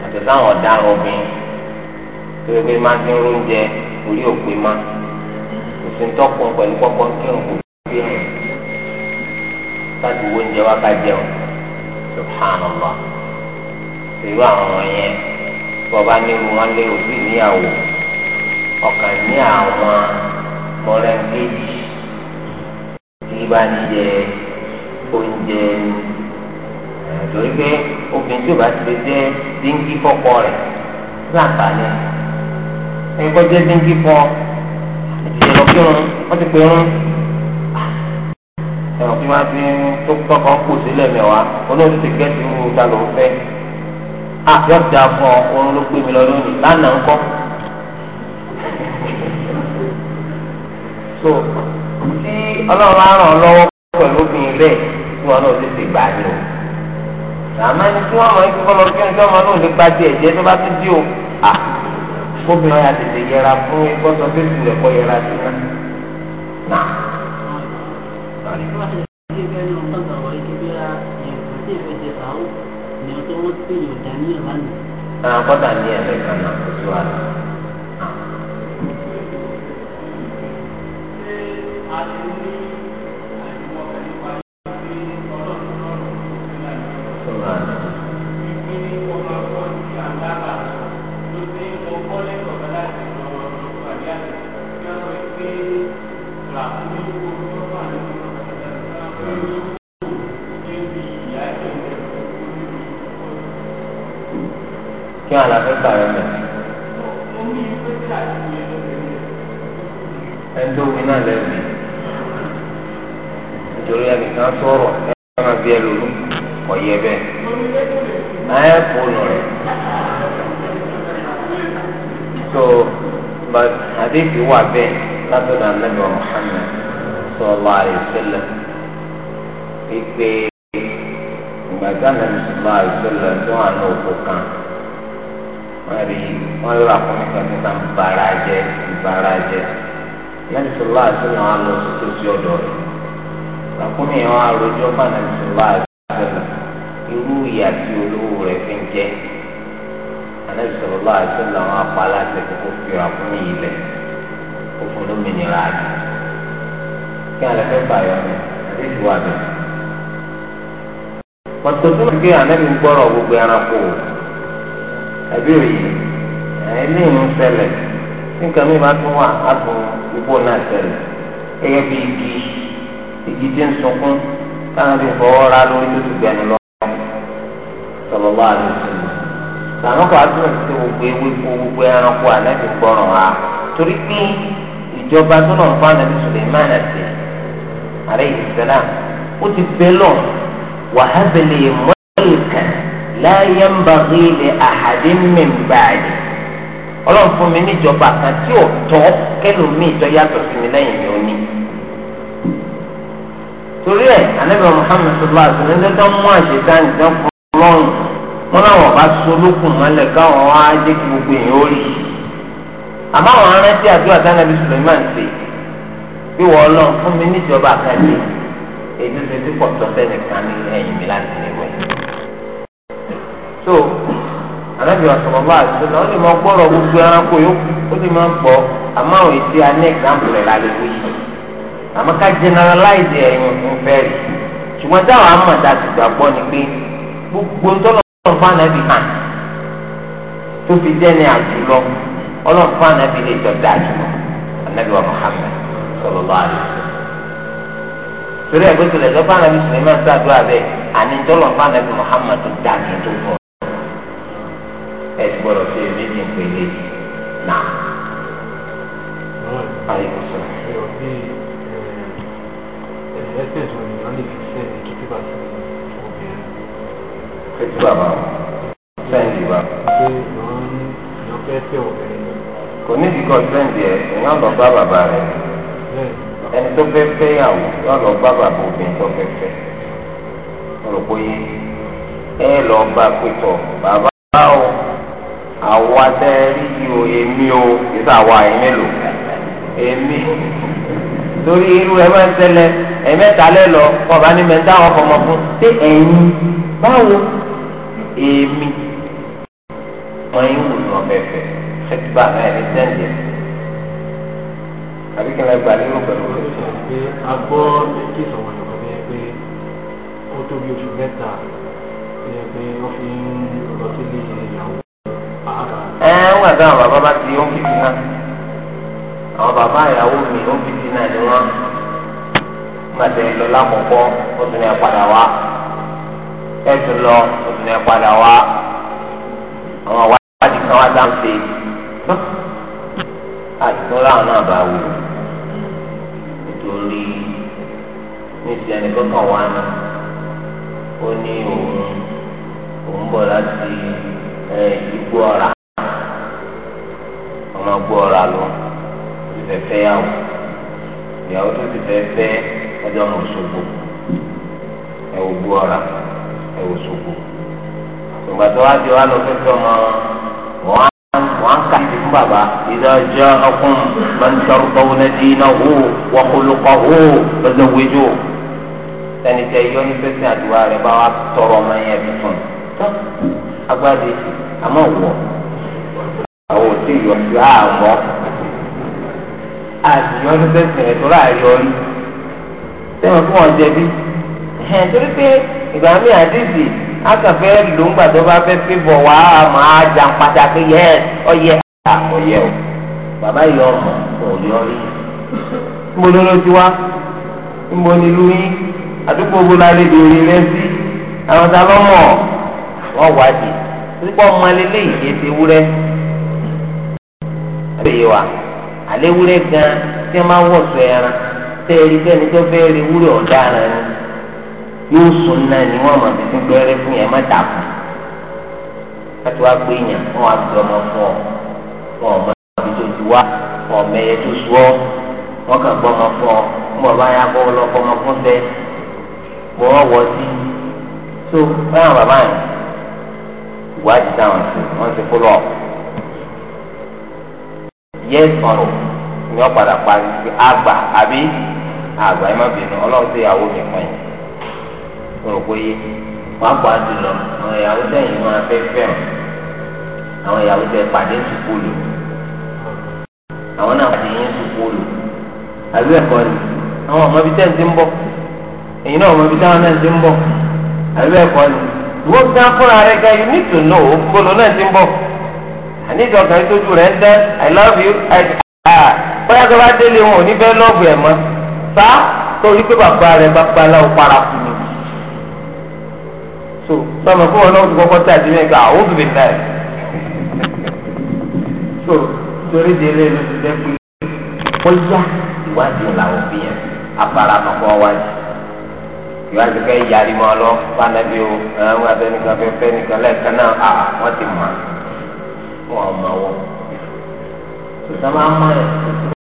àti táwọn ọ̀daràn obìnrin tó yẹ pé máa ń dín oúnjẹ orí òpè má òfin tọkùn pẹ̀lú pọ́pọ́ kírun kò fi hàn láti wo oúnjẹ wá ká jẹun subhanallah irú àwọn yẹn tọba nílu wọn lé òbí níyàwó ọkàn ní àwọn mọlẹ́ńgéjì kí bá ń jẹ oúnjẹ torí pé obìnrin tí o bá ti lè jẹ díngí fọkọ rẹ láǹfààní ẹni kọ́ jẹ díngí fọ ìdílé lọ kí irun wọ́n ti pè irun ah, ẹ̀rọ kí wọ́n ti tó tọkàn kù sílẹ̀ mẹ́wàá olóòtú ti gẹ́sì ń ta lòún fẹ́. Ah, yóò ti afọ oorun ló gbé mi lọ lónìí lánàá ńkọ́. so tí ọlọ́run á ràn ọ́ lọ́wọ́ pẹ̀lú obìnrin bẹ́ẹ̀ tí wọn náà tètè gbà ní o. àmọ́ ẹni tí wọ́n mọ̀ ní kíkọ́ lọ kí ọjọ́ ọmọ náà lè gba tiẹ̀ jẹ́ tó bá ti dí o. Ah, obìnrin ọ̀yà tètè yẹra fún gbọ́sọ̀ fèsì rẹ̀ kọ́ yẹra sí náà. àwọn kọ́tà ní ẹ̀rẹ̀ kan náà kò kí wọn àlàfẹ́ gbà rẹ mẹ́. ẹni tó wí náà lẹ́bi nítorí ẹnìkan sọ̀rọ̀ ẹ máa bí ẹ lòlú ọ̀yẹ́ bẹ́ẹ̀. ayé fóònù rẹ̀ so but àdéhùn wà bẹ́ẹ̀ látọ̀dọ̀ anábì wa Muhammad sọlá àlùsẹ́lẹ̀ wípé ìgbàgbọ́ anábì sọlá àlùsẹ́lẹ̀ tó wà ní òkú kan wọn rí wọn lọ àkọ́kọ́ kan nípa ìbára jẹ ìbára jẹ lẹ́yìn tó lọ́wọ́ àti ìyàwó lọ sí tó sí ọ̀dọ̀ rẹ̀ lọ́kùnrin yẹn wọn àròjọ bá lẹ́yìn tó lọ́wọ́ àti ìyàwó irú ìyà tí olówó rẹ̀ fi ń jẹ alẹ́ sọ̀rọ̀ lọ́wọ́ àti ìyàwó apá aláṣẹ kókó fi àkúnmí ilẹ̀ ó fún lómìnira àti kí alẹ́ fẹ́ bàyọ̀ mi àti ìdíwà mi. pọ̀tọ́tún ti gbé àná mi gbọ́rọ̀ gbogbo ẹranko àbí òye ẹni ìlú ṣẹlẹ̀ nǹkan mi máa tún wà ápò gbogbo náà ṣẹlẹ̀ ẹyẹ bí igi igi tí ń sunkún táwọn fi fọwọ́ ra lórí tó ti gbẹnu lọ sọlọ wà lọ sí i àwọn kan àtúntò ti gbogbo ewé kó gbogbo ẹranko ànábì gbọràn ha torí pé ìjọba tó náà ń bá ànábì Suleiman àti àrẹ ìsẹlá ó ti bẹ lọ wàhábẹlẹ mọlẹkàn la yanbaghi li ahadin min ba'di ọlọ́run fún mi níjọba kan tí ò tọ́ kẹlòmíì tó yàtọ̀ sí mi lẹ́yìn mi ò ní. torí ẹ̀ anábìyàn muhammed sallallahu alaihi wa sallam ló mú àṣetán ìdán fún ọlọ́run wọn làwọn bá solókùn mọ́lẹ̀ káwọn wá jẹ́ kí gbogbo èèyàn ó rí i. àmọ́ àwọn arántí àdúrà tánàbí suleiman ṣe bí wọ́n lọ fún mi níjọba kan ṣe èyí tó pọ̀ tọ́ sẹ́nìkan ní ẹ̀yìn mi láti níwẹ̀. tó anabi ọsọlọlọ àtúntò náà ó gbọrọ gbogbo ẹranko yòókù ó lè máa gbọ́ àmọ́ àwọn èsì ané ẹgbàmpù rẹ ká generalize ẹyin fún fẹẹrì ṣùgbọ́n táwọn ti ni pé gbogbo ntọ́lọ́run fún anabi hàn tó fi dẹ́ni àjùlọ ọlọ́run fún anabi lè jọ jùlọ anabi wa àtúntò torí ẹgbẹ́ tó anabi sàdúrà bẹ́ẹ̀ ẹ ah, ecco, eh, eh, diciamo ti gbọ́dọ̀ ṣe méjì ń pèlè náà. àìkùsọ̀. ẹsẹ̀ tó ní wọ́n lè fi ṣe ní kí bá ti obìnrin. kí tí bàbá wọn sẹ́ǹdì wa. ṣé ìwọ́n ní ọ̀fẹ́ fẹ́ obìnrin? kò ní ìdíkọ̀ sẹ́ǹdì ẹ̀ ìwọ́n lọ bá bàbá rẹ̀. ẹni tó fẹ́ fẹ́ yàwó yọ lọ bá bàbá obìnrin tó fẹ́ fẹ́. mo rò pé ẹ lọ bá pẹ̀tọ̀ bàbá o. àwa tẹ́ rí o èmi o ìta àwa èmi lò èmi torí irú ẹ máa ń ṣẹlẹ̀ ẹ̀mẹ́ta lẹ́ lọ ọba ní mẹ́ta àwọn ọmọ fún ṣé ẹ̀yin báwo èmi wọn yín wù ní ọbẹ̀ fẹ̀ ṣẹ́tìbà náà ní sẹ́ǹdì àbí kí n lè gbà nínú pẹ̀lú rẹ̀. a gbọ́ kí ìsọ̀rọ̀ ìgbà mi pé ó tóbi oṣù mẹ́ta ó pé ó fi ń ẹ ń gbà táwọn bàbá bá ti ó ń fìdí náà àwọn bàbá ìyàwó mi ó ń fìdí náà ni wọn gbà tẹ lọ lákòókò ó tún yẹ padà wá ẹ tún lọ ó tún yẹ padà wá àwọn àwádìí kan wá dáńsẹ àtúnlá náà bá wù nítorí níbi ẹnìkan kan wà ní ó ní òun òun bọ̀ láti igbó ọ̀rá ọmọ ọgbọ́ ọ̀ra lọ ti fẹ́ fẹ́ yàwó ìyàwó tó ti fẹ́ fẹ́ ọjọ́ ọmọ Òṣogbo ẹ wò gbọ́ ọ̀ra ẹ wò Òṣogbo ìgbà tó wá di wá lọ fẹ́ fẹ́ ọmọ wọn wọn kà sí fún bàbá ìdájọ́ ọkùnrin máa ń tọrọ tọwọ́ náà di iná hó wọ́n kó ló kọ́ hó lọ́jọ́ wéjọ́ ẹni tẹ yọ ní pẹ́sì àdúrà rẹ bá wa tọrọ ọmọ yẹn tuntun tó agbáde àmọ́ wọ̀. àwọn òtí ìyọ̀jú àmọ́ àtìyànjú tẹ̀sán ẹ̀tọ́ láàyò yìí sẹ́wọ̀n fún wọn jẹ̀bi ẹ̀ torí pé ìgbà mi àdìsí akàfẹ́ ló ń gbàdọ́ bá fẹ́ fi bọ̀ wá máa jà ń yẹ ọyẹ ọyẹ o bàbá yọ ọmọ ọyọ rí nbọdọ ló ti wá yín àdúgbò la lè béèrè àwọn wá péye wa àléwúrẹ́ gan tí wọ́n máa ń wọ̀sọ̀ ẹran tẹ́ ẹ rí bẹ́ẹ̀ ni tó fẹ́ rí wúrẹ́ ọ̀daràn ni yóò sùn náà ni wọ́n máa fi gbẹ́rẹ́ fún yẹn má dà fún láti wá gbé yàn wọ́n wá fi ọmọ fún ọ wọn ọmọ ibi tó ti wá wọn ọmọ ẹyẹ tó sùn ọ wọn kàn gbọ́ ọmọ fún ọ wọn bá yà bọ́ lọ fọmọ fún bẹ wọn wọ sí so báyọ̀ bàbá yẹn ìwádìí táwọn ṣe wọ́n ti kó lọ́ọ̀kù yẹ sọ̀rọ̀ ni wọ́n padà parí pé àgbà àbí àgbà ẹ má bínú ọlọ́run tó yàwó mi pọ̀ yìí mo rò pé pàápàá jùlọ àwọn ìyàwó sẹ́yìn máa fẹ́ fẹ́ràn àwọn ìyàwó tẹ pàdé sùkúlù àwọn náà pàdé yín sùkúlù àbí ẹ̀kọ́ ni àwọn ọmọ ibi tẹ́ǹtì ń bọ̀ èyí náà ọmọ ibi táwọn náà ti ń bọ̀ àbí ẹ̀kọ́ ni ìwọ́n ti ń fúnra rẹ̀ gan you need to know òkúlù náà ti ń bọ̀ àníjọ ọkàn ìtọ́jú rẹ̀ ń dẹ́ i love you i ah bóyá tó bá délé wọn ò ní bẹ́ẹ̀ lọ́ọ̀bù ẹ̀ mọ́ sá torí pé bàbá rẹ̀ bàbá aláwọ̀ para kù ni. so sọmọ fún wọn náà ti kọ́kọ́ tẹ̀ àti mẹ́ta àwọn òbí bẹ̀rẹ̀ náà. so torí délé ló ti dẹ́ pé bóyá ìwádìí làwọn òbí yẹn afárá kọ̀ọ̀kan wájú ìwádìí kẹ́ yarí mọ́ ọ lọ fanabi o àwọn abẹnugan fẹ́ fẹ́ nìkan lẹ́ẹ̀kan náà ah, wọn ọmọ wọn tòtá máa mọ ẹ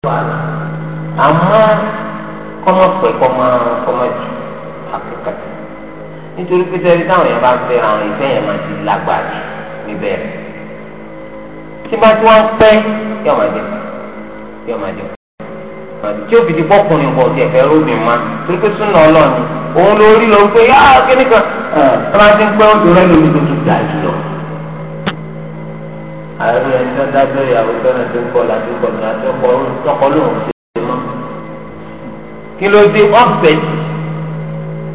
tó wà lọ àmọ́ kọmọ pẹ kọmọ kọmọ jù akẹkọọ nítorí pé sẹbi táwọn yẹn bá ń fẹ́ àwọn ìfẹ́ yẹn máa ti lágbàdì níbẹ̀ tí bá tí wọn pẹ yóò máa jẹ yóò máa jẹ tí òbí ti bọ́kùnrin bọ̀ tí ẹ̀fẹ́ rómi ma torí pé súnà ọlọ́ọ̀ni òun lórí lọ pé yáa kíníkan ẹ̀ ẹ̀ máa ti ń pẹ́ òdòrẹ́ lórí tuntun dájú lọ ààrẹ ẹni tó dábẹ́ ìyàwó fẹ́ràn tó kọ́ láti kọ́ láti ọkọ̀ tọkọ lòun ṣe é mọ́. kí ló dé ọ̀fẹ́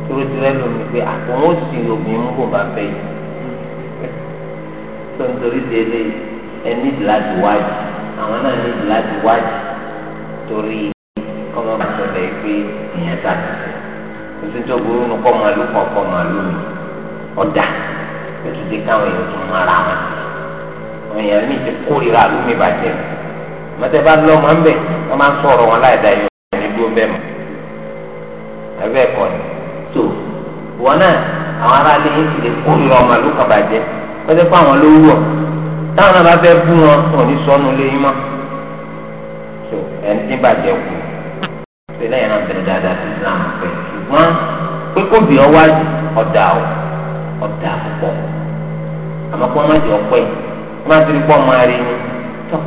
tóró ti rẹ́ lómi pé àtúnwó sì obìnrin mú kò bá fẹ́ yìí. tó ń torí de lé ẹni ìdíláàdì wájú àwọn náà ní ìdíláàdì wájú torí kọ́mọ́ bá sọ̀rọ̀ yìí pé ìyẹn ta kò sí tó burú nu kọ́ màlúù kọ́ kọ́ màlúù ọ̀dà ètùtù káwọn èèyàn tún mọ́ ara wọn èèyàn mi ti kórìíra àlú mi bàjẹ́ mọ́tẹ́ bá lọ́ máa ń bẹ̀ wọ́n máa ń sọ̀rọ̀ wọn láì dá yọ̀ ní dúró bẹ́ẹ̀ mọ́ ẹgbẹ́ ẹ̀kọ́ ni tó wọn náà àwọn aráàlú yìí ti lè kórìíra ọmọ àlú kan bàjẹ́ mọ́tẹ́ fún àwọn lówó wọ̀ táwọn náà bá fẹ́ bú wọn wọn ní sọnù léyìn mọ́ tó ẹni tí bàjẹ́ kù ṣe lẹ́yìn náà bẹ̀rẹ̀ dáadáa sí Islam pẹ̀ ṣùgbọ́n pé kó bì ọ́ ọ̀dà ọ̀ ọ̀dà púpọ̀ àmọ́ kó ọ̀pẹ́ yìí má ti rí pọ́ máa rí ni tọ́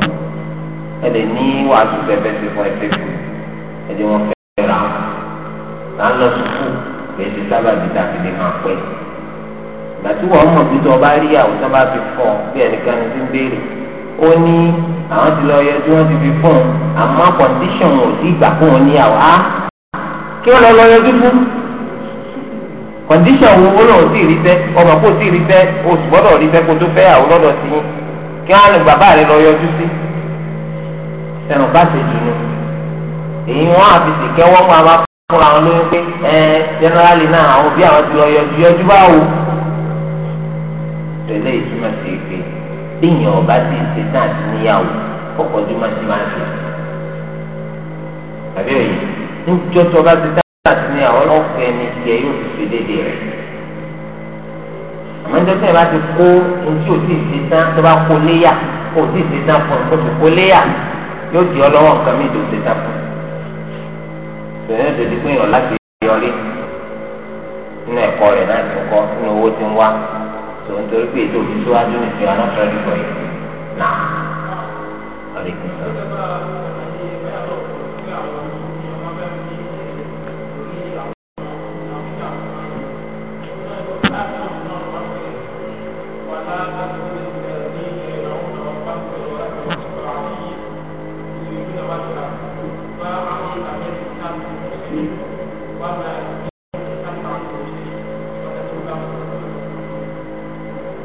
ẹ lè ní wàásù bẹ́ẹ̀ ti fún ẹsẹ̀ fún ẹ lè wọ́n fẹ́ ra là ń lọ sùkú kì í ti sábà bí dàbílì máa pẹ́ gbàtí wọ́n mọ̀ bí tó bá rí àwọn tó bá fi fọ́ bí ẹnìkan ti ń béèrè ó ní àwọn ti lọ yẹ tí wọ́n ti fi fún un àmọ́ kọ̀ǹdíṣọ̀n ò sí ìgbà fún un ní àwọn á kí wọ́n lọ lọ yọjú fún kọ̀ǹdíṣọ̀n wo ó lòun sì rí fẹ́ ọmọ kó sì rí fẹ́ oṣù gbọ́dọ̀ rí fẹ́ kó tó fẹ́ àwọn lọ́dọ̀ sí yín kí wọn lè bàbá rẹ lọ yọjú sí ẹnu bá ti dùn ún èyí wọn àti tìkẹ́ wọn máa máa fúnra wọn lóyún pé ẹ jẹnẹrálì náà àwọn òbí àwọn ti lọ yọjú yọjú báwo tẹlẹ ìtumọ̀ sí pé téèyàn ọba ti ṣe náà ti níyàwó ọkọ̀ ọdúnmọ̀ sí máa ṣe àbí òye níjọ́ tó ọba ti ṣe náà ti níyàwó ọlọ́fẹ́ ni tiẹ̀ yóò fi ṣe déédéé rẹ̀ àmọ́jọ́ tí ẹ bá ti kó ojú òtí ìsìtán tó bá kó léyà kó òtí ìsìtán fún un kó tó kó léyà yóò di ọlọ́wọ́ nǹkan mi ìdòwò ìsìtán fún un. bẹ̀rẹ̀ ní ìdòdì pín ìyọ̀lá ti yọrí nínú ẹ̀kọ́ rẹ̀ náà ti kọ́ nínú owó ti ń wá tó ń torí pé ètò òtí síwájú nìkan náà fẹ́ẹ́ rí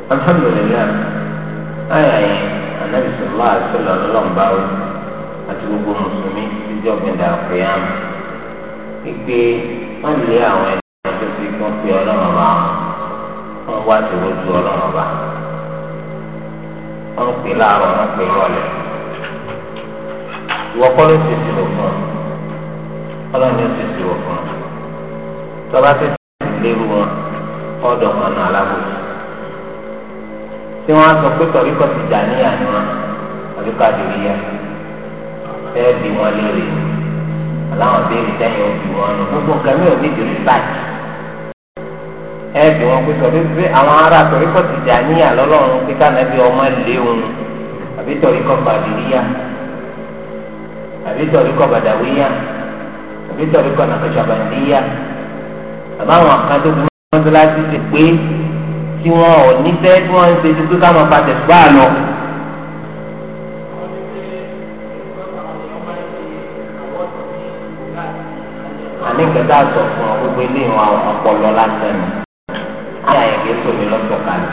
alhamdulilayi aya yi anabi sallallahu alaihi wa sallam lọlọmbawo àti gbogbo mùsùlùmí títí ọgbìn dàkúyàm ìgbé wọn lé àwọn ẹni tó fi kún pé ọlọ́run ọba wọn wá ti rojú ọlọ́run ọba wọn pè láàárọ̀ wọn pè rọ̀lẹ́ ìwọ kọ́ ló ti sìrò tí wọ́n á sọ pé tọ̀ríkọ̀ ti jà ní àná àbí kàdìríyà fẹ́ẹ́ bí wọ́n léèrè aláwọn béèrè sẹ́yìn òbí wọn nù gbogbo nǹkan mi ò ní di rìsáàjì ẹ bí wọn pé sọ pé àwọn ará tọ̀ríkọ̀ ti jà ní àlọ́lọ́run pé kànábì ọmọ léwu àbí tọ̀ríkọ̀ kàdìríyà àbí tọ̀ríkọ̀ bàdàwíyà àbí tọ̀ríkọ̀ nàkàṣàbàndíyà àbáwọn kan tó láti ṣe pé tí wọn ò ní fẹ́ tí wọ́n ń ṣe ju pé ká máa pa tẹ̀síwá lọ. àní kẹta sọ fún ọ gbogbo ilé ìwọn àwọn ọpọlọ lásán ni ayé àyẹ̀kẹ́ sómi lọ́sọ̀kalẹ̀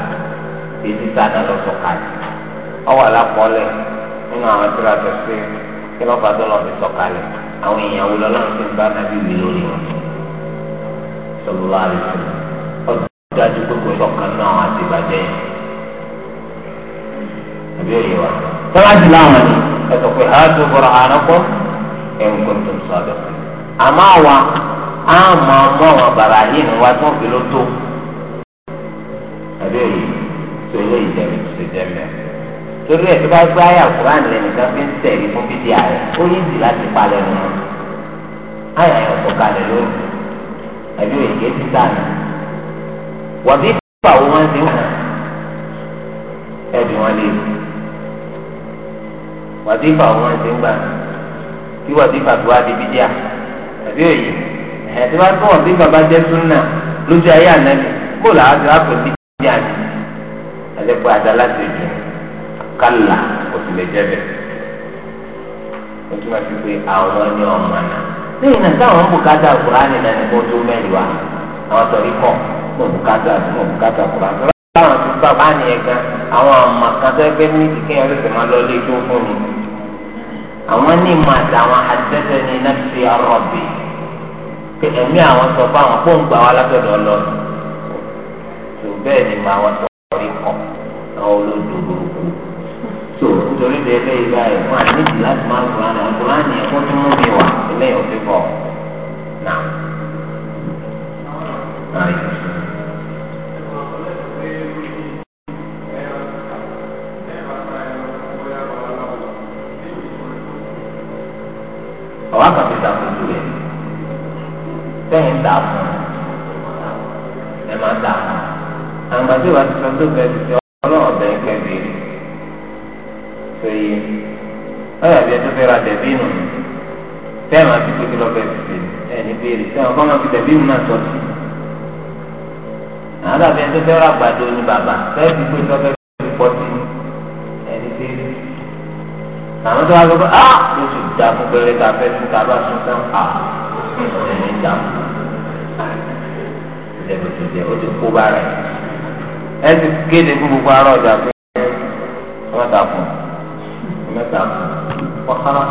èyí sáadà lọ́sọ̀kalẹ̀ ọwọ́ alápọ̀ọ́lẹ̀ nínú àwọn tó ra tẹ̀sí kí lọ́ba tó lọ́ọ́ fi sọ̀kalẹ̀ àwọn èèyàn wo lọ́lọ́run ti ń bá nàbí wí lórí wọn sọlọ́lá àlùfáà dájú pé kò sọ̀kan náà wọn àti ìbàjẹ́ yẹn. àbí òye wa tọ́lájì láwọn ni ẹ sọ pé ha tó fọ̀rọ̀ àrọ́pọ̀ ẹ̀ ń gbọ́n tó ń sọ̀dọ̀. àmọ́ àwa á mọ ọmọ àwọn bàrà yìí ni wá tó ń fi ló tó. àbí òye tó ilé ìjẹun tó ṣe jẹ mẹ́rin torí ẹ̀ tó bá gbé àyà kúránì lẹ́nìkan fi ń tẹ̀lé fún bíbí ààrẹ ó yí ìdí láti palẹ̀ mọ́ àyà yẹn ọ̀tọ̀ kalẹ̀ lónìí òye kéé sáà wàbí bá àwọn máa ń ti wọn ẹbí wọn lè wàbí bá àwọn máa ń ti gbà kí wàbí bàbá wa di bídíà àbí òye ẹ̀ tí wọ́n tún wàbí bàbá jẹ́ súnà lójú ayé ànáni kó làá ti wá pè bídíà ni ẹlẹ́pẹ́ adala ti dùn kálà òtúlẹ̀ jẹ́bẹ̀ ojú ma fi pé àwọn ni ọmọ náà lẹ́yìn náà táwọn ń bùkátà kúránì náà ni kó tó mẹ́rin wa àwọn tọ̀rí kọ́ mo bùkátà mo bùkátà kùránì. láwọn ti bá bá nìyẹn gan àwọn àmà kan tó ẹgbẹ́ ní ìdíkẹ́yà ló sì máa lọ ilé tó fún mi. àwọn ní ìmọ̀ àtàwọn àtẹ́tẹ́ ní iná ti arọ́bì pé ẹ̀mí àwọn sọ fún àwọn fóun gbà wá látọ̀dọ̀ lọ. tó bẹ́ẹ̀ ni màá wọn sọ orí kọ̀ àwọn olódò burúkú. tó nítorí bẹ́ẹ̀ bẹ́ẹ̀ báyìí fún àníjì láti máa kùránì àkùránì ẹ̀kọ́ tó mú mi wà ilé Now. ọ̀wá kan ti sàkóso rẹ̀ sẹ́yìn dà fún ẹ máa dà fún àgbàdo wa ti sọ tó bẹ́ẹ̀ ti sọ ọlọ́run ọ̀bẹ kẹ́bi sèyí ọ̀yà bí ẹjọ́ fẹ́ ra dẹ̀bí nù sẹ́yìn máa fi kékeré lọ́bẹ̀ fi ẹ̀ ní béèrè sẹ́yìn ọkọ máa fi dẹ̀bí nù náà sọ sí àdàbí ẹjọ́ fẹ́ ra àgbàdo ní bàbá sẹ́yìn ti pé sọ́kẹ́ àwọn tó wá sọ pé a ah, yóò ti dà fún pẹlẹ ká fẹ fún ká bá sún tán a ẹni dà fún ìjẹbù tó jẹ o ti kó bá rẹ ẹ ti kéde fún gbogbo ará ọjà pé mẹ́ta fún mẹ́ta fún kọkàrà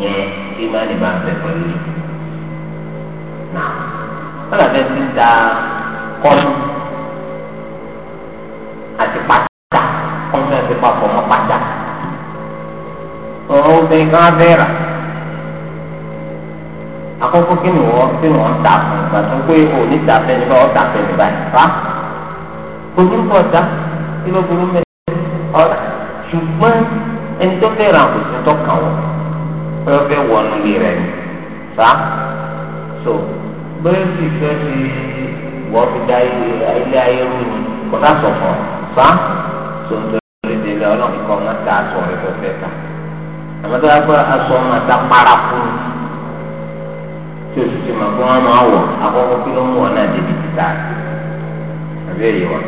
yẹn kí má ní bá bẹ pẹ̀lú yìí náà wọn làbẹ ti da kọnu àti pátá kọnu àti papọ̀ mọ́ pátá òun obìnrin kan fẹ́ rà àkọ́kọ́ kí ni wọ́n kí ni wọ́n ta fún ìgbà tó pé òní ta fẹ́ nípa ọ̀ta fẹ́ nípa ìfá gbogbo nǹkan ọ̀dà kí ló burú mẹ́ ọ̀dà ṣùgbọ́n ẹni tó fẹ́ ra kò tó kàn wọ́n pé fẹ́ wọ inú ilé rẹ̀ fa so bẹ́ẹ̀ sì fẹ́ fi wọ́n fi da ilé ayé rú ni kò sá sọ̀fọ̀ fa so nítorí lè délé ọlọ́run kọ́ ọ́n ta aṣọ rẹ̀ tó fẹ́ ta àbátọ́ agbára aṣọ ọmọ ẹ̀dá para fún tí o sì ti mọ̀ fún ọmọ àwọ̀ àkọ́kọ́ kí ló mú ọ náà débi títà àbí èyí wa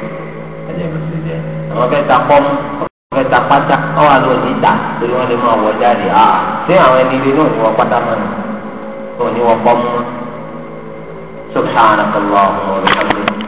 ẹ̀jẹ̀ bó ti jẹ́ àwọn fẹ́ ta kọ́mú àwọn fẹ́ ta pátá ọwọ́ àlọ́ níta torí wọ́n lè máa wọ jáde à ṣé àwọn ẹni ilé náà ní wọ́n pátá mọ́ ni wọ́n ní wọ́n kọ́mú subhanahu wa ta'ala.